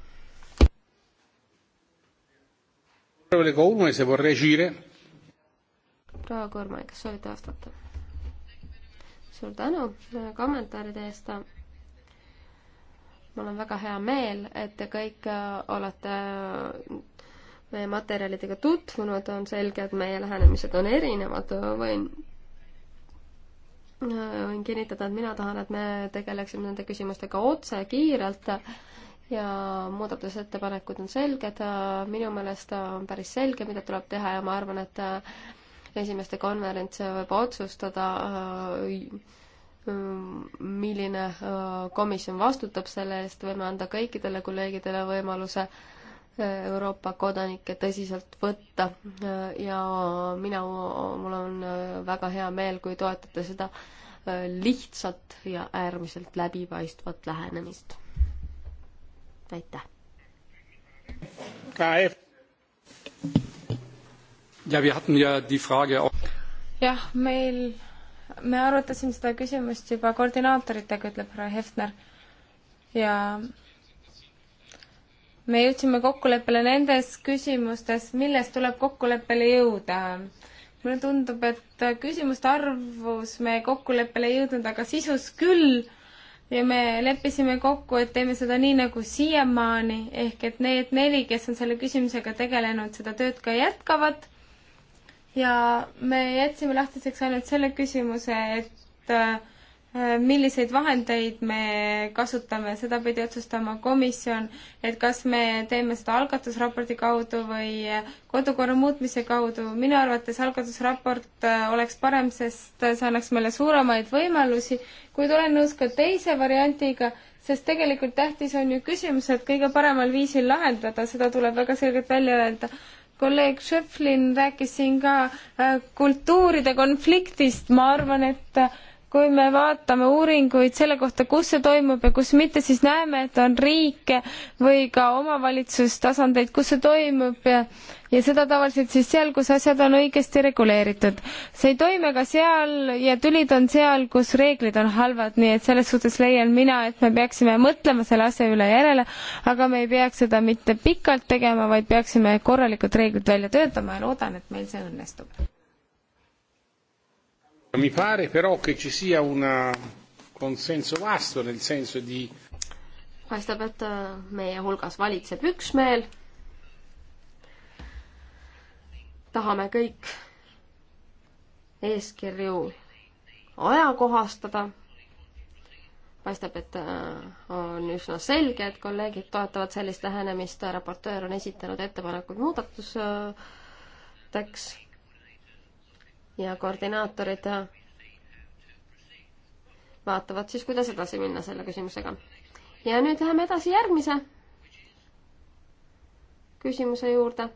proua Kurmai, kas soovite vastata? suur tänu kommentaaride eest. mul on väga hea meel, et te kõik äh, olete äh, meie materjalidega tutvunud, on selge, et meie lähenemised on erinevad, võin võin kinnitada, et mina tahan, et me tegeleksime nende küsimustega otse, kiirelt ja muudatusettepanekud on selged, minu meelest on päris selge, mida tuleb teha ja ma arvan, et esimeste konverents võib otsustada, milline komisjon vastutab selle eest, võime anda kõikidele kolleegidele võimaluse äh, Euroopa kodanikke tõsiselt võtta ja mina, mul on väga hea meel, kui toetate seda lihtsat ja äärmiselt läbipaistvat lähenemist. aitäh! jah, meil, me arutasime seda küsimust juba koordinaatoritega, ütleb härra Hefner ja me jõudsime kokkuleppele nendes küsimustes, milles tuleb kokkuleppele jõuda. mulle tundub, et küsimuste arvus me kokkuleppele ei jõudnud, aga sisus küll ja me leppisime kokku, et teeme seda nii nagu siiamaani, ehk et need neli, kes on selle küsimusega tegelenud, seda tööd ka jätkavad. ja me jätsime lahtiseks ainult selle küsimuse, et äh, milliseid vahendeid me kasutame, seda pidi otsustama komisjon, et kas me teeme seda algatusraporti kaudu või kodukorra muutmise kaudu. minu arvates algatusraport äh, oleks parem, sest see annaks meile suuremaid võimalusi, kuid olen nõus ka teise variandiga, sest tegelikult tähtis on ju küsimused kõige paremal viisil lahendada, seda tuleb väga selgelt välja öelda kolleeg Schöpflin rääkis siin ka äh, kultuuride konfliktist, ma arvan, et äh, kui me vaatame uuringuid selle kohta, kus see toimub ja kus mitte, siis näeme, et on riike või ka omavalitsustasandeid, kus see toimub ja ja seda tavaliselt siis seal, kus asjad on õigesti reguleeritud. see ei toimi ka seal ja tülid on seal, kus reeglid on halvad, nii et selles suhtes leian mina, et me peaksime mõtlema selle asja üle järele, aga me ei peaks seda mitte pikalt tegema, vaid peaksime korralikud reeglid välja töötama ja loodan, et meil see õnnestub Mi pare però che ci sia un eh, consenso vasto nel senso di paistab, et eh, meie hulgas valitseb üksmeel. tahame kõik eeskirju ajakohastada. paistab, et eh, on üsna selge, et kolleegid toetavad sellist lähenemist, raportöör on esitanud ettepanekuid muudatusteks ja koordinaatorid vaatavad siis, kuidas edasi minna selle küsimusega. ja nüüd läheme edasi järgmise küsimuse juurde.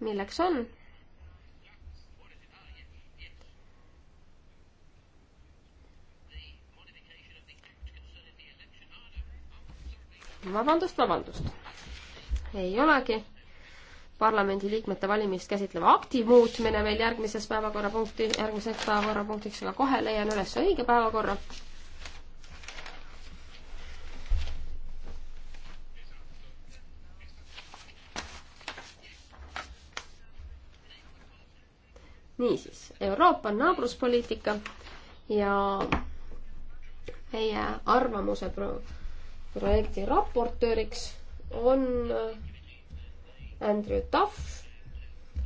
milleks on? vabandust, vabandust. ei olegi parlamendiliikmete valimist käsitleva akti muutmine meil järgmises päevakorrapunkti, järgmiseks päevakorrapunktiks, aga kohe leian üles õige päevakorra. niisiis, Euroopa naabruspoliitika ja meie arvamuse pro projekti raportööriks on Andrew Duff.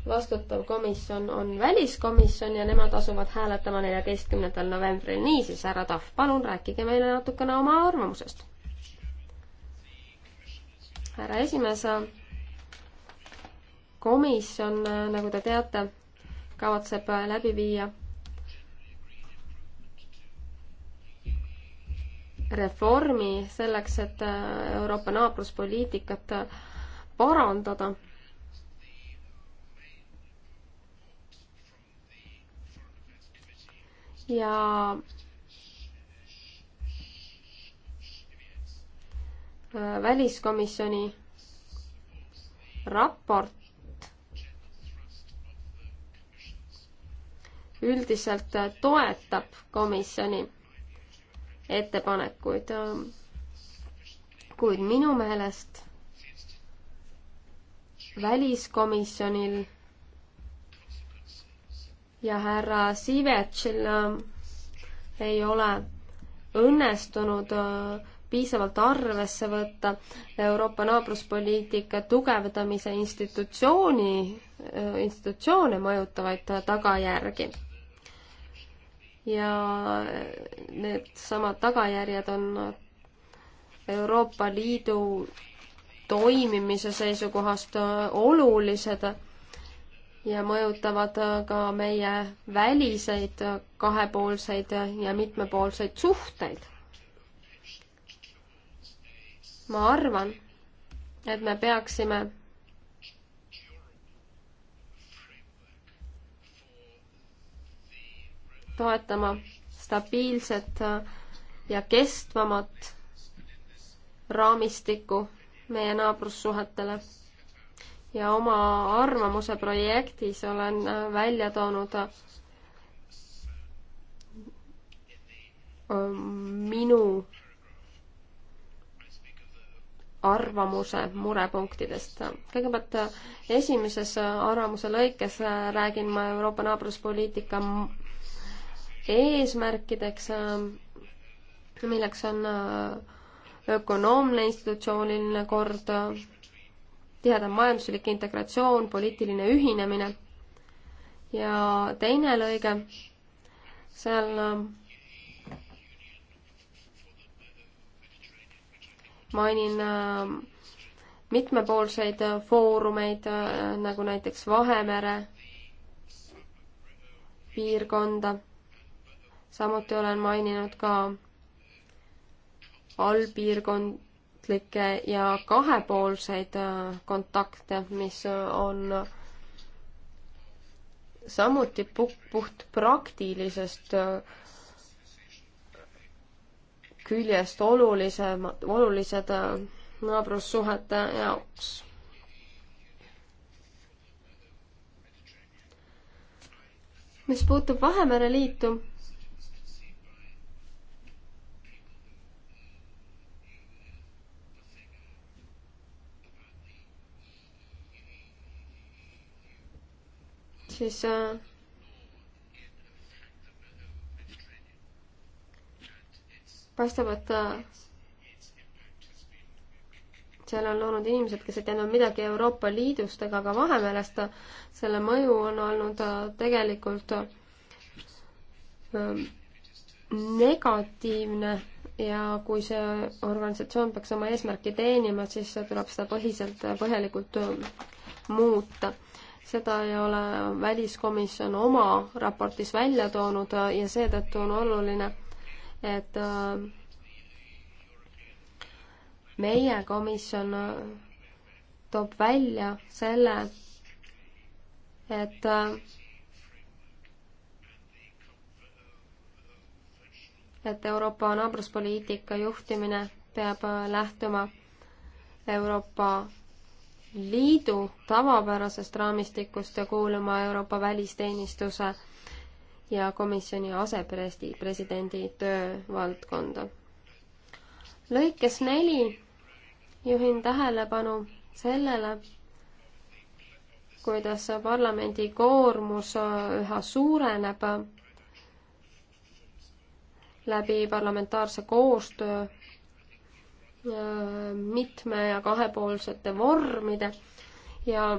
vastutav komisjon on väliskomisjon ja nemad asuvad hääletama neljateistkümnendal novembril. niisiis, härra Duff, palun rääkige meile natukene oma arvamusest. härra esimees, komisjon, nagu te teate, kavatseb läbi viia reformi selleks, et Euroopa naabruspoliitikat parandada. ja väliskomisjoni raport üldiselt toetab komisjoni ettepanekuid, kuid minu meelest väliskomisjonil ja härra Sivetšil ähm, ei ole õnnestunud äh, piisavalt arvesse võtta Euroopa naabruspoliitika tugevdamise institutsiooni, äh, institutsioone mõjutavaid tagajärgi. ja needsamad tagajärjed on Euroopa Liidu toimimise seisukohast äh, olulised ja mõjutavad äh, ka meie väliseid äh, kahepoolseid ja mitmepoolseid suhteid. ma arvan, et me peaksime toetama stabiilset ja kestvamat raamistikku meie naabrussuhetele. ja oma arvamuse projektis olen äh, välja toonud äh, minu arvamuse murepunktidest. kõigepealt äh, esimeses arvamuse lõikes räägin ma Euroopa naabruspoliitika eesmärkideks, milleks on äh, ökonoomne institutsiooniline kord, tihedam majanduslik integratsioon, poliitiline ühinemine ja teine lõige, seal mainin mitmepoolseid foorumeid, nagu näiteks Vahemere piirkonda. samuti olen maininud ka allpiirkondlikke ja kahepoolseid äh, kontakte, mis äh, on äh, samuti puht praktilisest küljest olulisemad, olulised naabrussuhete jaoks. mis puutub Vahemere liitu, siis äh, paistab, et äh, seal on olnud inimesed, kes ei teadnud midagi Euroopa Liidust ega ka Vahemerest. selle mõju on olnud äh, tegelikult negatiivne ja kui see organisatsioon peaks oma eesmärki teenima, siis tuleb seda põhiselt põhjalikult muuta seda ei ole väliskomisjon oma raportis välja toonud äh, ja seetõttu on oluline, et äh, meie komisjon äh, toob välja selle, et et Euroopa naabruspoliitika juhtimine peab lähtuma Euroopa Liidu tavapärasest raamistikust ja kuuluma Euroopa välisteenistuse ja komisjoni asepresidendi töövaldkonda. lõikes neli juhin tähelepanu sellele, kuidas parlamendi koormus üha suureneb läbi parlamentaarse koostöö Äh, mitme- ja kahepoolsete vormide ja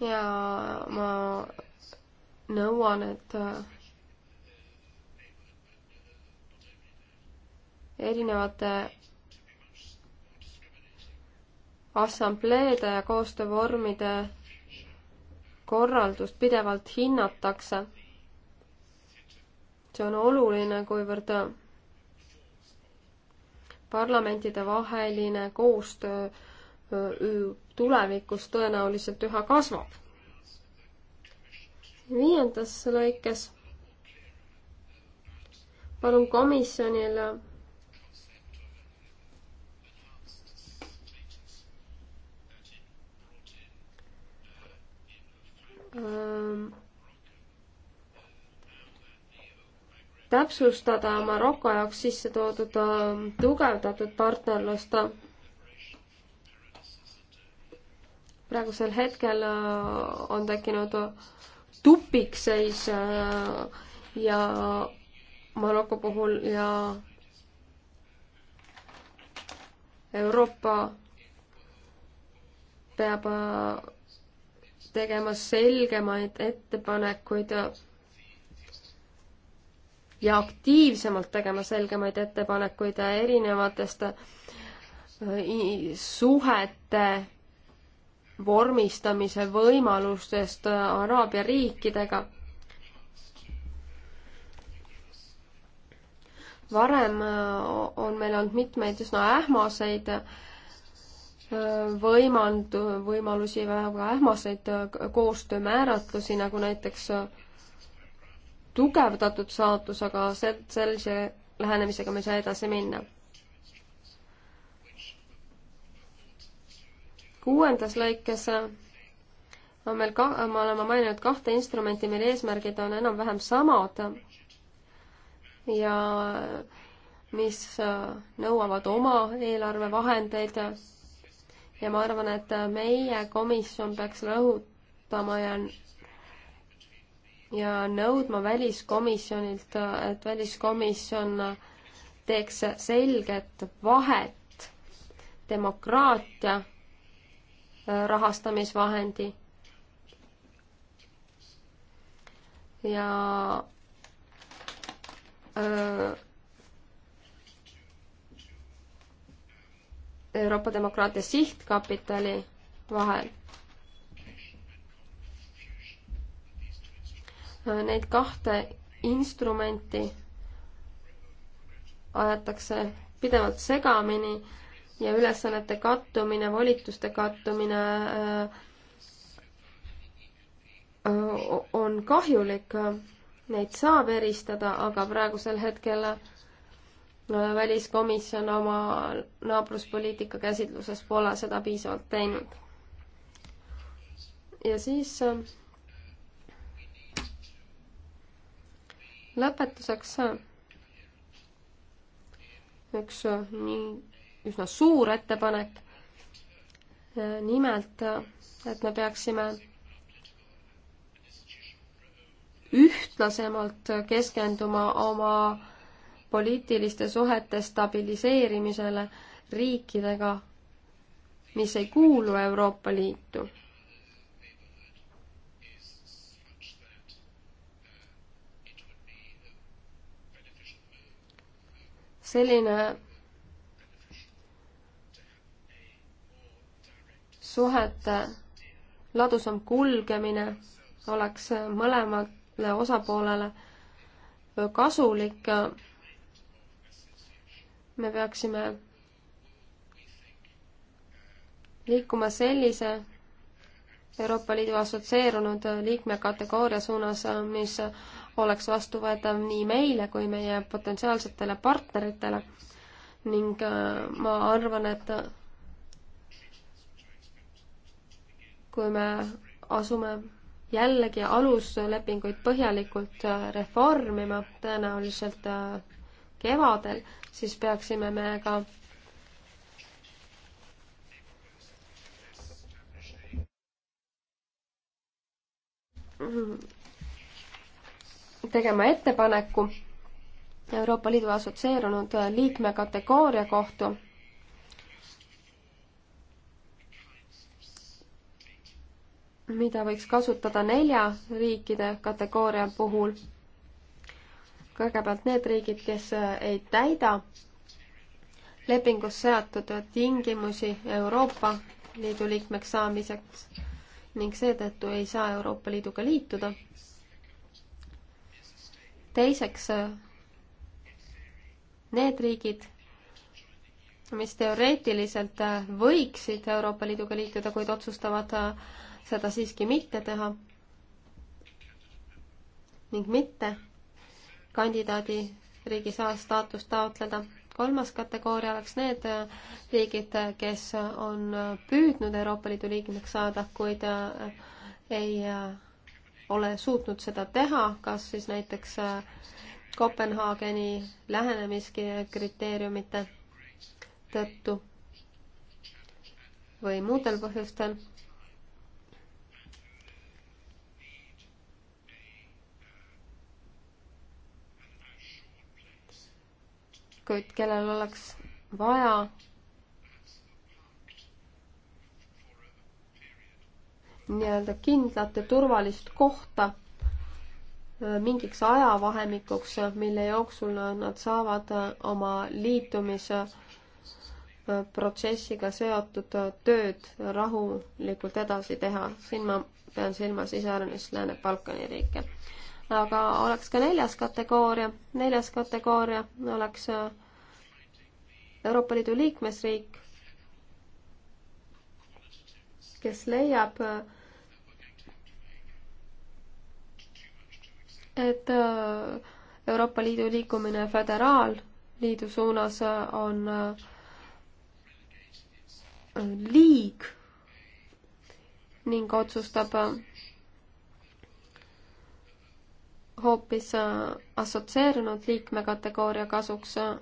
ja ma nõuan, et äh, erinevate assambleede ja koostöövormide korraldust pidevalt hinnatakse. see on oluline, kuivõrd parlamentide vaheline koostöö tulevikus tõenäoliselt üha kasvab. viiendas lõikes palun komisjonile täpsustada Maroko jaoks sisse toodud tugevdatud partnerlust. praegusel hetkel on tekkinud tupikseis ja Maroko puhul ja Euroopa peab tegema selgemaid ettepanekuid ja, ja aktiivsemalt tegema selgemaid ettepanekuid erinevatest äh, suhete vormistamise võimalustest äh, Araabia riikidega. varem äh, on meil olnud mitmeid üsna ähmaseid äh, võimand-, võimalusi, väga ähmaseid äh, koostöömääratlusi, nagu näiteks äh, tugevdatud saatus, aga sel-, sellise lähenemisega me ei saa edasi minna. kuuendas lõikes äh, on meil ka, me oleme maininud kahte instrumenti, mille eesmärgid on enam-vähem samad ja mis nõuavad oma eelarvevahendeid ja ma arvan, et meie komisjon peaks rõhutama ja ja nõudma väliskomisjonilt, et väliskomisjon teeks selget vahet demokraatia äh, rahastamisvahendi ja öö, äh, Euroopa Demokraatia Sihtkapitali vahel. Neid kahte instrumenti ajatakse pidevalt segamini ja ülesannete kattumine, volituste kattumine äh, äh, on kahjulik, neid saab eristada, aga praegusel hetkel väliskomisjon oma naabruspoliitika käsitluses pole seda piisavalt teinud. ja siis äh, lõpetuseks äh, üks äh, nii üsna suur ettepanek. nimelt, et me peaksime ühtlasemalt keskenduma oma poliitiliste suhete stabiliseerimisele riikidega, mis ei kuulu Euroopa Liitu. selline suhete ladusam kulgemine oleks mõlemale osapoolele kasulik me peaksime liikuma sellise Euroopa Liidu assotsieerunud liikme kategooria suunas, mis oleks vastuvõetav nii meile kui meie potentsiaalsetele partneritele ning äh, ma arvan, et kui me asume jällegi aluslepinguid põhjalikult äh, reformima, tõenäoliselt äh, kevadel, siis peaksime me ka tegema ettepaneku Euroopa Liidu assotsieerunud liikme kategooria kohta. mida võiks kasutada nelja riikide kategooria puhul kõigepealt need riigid, kes äh, ei täida lepingus seatud tingimusi Euroopa Liidu liikmeks saamiseks ning seetõttu ei saa Euroopa Liiduga liituda. teiseks, äh, need riigid, mis teoreetiliselt äh, võiksid Euroopa Liiduga liituda, kuid otsustavad seda siiski mitte teha ning mitte kandidaadiriigi staatust taotleda. kolmas kategooria oleks need äh, riigid, äh, kes on äh, püüdnud Euroopa Liidu liikmeks saada, kuid ei ole suutnud seda teha, kas siis näiteks Kopenhaageni lähenemiskriteeriumite tõttu või muudel põhjustel isikuid, kellel oleks vaja nii-öelda kindlat ja turvalist kohta äh, mingiks ajavahemikuks, mille jooksul nad saavad äh, oma liitumise äh, protsessiga seotud tööd rahulikult edasi teha. siin ma pean silmas iseäranis Lääne-Balkani riike aga oleks ka neljas kategooria. neljas kategooria oleks äh, Euroopa Liidu liikmesriik, kes leiab, äh, et äh, Euroopa Liidu liikumine föderaalliidu suunas on liig ning otsustab hoopis äh, assotsieerunud liikme kategooria kasuks äh,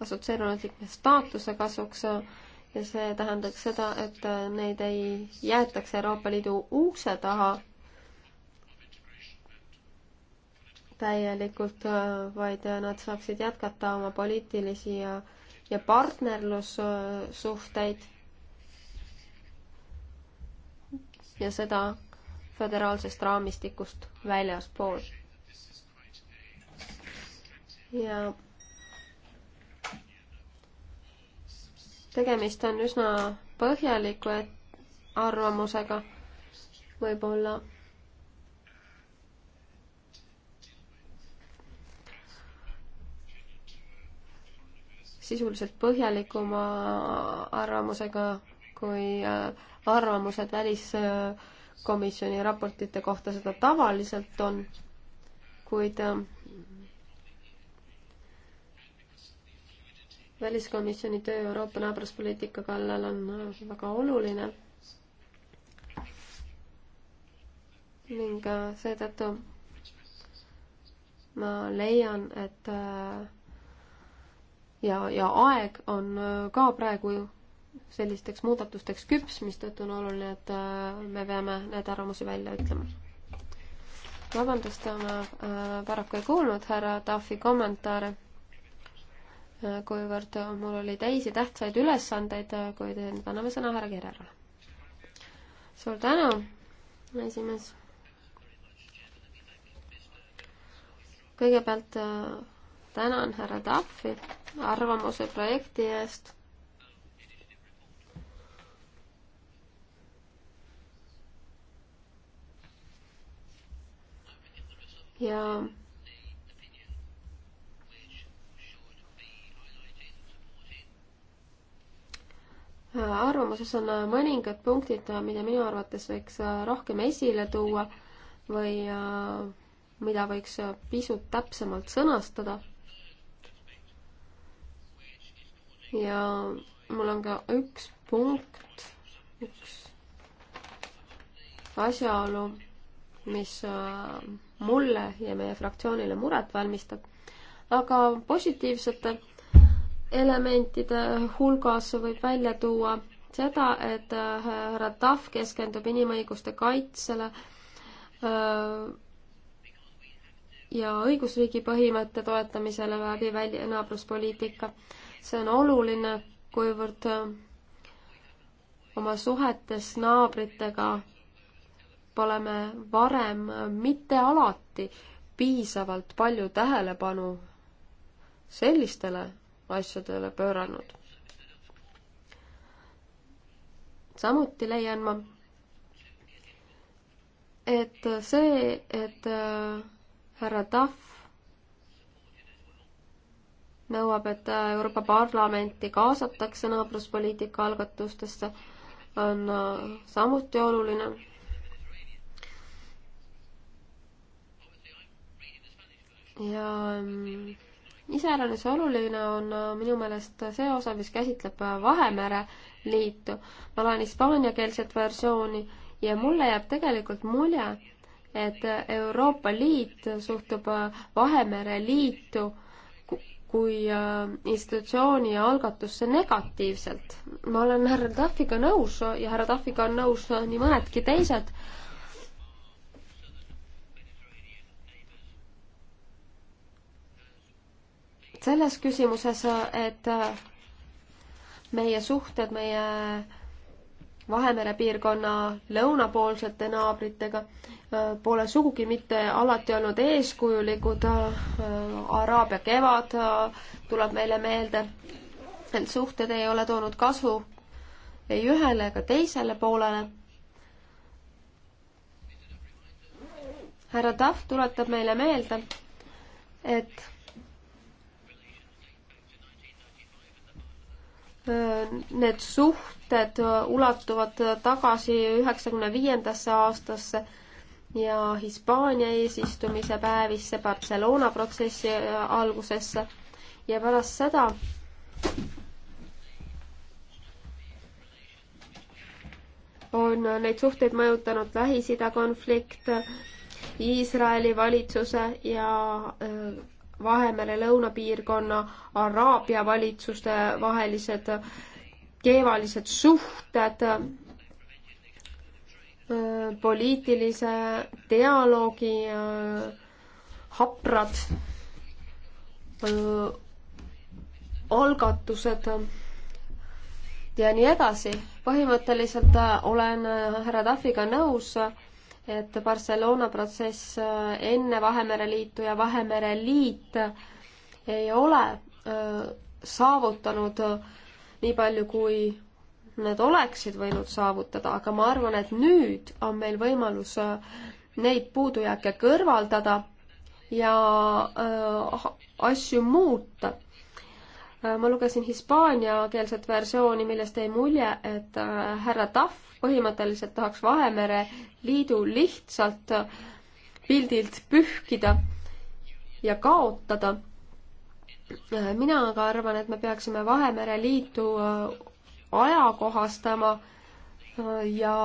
assotsieerunud liikme staatuse kasuks äh, ja see tähendaks seda, et neid ei jäetaks Euroopa Liidu ukse taha täielikult, vaid nad saaksid jätkata oma poliitilisi ja, ja partnerlussuhteid. ja seda föderaalsest raamistikust väljaspool. ja tegemist on üsna põhjaliku arvamusega võib-olla sisuliselt põhjalikuma arvamusega kui äh, arvamused välis äh, komisjoni raportite kohta seda tavaliselt on, kuid ähm, väliskomisjoni töö Euroopa naabruspoliitika kallal on äh, väga oluline ning äh, seetõttu ma leian, et äh, ja, ja aeg on ka praegu sellisteks muudatusteks küps, mistõttu on oluline, et äh, me peame need arvamusi välja ütlema. vabandust, ma äh, paraku ei kuulnud härra Taafi kommentaare, äh, kuivõrd mul oli teisi tähtsaid ülesandeid, kuid nüüd anname sõna härra Kererale. suur tänu, esimees kõigepealt tänan härra Tahvi arvamuse projekti eest. ja arvamuses on mõningad punktid, mida minu arvates võiks rohkem esile tuua või mida võiks pisut täpsemalt sõnastada. ja mul on ka üks punkt, üks asjaolu, mis mulle ja meie fraktsioonile muret valmistab. aga positiivsete elementide hulgas võib välja tuua seda, et äh, härra Tahv keskendub inimõiguste kaitsele äh, ja õigusriigi põhimõtte toetamisele läbi välja naabruspoliitika. see on oluline, kuivõrd äh, oma suhetes naabritega oleme varem mitte alati piisavalt palju tähelepanu sellistele asjadele pööranud. samuti leian ma, et see, et äh, härra Tahv nõuab, et äh, Euroopa Parlamenti kaasatakse naabruspoliitika algatustesse, on äh, samuti oluline ja mm, iseäranis oluline on äh, minu meelest see osa, mis käsitleb äh, Vahemere liitu. ma loen hispaaniakeelset versiooni ja mulle jääb tegelikult mulje, et äh, Euroopa Liit suhtub Vahemere liitu kui institutsiooni ja algatusse negatiivselt. ma olen härra Tahviga nõus ja härra Tahviga on nõus nii mõnedki teised selles küsimuses, et meie suhted meie Vahemere piirkonna lõunapoolsete naabritega äh, pole sugugi mitte alati olnud eeskujulikud. Äh, Araabia kevad äh, tuleb meile meelde. Need suhted ei ole toonud kasu ei ühele ega teisele poolele. härra Tahv tuletab meile meelde, et need suhted ulatuvad tagasi üheksakümne viiendasse aastasse ja Hispaania eesistumise päevisse, Barcelona protsessi äh, algusesse ja pärast seda on neid suhteid mõjutanud Lähis-Ida konflikt, Iisraeli valitsuse ja äh, Vahemere lõunapiirkonna Araabia valitsuste vahelised keevalised suhted, poliitilise dialoogi haprad algatused ja nii edasi. põhimõtteliselt äh, olen äh, härra Tahviga nõus et Barcelona protsess äh, enne Vahemere liitu ja Vahemere liit ei ole äh, saavutanud äh, nii palju, kui nad oleksid võinud saavutada, aga ma arvan, et nüüd on meil võimalus neid puudujääke kõrvaldada ja öö, asju muuta. Äh, ma lugesin hispaaniakeelset versiooni, millest jäi mulje, et äh, härra Tahv põhimõtteliselt tahaks Vahemere liidu lihtsalt pildilt pühkida ja kaotada. Äh, mina aga arvan, et me peaksime Vahemere liitu ajakohastama ja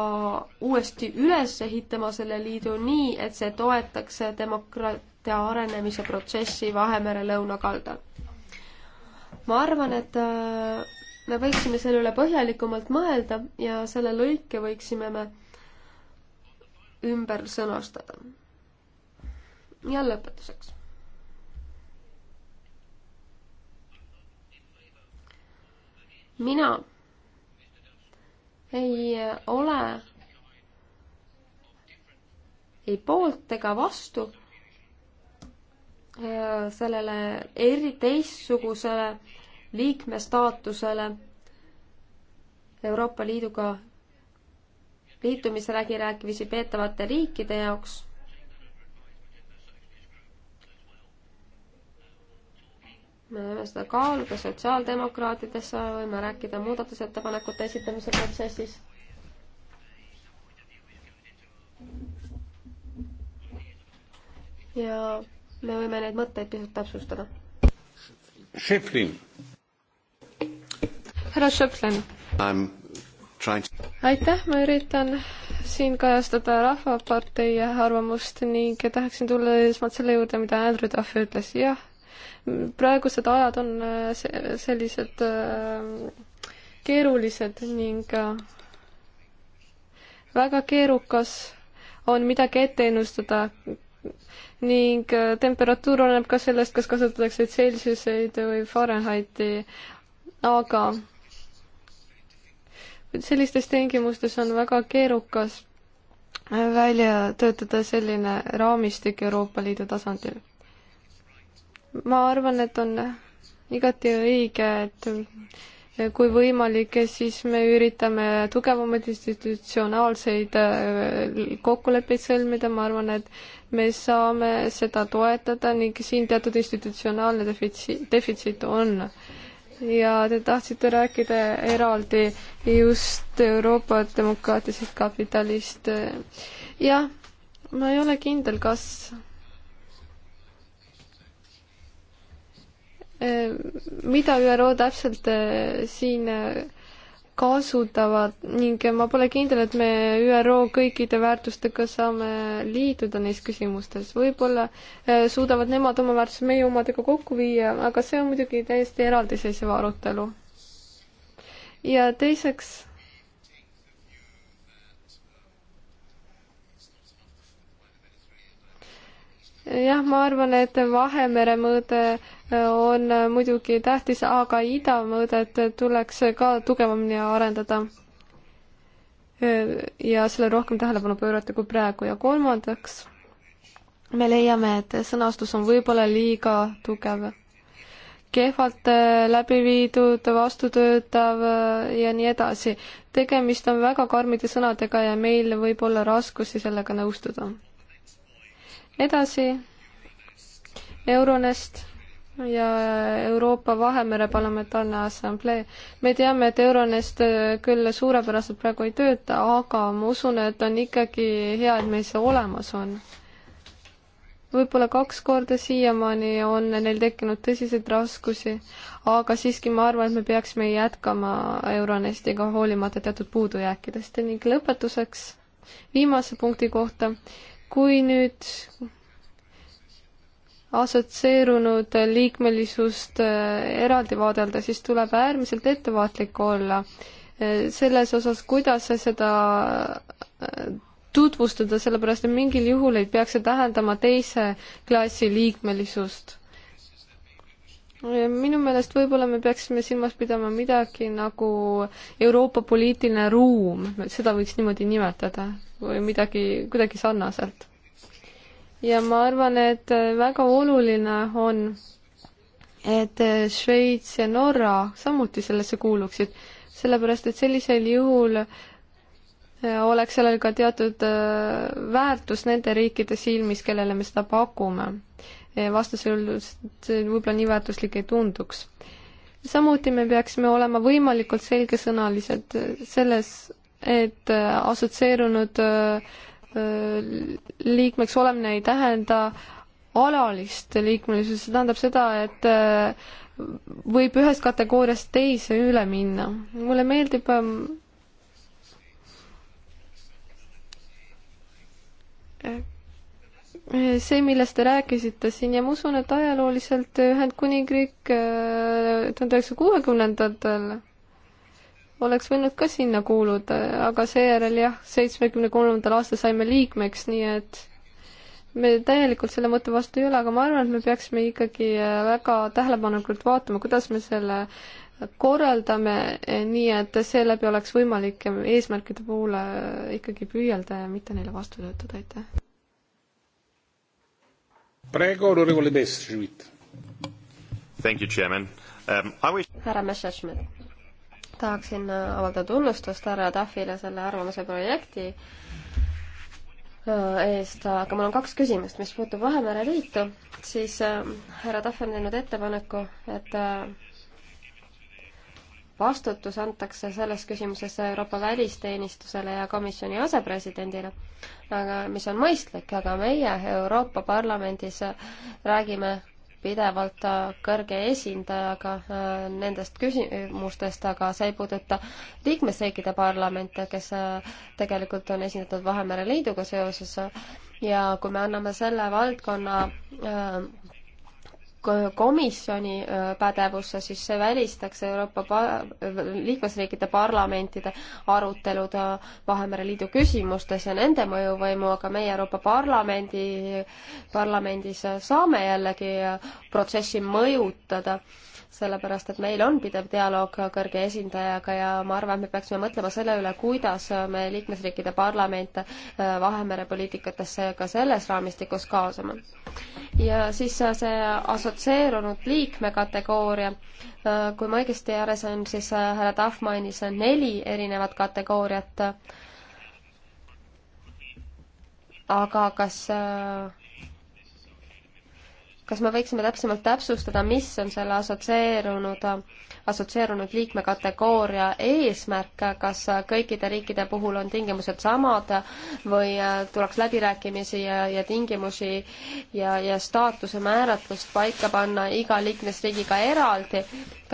uuesti üles ehitama selle liidu nii, et see toetaks demokraatia arenemise protsessi Vahemere lõunakaldal ma arvan, et äh, me võiksime selle üle põhjalikumalt mõelda ja selle lõike võiksime me ümber sõnastada. ja lõpetuseks. mina ei ole ei poolt ega vastu äh, sellele eri teistsugusele liikme staatusele Euroopa Liiduga liitumisläbirääkimisi peetavate riikide jaoks. me võime seda kaaluda sotsiaaldemokraatidesse, võime rääkida muudatusettepanekute esitamise protsessis. ja me võime neid mõtteid pisut täpsustada. Schäfflin härra Šõplen. aitäh, ma üritan siin kajastada Rahvapartei arvamust ning tahaksin tulla esmalt selle juurde, mida Andrew Duff ütles, jah, praegused ajad on äh, sellised äh, keerulised ning äh, väga keerukas on midagi ette ennustada ning temperatuur oleneb ka sellest, kas kasutatakse Celsiuseid või Fahrenheiti, aga sellistes tingimustes on väga keerukas välja töötada selline raamistik Euroopa Liidu tasandil. ma arvan, et on igati õige, et kui võimalik, siis me üritame tugevamaid institutsionaalseid äh, kokkuleppeid sõlmida, ma arvan, et me saame seda toetada ning siin teatud institutsionaalne defitsi-, defitsiit on äh, ja te tahtsite rääkida eraldi just Euroopa demokraatilisest kapitalist. jah, ma ei ole kindel, kas eh, mida ÜRO täpselt eh, siin eh, kasutavad ning ma pole kindel, et me ÜRO kõikide väärtustega saame liituda neis küsimustes. võib-olla äh, suudavad nemad oma väärtused meie omadega kokku viia, aga see on muidugi täiesti eraldiseisev arutelu. ja teiseks jah, ma arvan, et Vahemere mõõde äh, on äh, muidugi tähtis, aga idamõõdet tuleks ka tugevamini arendada. Äh, ja sellele rohkem tähelepanu pöörata kui praegu ja kolmandaks, me leiame, et sõnastus on võib-olla liiga tugev. kehvalt läbi viidud, vastutöötav ja nii edasi. tegemist on väga karmide sõnadega ja meil võib olla raskusi sellega nõustuda edasi, Euronest ja Euroopa Vahemere Parlamentaarne Assamblee. me teame, et Euronest äh, küll suurepäraselt praegu ei tööta, aga ma usun, et on ikkagi hea, et meil see olemas on. võib-olla kaks korda siiamaani on neil tekkinud tõsiseid raskusi, aga siiski ma arvan, et me peaksime jätkama Euronestiga hoolimata teatud puudujääkidest ning lõpetuseks viimase punkti kohta kui nüüd assotsieerunud liikmelisust äh, eraldi vaadelda, siis tuleb äärmiselt ettevaatlik olla äh, selles osas, kuidas seda äh, tutvustada, sellepärast et mingil juhul ei peaks see tähendama teise klassi liikmelisust. minu meelest võib-olla me peaksime silmas pidama midagi nagu Euroopa poliitiline ruum, seda võiks niimoodi nimetada või midagi, kuidagi sarnaselt. ja ma arvan, et väga oluline on, et Šveits ja Norra samuti sellesse kuuluksid, sellepärast et sellisel juhul äh, oleks sellel ka teatud äh, väärtus nende riikide silmis, kellele me seda pakume. vastasel juhul see võib-olla nii väärtuslik ei tunduks samuti me peaksime olema võimalikult selgesõnalised äh, selles et äh, assotsieerunud äh, liikmeks olemine ei tähenda alalist liikmelisust, see tähendab seda, et äh, võib ühest kategooriast teise üle minna. mulle meeldib ähm, see, millest te rääkisite siin ja ma usun, et ajalooliselt Ühendkuningriik tuhande üheksasaja kuuekümnendatel oleks võinud ka sinna kuuluda, aga seejärel jah, seitsmekümne kolmandal aastal saime liikmeks, nii et me täielikult selle mõtte vastu ei ole, aga ma arvan, et me peaksime ikkagi äh, väga tähelepanelikult vaatama, kuidas me selle korraldame eh, nii, et seeläbi oleks võimalik äh, eesmärkide poole äh, ikkagi püüelda ja mitte neile vastu töötada, aitäh. praegu on Urvo Lebeski. Thank you, chairman um,. härra Messerschmidt tahaksin avaldada tunnustust härra Tahvile selle arvamuse projekti äh, eest, aga mul on kaks küsimust, mis puutub Vahemere Liitu, siis äh, härra Tahv on teinud ettepaneku, et äh, vastutus antakse selles küsimuses Euroopa välisteenistusele ja komisjoni asepresidendile, aga mis on mõistlik, aga meie Euroopa Parlamendis räägime pidevalt äh, kõrge esindajaga äh, nendest küsimustest, aga see ei puuduta liikmesriikide parlamente, kes äh, tegelikult on esindatud Vahemere Liiduga seoses ja kui me anname selle valdkonna komisjoni pädevusse, siis see välistaks Euroopa pa-, liikmesriikide parlamentide arutelud Vahemere Liidu küsimustes ja nende mõjuvõimu, aga meie Euroopa Parlamendi, parlamendis saame jällegi protsessi mõjutada sellepärast et meil on pidev dialoog kõrge esindajaga ja ma arvan, et me peaksime mõtlema selle üle, kuidas me liikmesriikide parlamente äh, Vahemere poliitikatesse ka selles raamistikus kaasame. ja siis see assotsieerunud liikme kategooria, äh, kui ma õigesti aru sain, siis äh, härra Tahv mainis neli erinevat kategooriat, aga kas äh, kas me võiksime täpsemalt täpsustada, mis on selle assotsieerunud, assotsieerunud liikme kategooria eesmärk, kas kõikide riikide puhul on tingimused samad või tuleks läbirääkimisi ja, ja tingimusi ja, ja staatuse määratlust paika panna iga liikmesriigiga eraldi,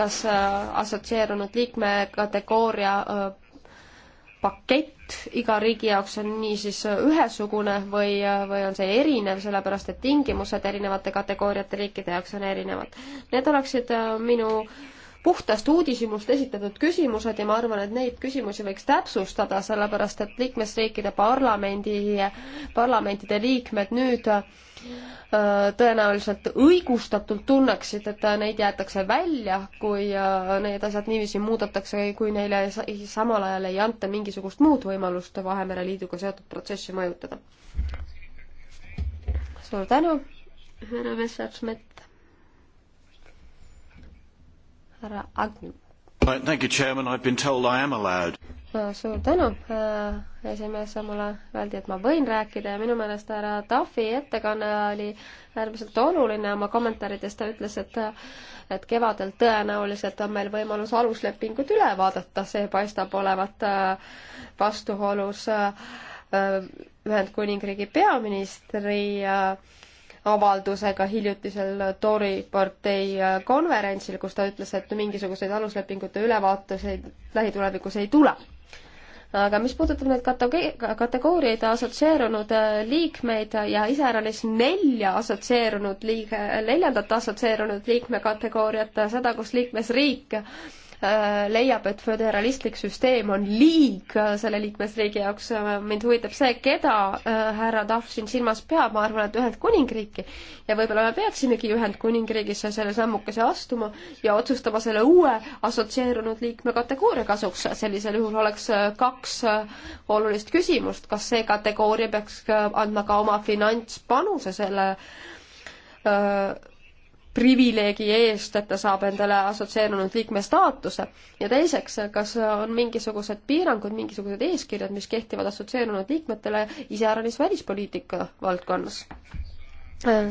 kas assotsieerunud liikme kategooria pakett iga riigi jaoks on niisiis ühesugune või, või on see erinev, sellepärast et tingimused erinevate kategooriate riikide jaoks on erinevad. Need oleksid äh, minu äh, puhtast uudishimust esitatud küsimused ja ma arvan, et neid küsimusi võiks täpsustada, sellepärast et liikmesriikide parlamendi, parlamentide liikmed nüüd äh, tõenäoliselt õigustatult tunneksid, et neid jäetakse välja, kui äh, need asjad niiviisi muudetakse, kui neile samal ajal ei anta mingisugust muud võimalust Vahemere Liiduga seotud protsessi mõjutada. suur tänu, härra Messerschmidt härra Agnew. Thank you, chairman, I have been told I am allowed. suur tänu, äh, esimees, mulle öeldi, et ma võin rääkida ja minu meelest härra Tafi ettekanne oli äärmiselt oluline, oma kommentaarides ta ütles, et et kevadel tõenäoliselt on meil võimalus aluslepingud üle vaadata, see paistab olevat äh, vastuolus äh, Ühendkuningriigi peaministri äh, avaldusega hiljutisel Tori partei äh, konverentsil, kus ta ütles, et mingisuguseid aluslepingute ülevaatuseid lähitulevikus ei tule. aga mis puudutab neid kategooriaid assotsieerunud äh, liikmeid ja iseäranis nelja assotsieerunud liige, neljandat assotsieerunud liikme kategooriat, äh, seda, kus liikmesriik Äh, leiab, et föderalistlik süsteem on liig äh, selle liikmesriigi jaoks. Äh, mind huvitab see, keda härra Tahv siin silmas peab, ma arvan, et Ühendkuningriiki. ja võib-olla me peaksimegi Ühendkuningriigisse selle sammukese astuma ja otsustama selle uue assotsieerunud liikme kategooria kasuks. sellisel juhul oleks kaks olulist küsimust, kas see kategooria peaks andma ka oma finantspanuse selle öö, privileegi eest, et ta saab endale assotsieerunud liikme staatuse ja teiseks, kas on mingisugused piirangud, mingisugused eeskirjad, mis kehtivad assotsieerunud liikmetele iseäranis välispoliitika valdkonnas?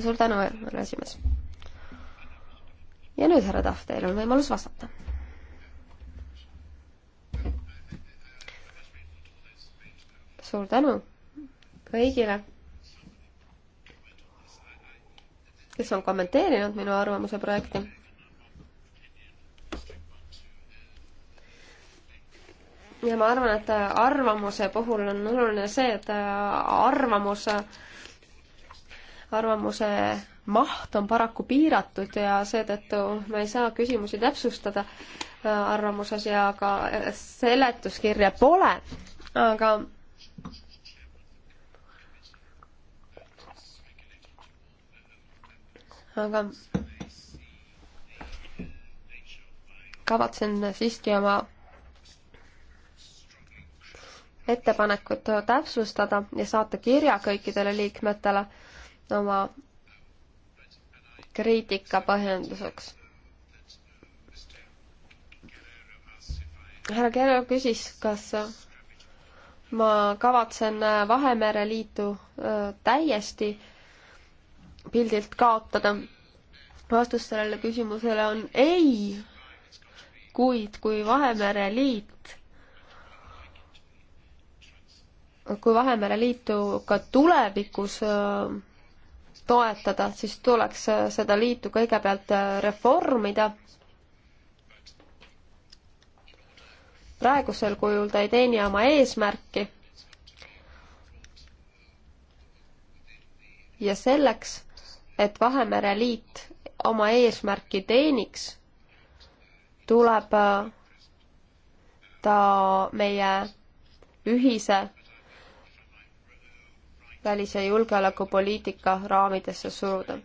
suur tänu, härra esimees. ja nüüd, härra Tahv, teil on võimalus vastata. suur tänu kõigile kes on kommenteerinud minu arvamuse projekti. ja ma arvan, et arvamuse puhul on oluline see, et arvamus, arvamuse maht on paraku piiratud ja seetõttu me ei saa küsimusi täpsustada arvamuses ja ka seletuskirja pole, aga aga kavatsen siiski oma ettepanekut täpsustada ja saata kirja kõikidele liikmetele oma kriitika põhjenduseks. härra Kerro küsis, kas ma kavatsen Vahemere liitu äh, täiesti pildilt kaotada? vastus sellele küsimusele on ei, kuid kui Vahemere Liit kui Vahemere Liitu ka tulevikus äh, toetada, siis tuleks äh, seda liitu kõigepealt äh, reformida. praegusel kujul ta ei teeni oma eesmärki. ja selleks et Vahemere Liit oma eesmärki teeniks, tuleb äh, ta meie ühise välis- ja julgeolekupoliitika raamidesse suruda.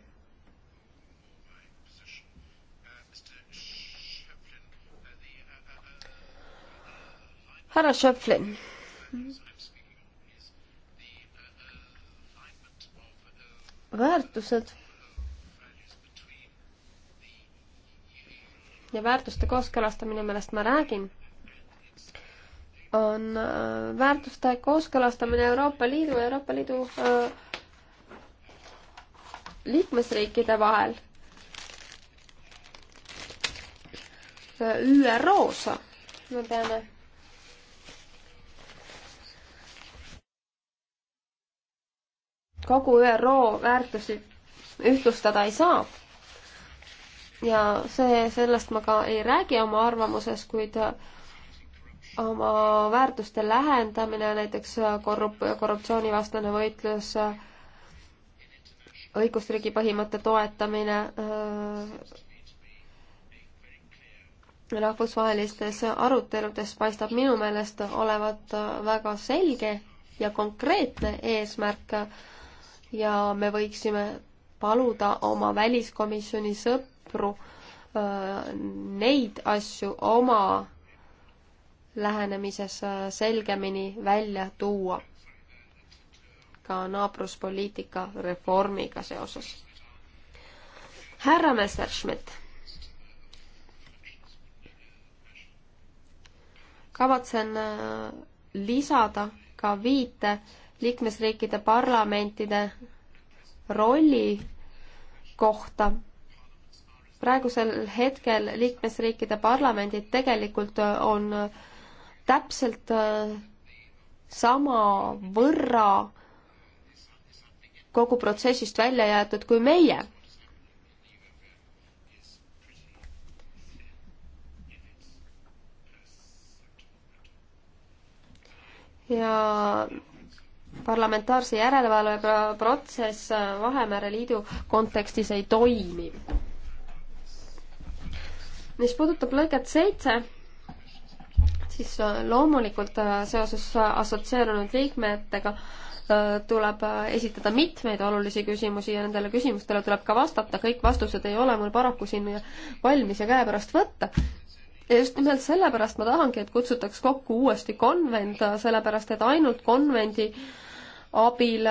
härra Schöpflin. väärtused ja väärtuste kooskõlastamine, millest ma räägin, on äh, väärtuste kooskõlastamine Euroopa Liidu ja Euroopa Liidu äh, liikmesriikide vahel ÜRO-s me peame kogu ÜRO väärtusi ühtlustada ei saa ja see, sellest ma ka ei räägi oma arvamuses, kuid äh, oma väärtuste lähendamine, näiteks äh, korrup-, korruptsioonivastane võitlus, äh, õigusriigi põhimõtte toetamine rahvusvahelistes aruteludes paistab minu meelest olevat väga selge ja konkreetne eesmärk ja me võiksime paluda oma väliskomisjoni sõp-, sõpru, neid asju oma lähenemises selgemini välja tuua ka naabruspoliitika reformiga seoses. härra Messerschmidt. kavatsen lisada ka viite liikmesriikide parlamentide rolli kohta praegusel hetkel liikmesriikide parlamendid tegelikult on täpselt äh, sama võrra kogu protsessist välja jäetud kui meie. ja parlamentaarse järelevalve protsess Vahemere Liidu kontekstis ei toimi mis puudutab lõiget seitse, siis äh, loomulikult äh, seoses äh, assotsieerunud liikmetega tuleb esitada mitmeid olulisi küsimusi ja nendele küsimustele tuleb ka vastata, kõik vastused ei ole mul paraku siin valmis ja käepärast võtta. ja just nimelt sellepärast ma tahangi, et kutsutaks kokku uuesti konvent, sellepärast et ainult konvendi abil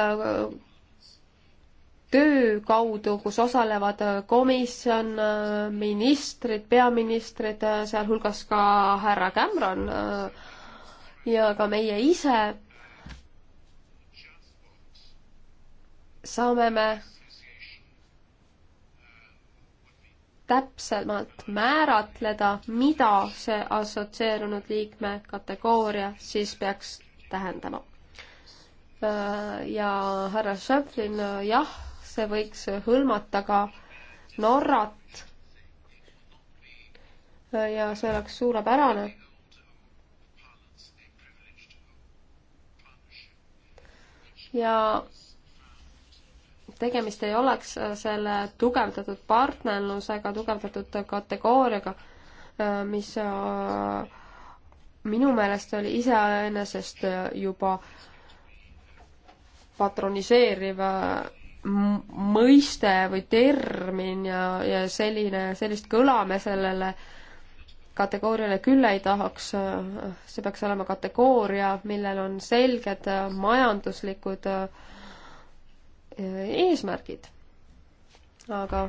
töö kaudu, kus osalevad äh, komisjon, äh, ministrid, peaministrid, äh, sealhulgas ka härra Cameron ja ka meie ise, saame me täpsemalt määratleda, mida see assotsieerunud liikme kategooria siis peaks tähendama. ja härra Schöpflin, jah see võiks hõlmata ka Norrat. ja see oleks suurepärane. ja tegemist ei oleks selle tugevdatud partnerlusega, tugevdatud kategooriaga, mis äh, minu meelest oli iseenesest juba patroniseeriv äh, mõiste või termin ja, ja selline, sellist kõla me sellele kategooriale küll ei tahaks, see peaks olema kategooria, millel on selged majanduslikud eesmärgid. aga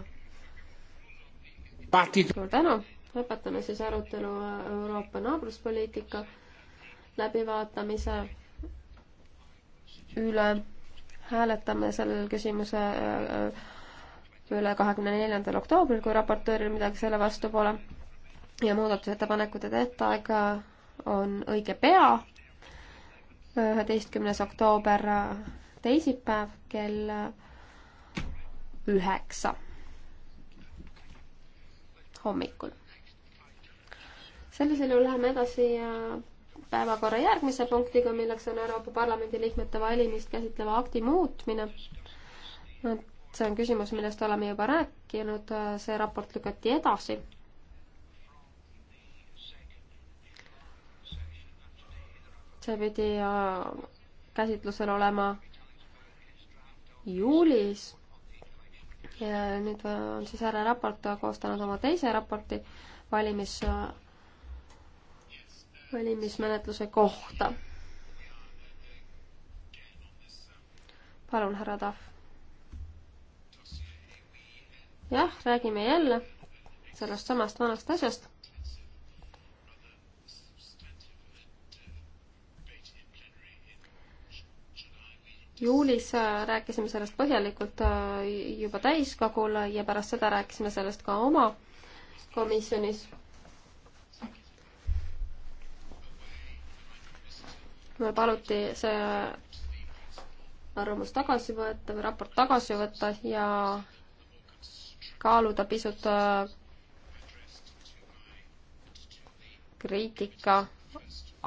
suur tänu, lõpetame siis arutelu Euroopa naabruspoliitika läbivaatamise üle hääletame selle küsimuse äh, äh, üle kahekümne neljandal oktoobril, kui raportööril midagi selle vastu pole. ja muudatusettepanekute tähtaeg äh, on õige pea, üheteistkümnes oktoober, teisipäev kell üheksa hommikul. sellisel juhul läheme edasi päevakorra järgmise punktiga, milleks on Euroopa Parlamendi liikmete valimist käsitleva akti muutmine. see on küsimus, millest oleme juba rääkinud, see raport lükati edasi. see pidi äh, käsitlusel olema juulis ja nüüd äh, on siis härra raport koostanud oma teise raporti valimis äh, valimismenetluse kohta. palun, härra Tahv. jah, räägime jälle sellest samast vanast asjast. juulis äh, rääkisime sellest põhjalikult äh, juba täiskogul ja pärast seda rääkisime sellest ka oma komisjonis mul paluti see arvamus tagasi võtta või raport tagasi võtta ja kaaluda pisut äh, kriitika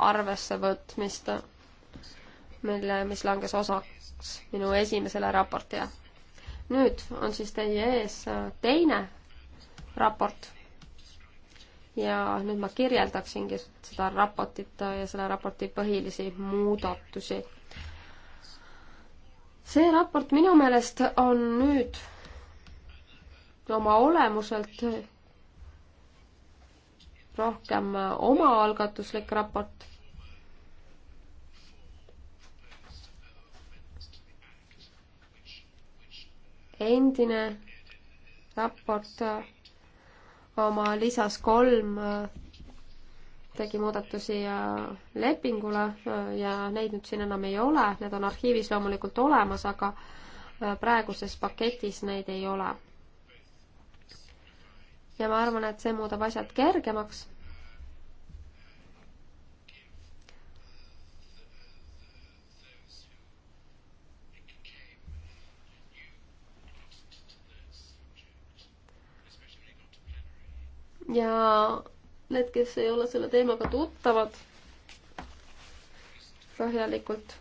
arvesse võtmist, mille, mis langes osaks minu esimesele raportile. nüüd on siis teie ees äh, teine raport ja nüüd ma kirjeldaksingi seda raportit ja selle raporti põhilisi muudatusi. see raport minu meelest on nüüd oma olemuselt rohkem omaalgatuslik raport. endine raport oma lisas kolm äh, tegi muudatusi lepingule äh, ja neid nüüd siin enam ei ole, need on arhiivis loomulikult olemas, aga äh, praeguses paketis neid ei ole. ja ma arvan, et see muudab asjad kergemaks ja need, kes ei ole selle teemaga tuttavad põhjalikult,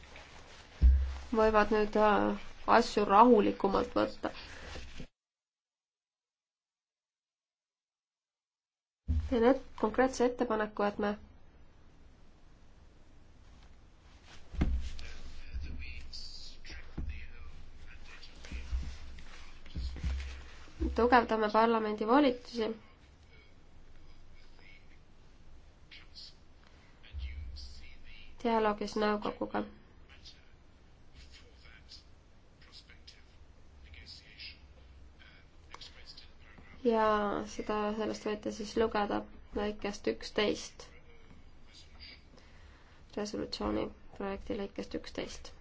võivad nüüd äh, asju rahulikumalt võtta. teen et-, konkreetse ettepaneku, et me tugevdame parlamendi volitusi dialoogis nõukoguga. ja seda, sellest võite siis lugeda lõikest üksteist, resolutsiooni projekti lõikest üksteist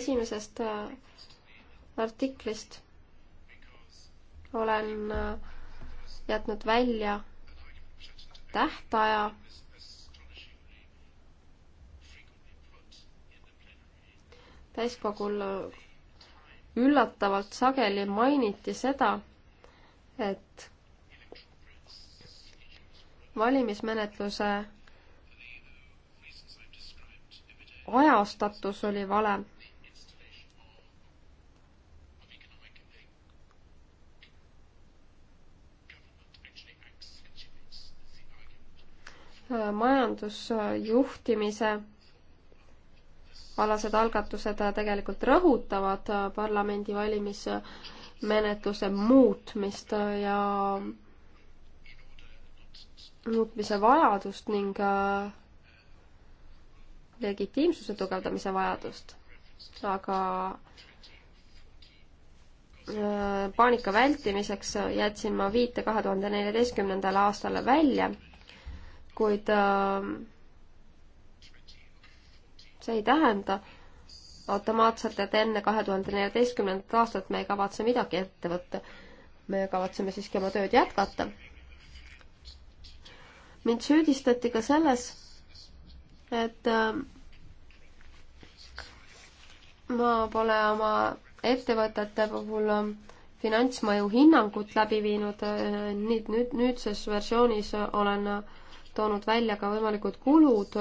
esimesest äh, artiklist olen äh, jätnud välja tähtaja. täiskogul äh, üllatavalt sageli mainiti seda, et valimismenetluse ajastatus oli vale majandusjuhtimise alased algatused tegelikult rõhutavad parlamendi valimismenetluse muutmist ja muutmise vajadust ning äh, legitiimsuse tugevdamise vajadust. aga äh, paanika vältimiseks jätsin ma viite kahe tuhande neljateistkümnendale aastale välja kuid äh, see ei tähenda automaatselt, et enne kahe tuhande neljateistkümnendat aastat me ei kavatse midagi ette võtta. me kavatseme siiski oma tööd jätkata. mind süüdistati ka selles, et äh, ma pole oma ettevõtete puhul äh, finantsmõju hinnangut läbi viinud, nüüd, nüüd, nüüdses versioonis olen toonud välja ka võimalikud kulud.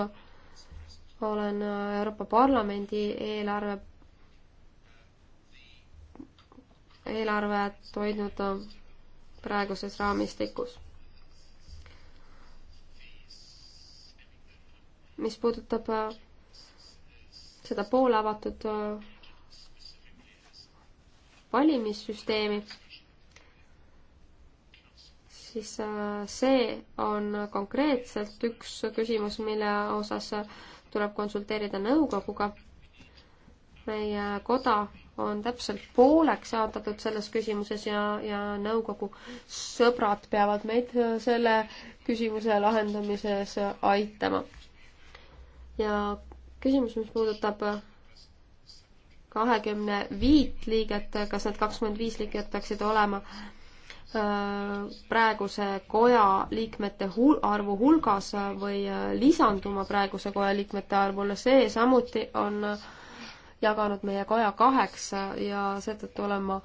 olen Euroopa Parlamendi eelarve, eelarvet hoidnud praeguses raamistikus. mis puudutab seda poolavatud valimissüsteemi siis äh, see on konkreetselt üks küsimus, mille osas tuleb konsulteerida nõukoguga. meie koda on täpselt pooleks jaotatud selles küsimuses ja, ja nõukogu sõbrad peavad meid selle küsimuse lahendamises aitama. ja küsimus, mis puudutab kahekümne viit liiget, kas need kakskümmend viis liiget peaksid olema äh, praeguse koja liikmete hul arvu hulgas või lisanduma praeguse koja liikmete arvule, see samuti on jaganud meie koja kaheks ja seetõttu olen ma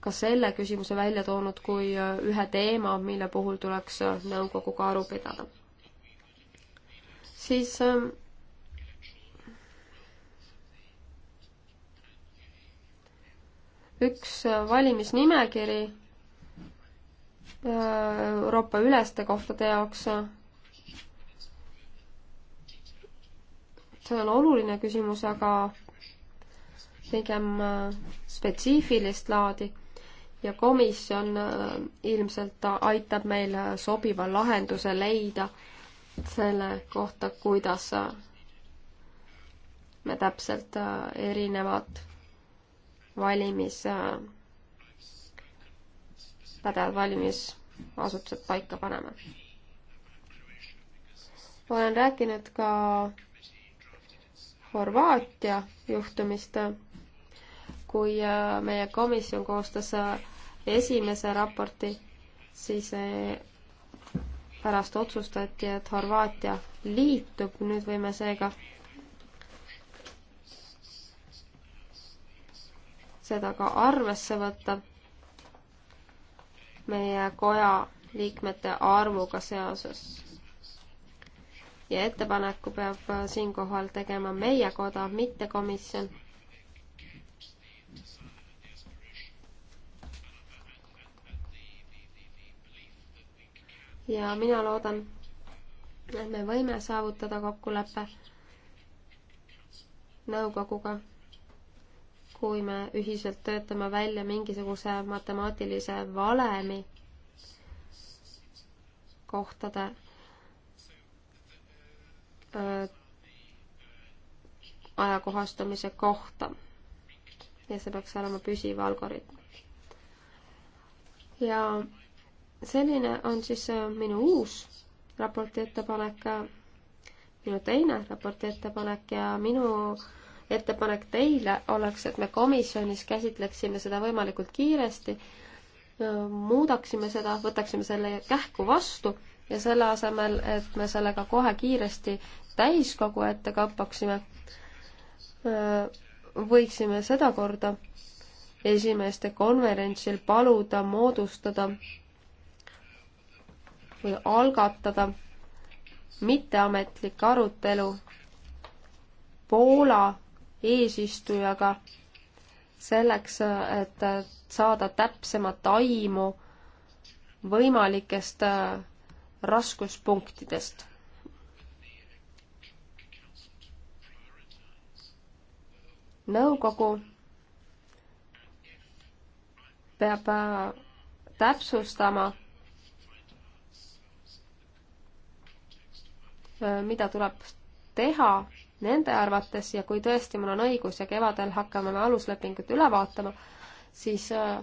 ka selle küsimuse välja toonud kui ühe teema, mille puhul tuleks nõukoguga aru pidada. siis ähm, üks valimisnimekiri Euroopa üleste kohtade jaoks. see on oluline küsimus, aga pigem äh, spetsiifilist laadi ja komisjon äh, ilmselt aitab meil äh, sobiva lahenduse leida selle kohta, kuidas me täpselt erinevad valimis pädev valimisasutused paika panema. olen rääkinud ka Horvaatia juhtumist, kui äh, meie komisjon koostas äh, esimese raporti, siis äh, pärast otsustati, et Horvaatia liitub, nüüd võime seega seda ka arvesse võtta meie koja liikmete arvuga seoses. ja ettepaneku peab äh, siinkohal tegema meie koda, mitte komisjon. ja mina loodan, et me võime saavutada kokkuleppe nõukoguga kui me ühiselt töötame välja mingisuguse matemaatilise valemi kohtade öö, ajakohastumise kohta. ja see peaks olema püsiv algoritm. ja selline on siis minu uus raporti ettepanek, minu teine raporti ettepanek ja minu ettepanek teile oleks, et me komisjonis käsitleksime seda võimalikult kiiresti, muudaksime seda, võtaksime selle kähku vastu ja selle asemel, et me sellega kohe kiiresti täiskogu ette kappaksime, võiksime sedakorda esimeeste konverentsil paluda moodustada või algatada mitteametlik arutelu Poola eesistujaga selleks, et saada täpsemat aimu võimalikest äh, raskuspunktidest. nõukogu peab äh, täpsustama, äh, mida tuleb teha nende arvates ja kui tõesti mul on õigus ja kevadel hakkame me aluslepingut üle vaatama, siis äh,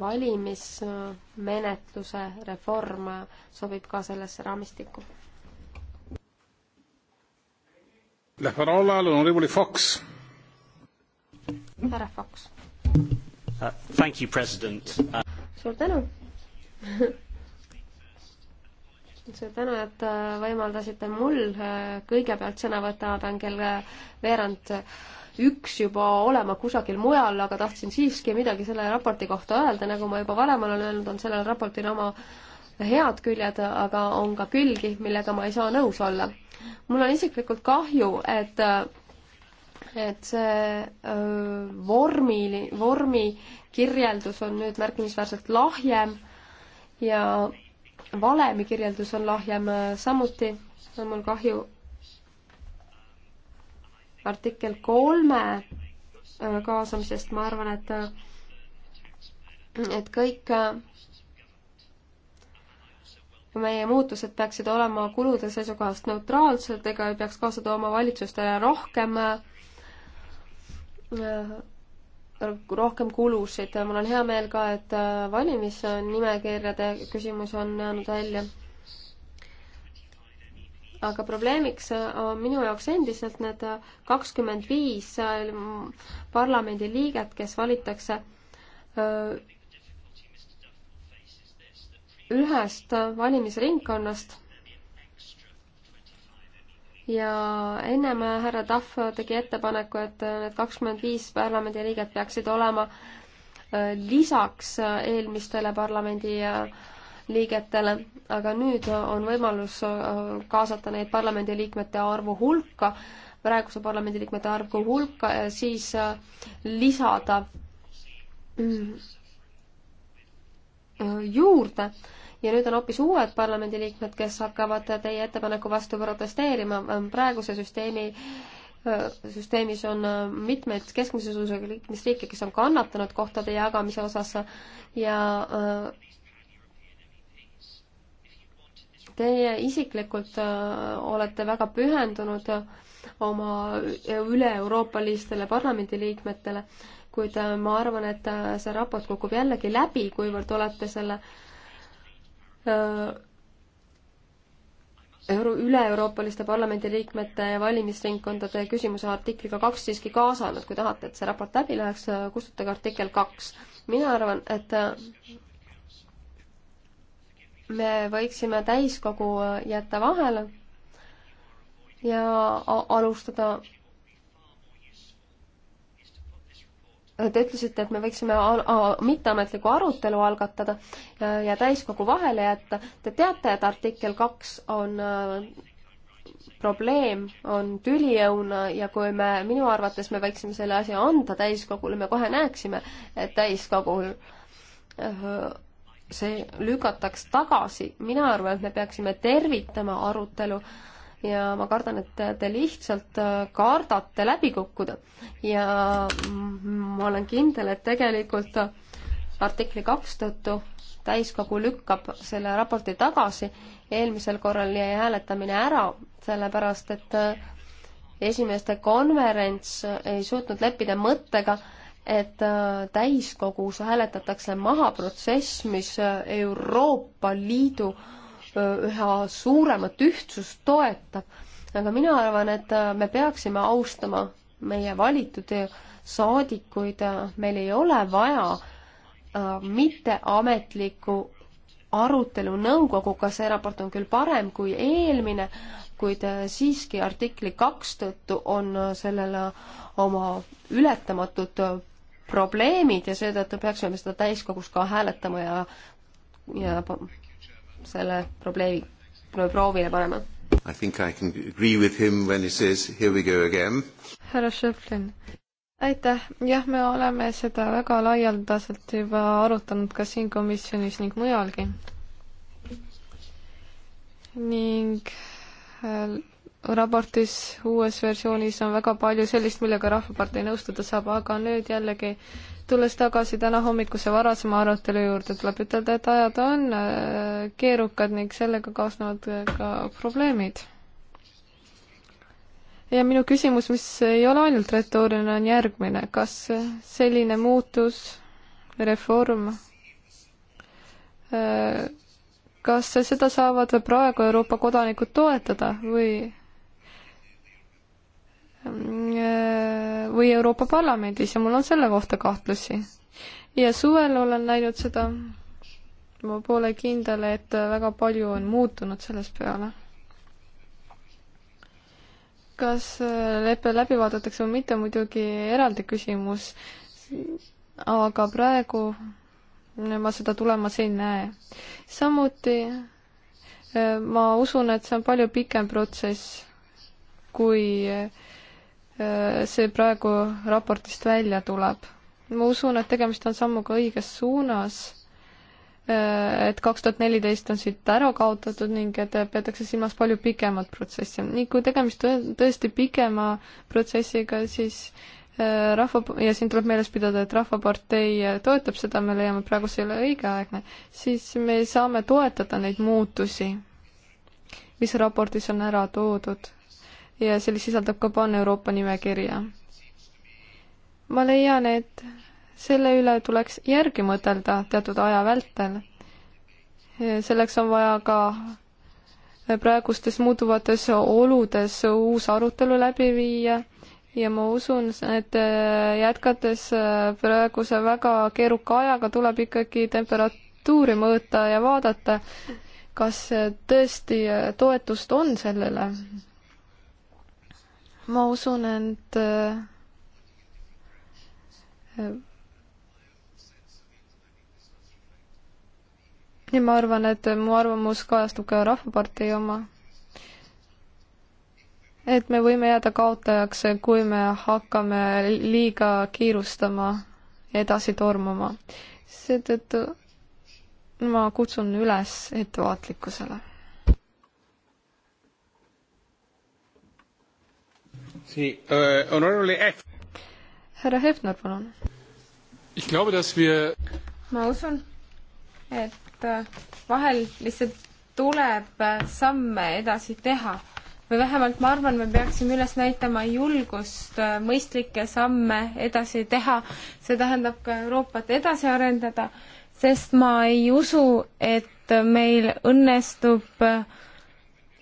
valimismenetluse reform äh, sobib ka sellesse raamistikku. härra Fox. Uh, uh, suur tänu suur tänu, et äh, võimaldasite mul äh, kõigepealt sõna võtta, ma pean kell äh, veerand üks juba olema kusagil mujal, aga tahtsin siiski midagi selle raporti kohta öelda, nagu ma juba varem olen öelnud, on sellel raportil oma head küljed, aga on ka külgi, millega ma ei saa nõus olla. mul on isiklikult kahju, et et see öö, vormi, vormi kirjeldus on nüüd märkimisväärselt lahjem ja valemi kirjeldus on lahjem, samuti on mul kahju artikkel kolme äh, kaasamisest, ma arvan, et äh, et kõik äh, meie muutused peaksid olema kulude seisukohast neutraalsed ega ei peaks kaasa tooma valitsustele rohkem rohkem kulusid. mul on hea meel ka, et äh, valimisnimekirjade küsimus on jäänud välja. aga probleemiks äh, on minu jaoks endiselt need äh, kakskümmend viis parlamendiliiget, kes valitakse ühest valimisringkonnast ja ennem äh, härra Tahv tegi ettepaneku, et äh, need kakskümmend viis parlamendiliiget peaksid olema äh, lisaks eelmistele parlamendi liigetele, aga nüüd on võimalus kaasata neid parlamendiliikmete arvu hulka, praeguse parlamendiliikmete arvu hulka ja siis lisada mm, juurde ja nüüd on hoopis uued parlamendiliikmed, kes hakkavad teie ettepaneku vastu protesteerima. praeguse süsteemi äh, süsteemis on äh, mitmeid keskmise suurusega liikmesriike, kes on kannatanud kohtade jagamise osas ja äh, teie isiklikult olete väga pühendunud oma üle-euroopalistele parlamendiliikmetele, kuid ma arvan, et see raport kukub jällegi läbi, kuivõrd olete selle äh, Äh, euro, üle-euroopaliste parlamendiliikmete valimisringkondade küsimuse artikliga kaks siiski kaasanud, kui tahate, et see raport läbi läheks, äh, kustutage artikkel kaks. mina arvan, et äh, me võiksime täiskogu jätta vahele ja alustada Te ütlesite, et me võiksime mitteametliku arutelu algatada ja täiskogu vahele jätta. Te teate, et artikkel kaks on äh, probleem, on tüliõuna ja kui me, minu arvates me võiksime selle asja anda täiskogule, me kohe näeksime, et täiskogul äh, see lükataks tagasi. mina arvan, et me peaksime tervitama arutelu äh, ja ma kardan, et te lihtsalt äh, kardate läbi kukkuda. ja ma olen kindel, et tegelikult artikli kaks tõttu täiskogu lükkab selle raporti tagasi, eelmisel korral jäi hääletamine ära, sellepärast et äh, esimeeste konverents ei suutnud leppida mõttega, et äh, täiskogus hääletatakse maha protsess, mis Euroopa Liidu äh, Äh, üha suuremat ühtsust toetab. aga mina arvan, et äh, me peaksime austama meie valitud saadikuid, meil ei ole vaja äh, mitteametlikku arutelu nõukoguga, see raport on küll parem kui eelmine, kuid siiski artikli kaks tõttu on sellel oma ületamatud probleemid ja seetõttu peaksime seda täiskogus ka hääletama ja, ja selle probleemi, proovile panema. I think I can agree with him when he says here we go again. härra Šeflin, aitäh, jah, me oleme seda väga laialdaselt juba arutanud ka siin komisjonis ning mujalgi. ning äh, raportis uues versioonis on väga palju sellist, millega Rahvapartei nõustuda saab, aga nüüd jällegi äh, tulles tagasi täna hommikuse varasema arutelu juurde, tuleb ütelda, et ajad on äh, keerukad ning sellega kaasnevad ka probleemid. ja minu küsimus, mis ei ole ainult retooriline, on järgmine. kas selline muutus, reform, äh, kas seda saavad praegu Euroopa kodanikud toetada või Äh, või Euroopa Parlamendis ja mul on selle kohta kahtlusi. ja suvel olen näinud seda, ma pole kindel, et väga palju on muutunud sellest peale. kas lepe läbi vaadatakse või mitte, muidugi eraldi küsimus, aga praegu ma seda tulemas ei näe. samuti äh, ma usun, et see on palju pikem protsess kui äh, Äh, see praegu raportist välja tuleb. ma usun, et tegemist on sammuga õiges suunas, äh, et kaks tuhat neliteist on siit ära kaotatud ning et peetakse silmas palju pikemat protsessi. nii kui tegemist on tõesti pikema protsessiga, siis äh, rahva, ja siin tuleb meeles pidada, et Rahvapartei toetab seda, me leiame praegu see ei ole õigeaegne, siis me saame toetada neid muutusi, mis raportis on ära toodud ja see sisaldab ka Pan-Euroopa nimekirja. ma leian, et selle üle tuleks järgi mõtelda teatud aja vältel. selleks on vaja ka praegustes muutuvates oludes uus arutelu läbi viia ja ma usun, et jätkates praeguse väga keeruka ajaga tuleb ikkagi temperatuuri mõõta ja vaadata, kas tõesti toetust on sellele ma usun, et äh, ja ma arvan, et mu arvamus kajastub ka Rahvapartei oma. et me võime jääda kaotajaks, kui me hakkame liiga kiirustama ja edasi tormama. seetõttu ma kutsun üles ettevaatlikkusele Eh, härra Hefner, palun. ma usun, et äh, vahel lihtsalt tuleb äh, samme edasi teha või vähemalt ma arvan, me peaksime üles näitama julgust äh, mõistlikke samme edasi teha, see tähendab ka Euroopat edasi arendada, sest ma ei usu, et meil õnnestub äh,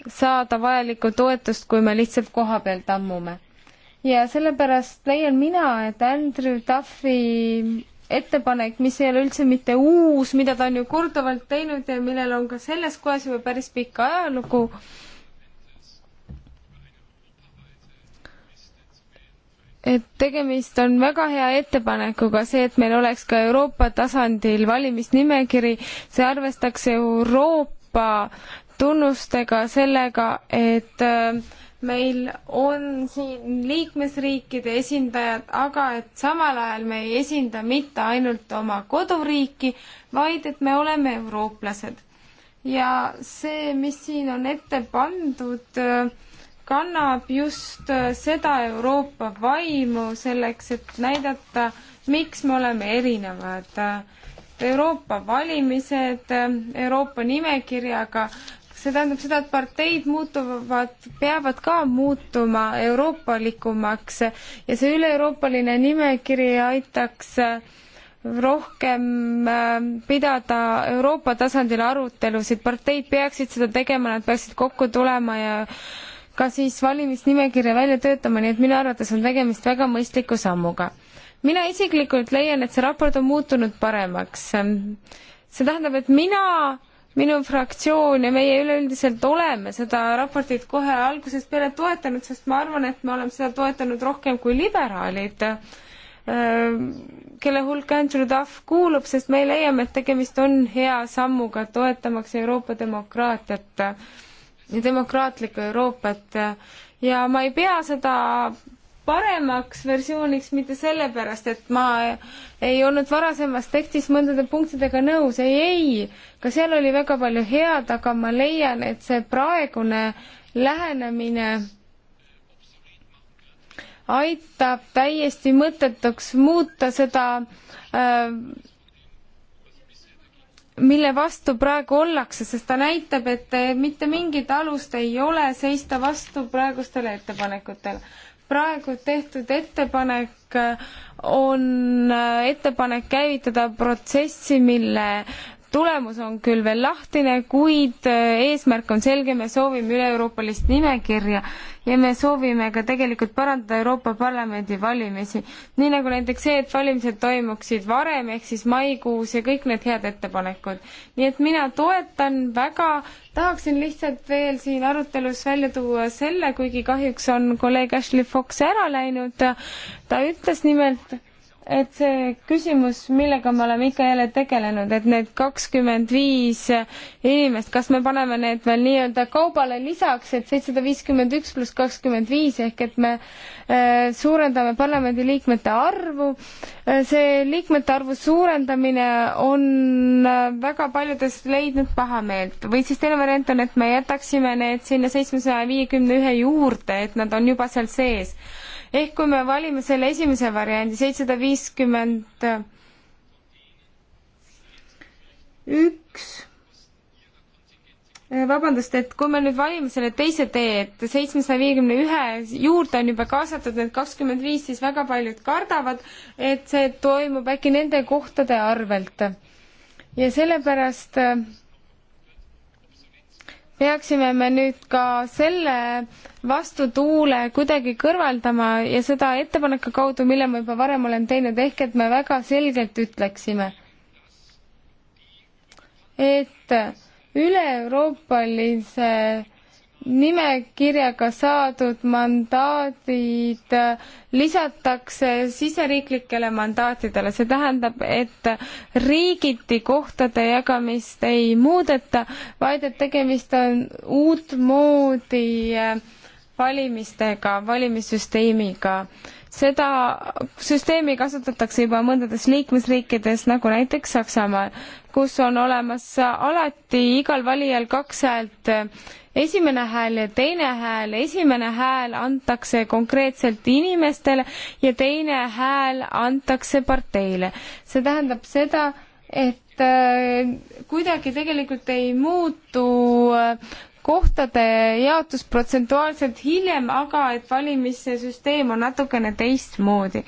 saada vajalikku toetust, kui me lihtsalt koha peal tammume. ja sellepärast leian mina, et Andrew Duffy ettepanek, mis ei ole üldse mitte uus, mida ta on ju korduvalt teinud ja millel on ka selles kohas juba päris pikk ajalugu, et tegemist on väga hea ettepanekuga, see, et meil oleks ka Euroopa tasandil valimisnimekiri, see arvestaks Euroopa tunnustega sellega, et äh, meil on siin liikmesriikide esindajad, aga et samal ajal me ei esinda mitte ainult oma koduriiki, vaid et me oleme eurooplased. ja see, mis siin on ette pandud, äh, kannab just äh, seda Euroopa vaimu selleks, et näidata, miks me oleme erinevad Euroopa valimised Euroopa nimekirjaga see tähendab seda, et parteid muutuvad, peavad ka muutuma euroopalikumaks ja see üle-euroopaline nimekiri aitaks rohkem äh, pidada Euroopa tasandil arutelusid, parteid peaksid seda tegema, nad peaksid kokku tulema ja ka siis valimisnimekirja välja töötama, nii et minu arvates on tegemist väga mõistliku sammuga. mina isiklikult leian, et see raport on muutunud paremaks. see tähendab, et mina minu fraktsioon ja meie üleüldiselt oleme seda raportit kohe algusest peale toetanud, sest ma arvan, et me oleme seda toetanud rohkem kui liberaalid, äh, kelle hulka Andrew Duff kuulub, sest me leiame, et tegemist on hea sammuga, toetamaks Euroopa demokraatiat ja demokraatlikku Euroopat ja ma ei pea seda paremaks versiooniks mitte sellepärast, et ma ei olnud varasemas tekstis mõndade punktidega nõus, ei, ei, ka seal oli väga palju head, aga ma leian, et see praegune lähenemine aitab täiesti mõttetuks muuta seda äh, mille vastu praegu ollakse, sest ta näitab, et mitte mingit alust ei ole seista vastu praegustele ettepanekutele praegu tehtud ettepanek on äh, ettepanek käivitada protsessi, mille tulemus on küll veel lahtine, kuid äh, eesmärk on selge, me soovime üle-euroopalist nimekirja ja me soovime ka tegelikult parandada Euroopa Parlamendi valimisi. nii nagu näiteks see, et valimised toimuksid varem, ehk siis maikuus ja kõik need head ettepanekud. nii et mina toetan väga, tahaksin lihtsalt veel siin arutelus välja tuua selle, kuigi kahjuks on kolleeg Ashley Fox ära läinud, ta ütles nimelt, et see küsimus, millega me oleme ikka jälle tegelenud, et need kakskümmend viis inimest, kas me paneme need veel nii-öelda kaubale lisaks, et seitsesada viiskümmend üks pluss kakskümmend viis ehk et me äh, suurendame parlamendiliikmete arvu. Äh, see liikmete arvu suurendamine on äh, väga paljudes leidnud pahameelt või siis teine variant on, et me jätaksime need sinna seitsmesaja viiekümne ühe juurde, et nad on juba seal sees ehk kui me valime selle esimese variandi, seitsesada viiskümmend üks, eh, vabandust, et kui me nüüd valime selle teise tee, et seitsmesaja viiekümne ühe juurde on juba kaasatud need kakskümmend viis, siis väga paljud kardavad, et see toimub äkki nende kohtade arvelt. ja sellepärast äh, peaksime me nüüd ka selle vastutuule kuidagi kõrvaldama ja seda ettepaneku kaudu, mille ma juba varem olen teinud, ehk et me väga selgelt ütleksime, et üle-euroopalise nimekirjaga saadud mandaadid äh, lisatakse siseriiklikele mandaatidele, see tähendab, et riigiti kohtade jagamist ei muudeta, vaid et tegemist on uutmoodi äh, valimistega, valimissüsteemiga. seda süsteemi kasutatakse juba mõndades liikmesriikides, nagu näiteks Saksamaal, kus on olemas alati igal valijal kaks häält äh, esimene hääl ja teine hääl, esimene hääl antakse konkreetselt inimestele ja teine hääl antakse parteile. see tähendab seda, et äh, kuidagi tegelikult ei muutu äh, kohtade jaotus protsentuaalselt hiljem, aga et valimissüsteem on natukene teistmoodi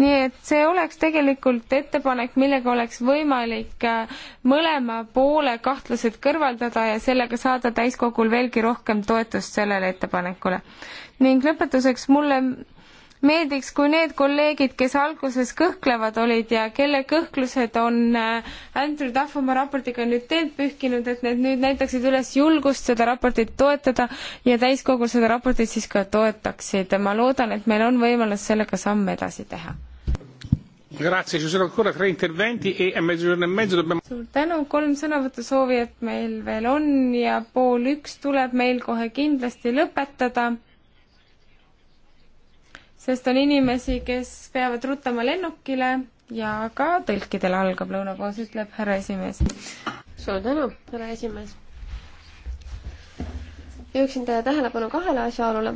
nii et see oleks tegelikult ettepanek, millega oleks võimalik äh, mõlema poole kahtlused kõrvaldada ja sellega saada täiskogul veelgi rohkem toetust sellele ettepanekule. ning lõpetuseks mulle meeldiks, kui need kolleegid, kes alguses kõhklevad olid ja kelle kõhklused on äh, Andrew Duff oma raportiga nüüd teelt pühkinud, et need nüüd näitaksid üles julgust seda raportit toetada ja täiskogul seda raportit siis ka toetaksid. ma loodan, et meil on võimalus sellega samme edasi teha. E e suur tänu, kolm sõnavõtusoovijat meil veel on ja pool üks tuleb meil kohe kindlasti lõpetada sest on inimesi, kes peavad rutama lennukile ja ka tõlkidel algab lõunapoos, ütleb härra esimees. suur tänu, härra esimees. juhiksin teie tähelepanu kahele asjaolule.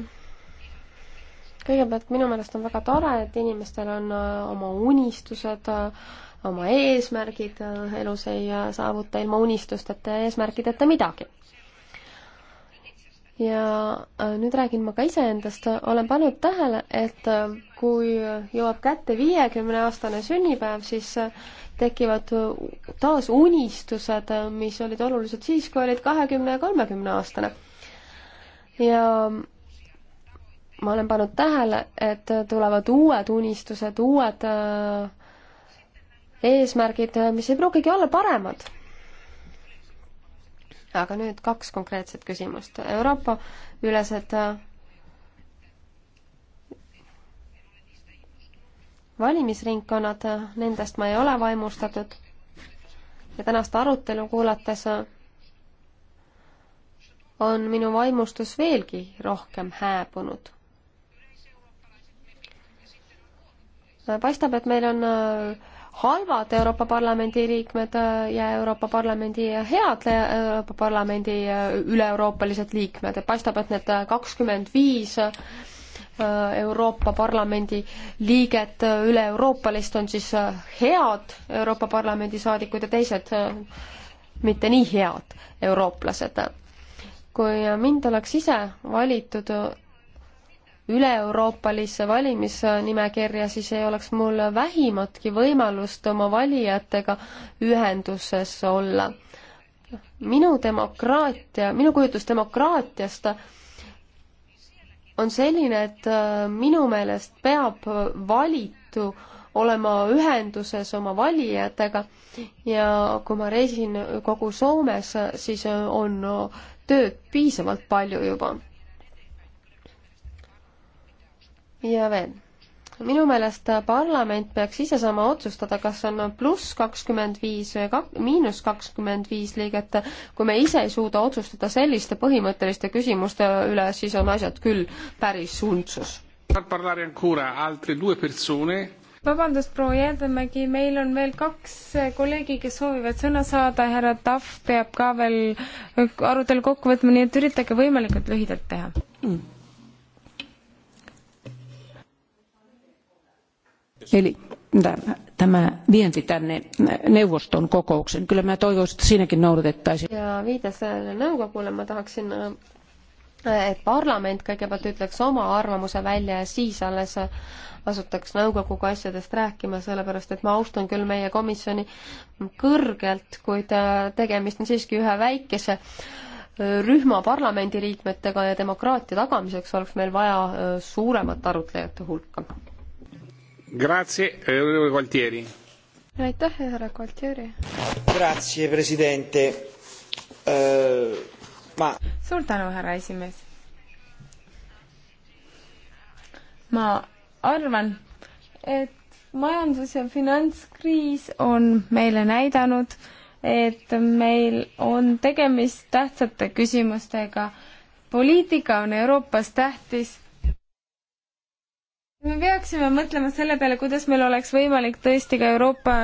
kõigepealt minu meelest on väga tore, et inimestel on äh, oma unistused, äh, oma eesmärgid, äh, elus ei saavuta ilma unistusteta ja eesmärkideta midagi ja äh, nüüd räägin ma ka iseendast, olen pannud tähele, et äh, kui jõuab kätte viiekümne aastane sünnipäev, siis äh, tekivad taas unistused, mis olid olulised siis, kui olid kahekümne ja kolmekümne aastane. ja mm, ma olen pannud tähele, et tulevad uued unistused, uued eesmärgid, mis ei pruugigi olla paremad aga nüüd kaks konkreetset küsimust. Euroopa ülesed äh, valimisringkonnad, nendest ma ei ole vaimustatud ja tänast arutelu kuulates äh, on minu vaimustus veelgi rohkem hääbunud. Äh, paistab, et meil on äh, halvad Euroopa Parlamendi liikmed äh, ja Euroopa Parlamendi head äh, Euroopa Parlamendi äh, üle-euroopalised liikmed ja paistab, et need kakskümmend viis Euroopa Parlamendi liiget üle-euroopalist on siis head Euroopa Parlamendi saadikud ja teised mitte nii head eurooplased. kui mind oleks ise valitud üle-euroopalisse valimisnimekirja, siis ei oleks mul vähimatki võimalust oma valijatega ühenduses olla. minu demokraatia, minu kujutlus demokraatiast on selline, et äh, minu meelest peab valitu olema ühenduses oma valijatega ja kui ma reisin kogu Soomes, siis on tööd piisavalt palju juba ja veel. minu meelest parlament peaks ise saama otsustada, kas on pluss kakskümmend viis või kak-, miinus kakskümmend viis liiget. kui me ise ei suuda otsustada selliste põhimõtteliste küsimuste üle, siis on asjad küll päris untsus. vabandust, proua Jäädemägi, meil on veel kaks kolleegi, kes soovivad sõna saada, härra Tahv peab ka veel arutelu kokku võtma, nii et üritage võimalikult lühidalt teha mm Eli tämä vienti tänne neuvoston kokoukseen. Kyllä mä toivoisin, että siinäkin noudatettaisiin. Ja viides neuvokuulle mä tahaksin äh, et parlament kõigepealt ütleks oma arvamuse välja ja siis alles asutaks nõukoguga asjadest rääkima, sellepärast et ma austan küll meie komisjoni kõrgelt, kuid äh, tegemist on siiski ühe väikese äh, rühma parlamendiliikmetega ja demokraatia tagamiseks oleks meil vaja suuremat arutlejate hulka. Grazie, onorevole Gualtieri. aitäh, härra Gualtieri. Grazie, president uh,. Eh, ma. suur tänu, härra esimees. ma arvan, et majandus- ja finantskriis on meile näidanud, et meil on tegemist tähtsate küsimustega. poliitika on Euroopas tähtis me peaksime mõtlema selle peale, kuidas meil oleks võimalik tõesti ka Euroopa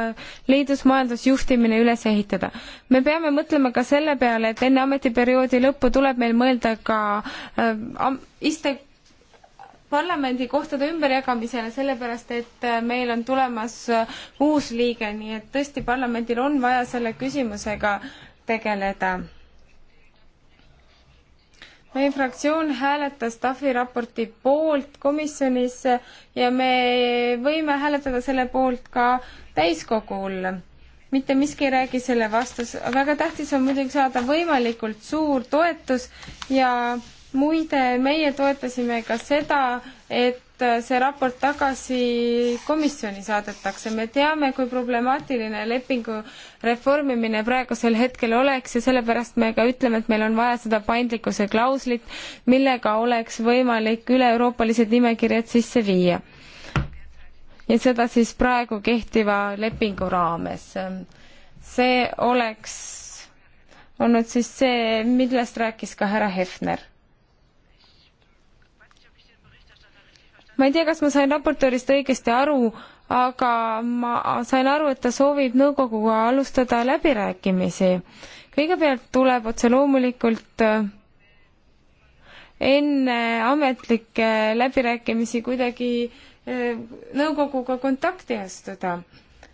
Liidus majandusjuhtimine üles ehitada. me peame mõtlema ka selle peale, et enne ametiperioodi lõppu tuleb meil mõelda ka äh, am, iste parlamendi kohtade ümberjagamisele, sellepärast et äh, meil on tulemas äh, uus liige, nii et tõesti parlamendil on vaja selle küsimusega tegeleda meie fraktsioon hääletas TAFi raporti poolt komisjonis ja me võime hääletada selle poolt ka täiskogul. mitte miski ei räägi selle vastu, väga tähtis on muidugi saada võimalikult suur toetus ja muide, meie toetasime ka seda, et Äh, see raport tagasi komisjoni saadetakse. me teame, kui problemaatiline lepingu reformimine praegusel hetkel oleks ja sellepärast me ka ütleme, et meil on vaja seda paindlikkuse klauslit, millega oleks võimalik üle-euroopalised nimekirjad sisse viia. ja seda siis praegu kehtiva lepingu raames. see oleks olnud siis see, millest rääkis ka härra Hefner ma ei tea, kas ma sain raportöörist õigesti aru, aga ma sain aru, et ta soovib nõukoguga alustada läbirääkimisi. kõigepealt tuleb otse loomulikult äh, enne ametlikke läbirääkimisi kuidagi äh, nõukoguga kontakti astuda.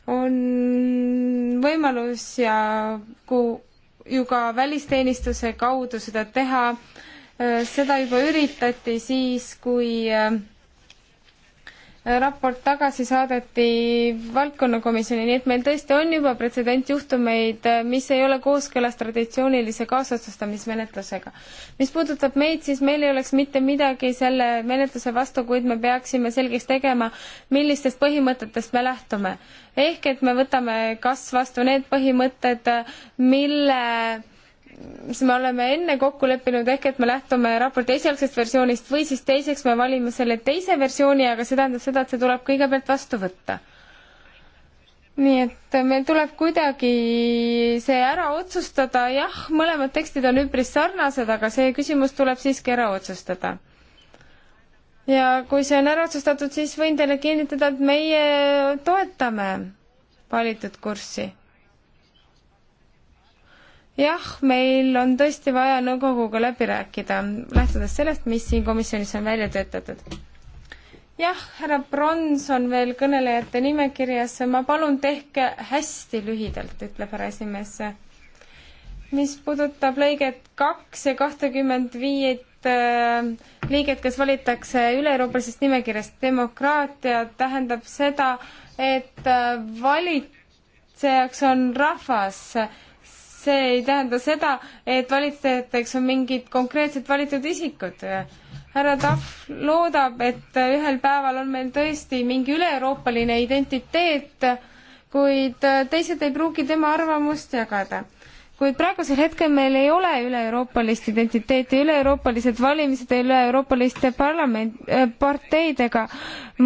on võimalus ja ku-, ju ka välisteenistuse kaudu seda teha, äh, seda juba üritati siis, kui äh, raport tagasi saadeti valdkonnakomisjoni, nii et meil tõesti on juba pretsedentjuhtumeid, mis ei ole kooskõlas traditsioonilise kaasotsustamismenetlusega. mis puudutab meid, siis meil ei oleks mitte midagi selle menetluse vastu, kuid me peaksime selgeks tegema, millistest põhimõtetest me lähtume. ehk et me võtame kas vastu need põhimõtted, mille mis me oleme enne kokku leppinud, ehk et me lähtume raporti esialgsest versioonist või siis teiseks me valime selle teise versiooni, aga see tähendab seda, et see tuleb kõigepealt vastu võtta. nii et meil tuleb kuidagi see ära otsustada, jah, mõlemad tekstid on üpris sarnased, aga see küsimus tuleb siiski ära otsustada ja kui see on ära otsustatud, siis võin teile kinnitada, et meie toetame valitud kurssi jah, meil on tõesti vaja nõukoguga läbi rääkida, lähtudes sellest, mis siin komisjonis on välja töötatud. jah, härra Brons on veel kõnelejate nimekirjas, ma palun, tehke hästi lühidalt, ütleb härra esimees. mis puudutab lõiget kaks ja kahtekümmend viiet, äh, liiget, kes valitakse üle-euroopalisest nimekirjast, demokraatia tähendab seda, et äh, valitsejaks on rahvas see ei tähenda seda, et valitsejateks on mingid konkreetselt valitud isikud. härra Tahv loodab, et ühel päeval on meil tõesti mingi üle-euroopaline identiteet, kuid teised ei pruugi tema arvamust jagada kuid praegusel hetkel meil ei ole üle-euroopalist identiteeti, üle-euroopalised valimised üle-euroopaliste parlament äh,, parteidega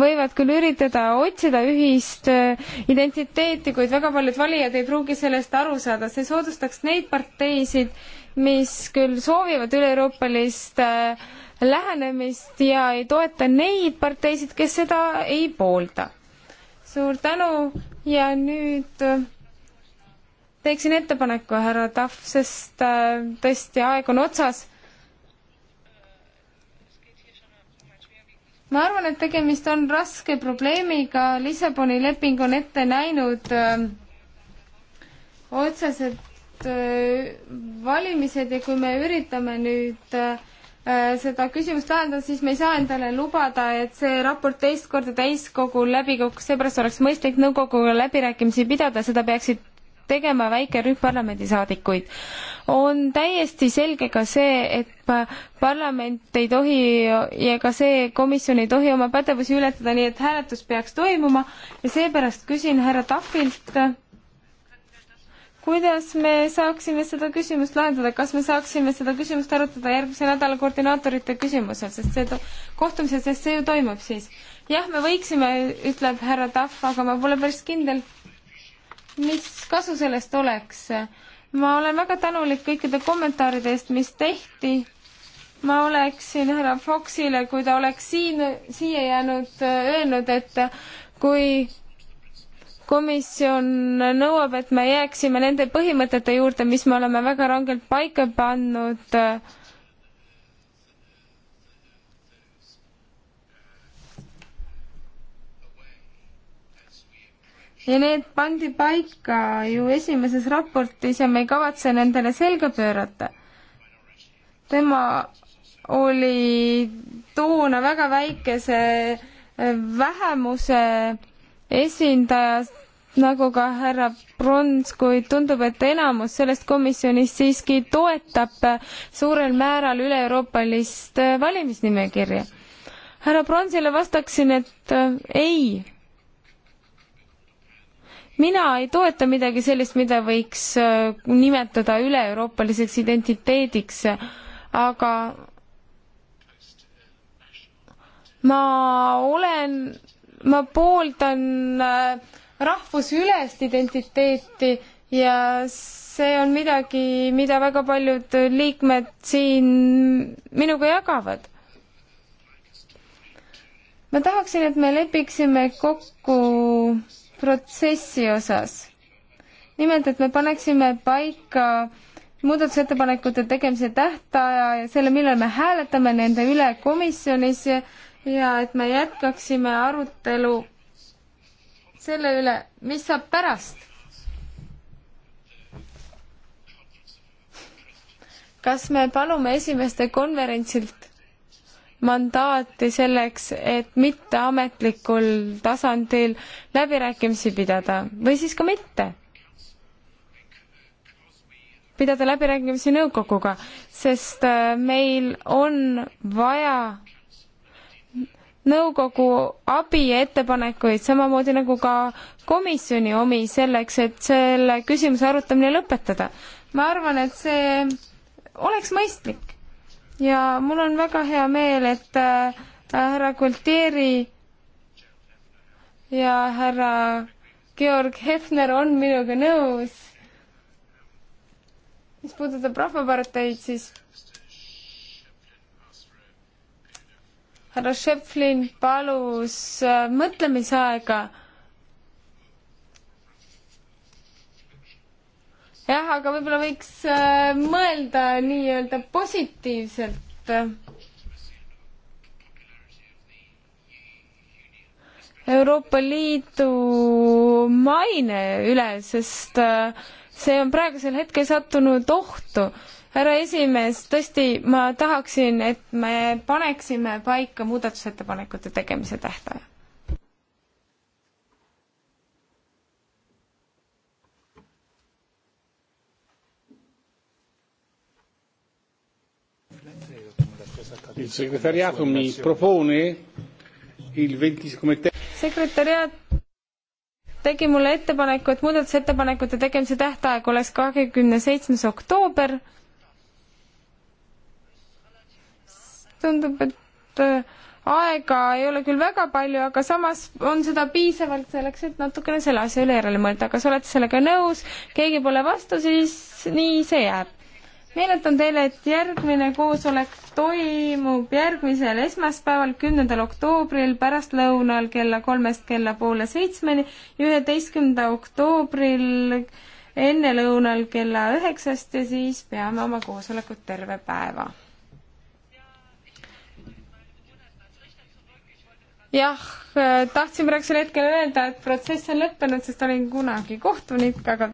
võivad küll üritada otsida ühist äh, identiteeti, kuid väga paljud valijad ei pruugi sellest aru saada, see soodustaks neid parteisid, mis küll soovivad üle-euroopalist äh, lähenemist ja ei toeta neid parteisid, kes seda ei poolda. suur tänu ja nüüd äh, teeksin ettepaneku, härra Tahv, sest äh, tõesti aeg on otsas. ma arvan, et tegemist on raske probleemiga, Lissaboni leping on ette näinud öö, äh, otsesed öö, äh, valimised ja kui me üritame nüüd öö, seda küsimust lahendada, siis me ei saa endale lubada, et see raport teist korda täiskogul läbi kukuks, seepärast oleks mõistlik nõukoguga läbirääkimisi pidada, seda peaksid tegema väike rühm parlamendisaadikuid. on täiesti selge ka see, et parlament ei tohi ja ka see komisjon ei tohi oma pädevusi ületada, nii et hääletus peaks toimuma ja seepärast küsin härra Tahvilt, kuidas me saaksime seda küsimust lahendada, kas me saaksime seda küsimust arutada järgmise nädala koordinaatorite küsimusel, sest see kohtumisel, sest see ju toimub siis. jah, me võiksime, ütleb härra Tahv, aga ma pole päris kindel mis kasu sellest oleks? ma olen väga tänulik kõikide kommentaaride eest, mis tehti. ma oleksin härra Foxile, kui ta oleks siin, siia jäänud, öelnud, et kui komisjon nõuab, et me jääksime nende põhimõtete juurde, mis me oleme väga rangelt paika pannud äh, ja need pandi paika ju esimeses raportis ja me ei kavatse nendele selga pöörata. tema oli toona väga väikese eh, vähemuse esindaja, nagu ka härra Brons, kuid tundub, et enamus sellest komisjonist siiski toetab eh, suurel määral üle-euroopalist eh, valimisnimekirja. härra Bronsile vastaksin, et ei mina ei toeta midagi sellist, mida võiks äh, nimetada üle-euroopaliseks identiteediks, aga ma olen, ma pooldan äh, rahvusülest identiteeti ja see on midagi, mida väga paljud liikmed siin minuga jagavad. ma tahaksin, et me lepiksime kokku protsessi osas. nimelt, et me paneksime paika muudatusettepanekute tegemise tähtaja ja selle, millal me hääletame nende üle komisjonis ja et me jätkaksime arutelu selle üle, mis saab pärast. kas me palume esimeste konverentsilt mandaati selleks, et mitteametlikul tasandil läbirääkimisi pidada või siis ka mitte. pidada läbirääkimisi nõukoguga, sest äh, meil on vaja nõukogu abi ja ettepanekuid, samamoodi nagu ka komisjoni omi selleks, et selle küsimuse arutamine lõpetada. ma arvan, et see oleks mõistlik ja mul on väga hea meel, et äh, härra Kulteeri ja härra Georg Hefner on minuga nõus. mis puudutab Rahvaparteid, siis härra Šeflin palus äh, mõtlemisaega jah, aga võib-olla võiks äh, mõelda nii-öelda positiivselt. Euroopa Liidu maine üle, sest äh, see on praegusel hetkel sattunud ohtu. härra esimees, tõesti, ma tahaksin, et me paneksime paika muudatusettepanekute tegemise tähtaja. Il segretariato mi propone il 20 come te- sekretäriaat tegi mulle ettepaneku, et muudatusettepanekute tegemise tähtaeg oleks kahekümne seitsmes oktoober. tundub, et äh, aega ei ole küll väga palju, aga samas on seda piisavalt selleks, et natukene selle asja üle järele mõelda. kas olete sellega nõus, keegi pole vastu, siis nii see jääb meenutan teile, et järgmine koosolek toimub järgmisel esmaspäeval, kümnendal oktoobril pärastlõunal kella kolmest kella poole seitsmeni ja üheteistkümnenda oktoobril ennelõunal kella üheksast ja siis peame oma koosolekut terve päeva. jah, tahtsin praegusel hetkel öelda, et protsess on lõppenud, sest olin kunagi kohtunik, aga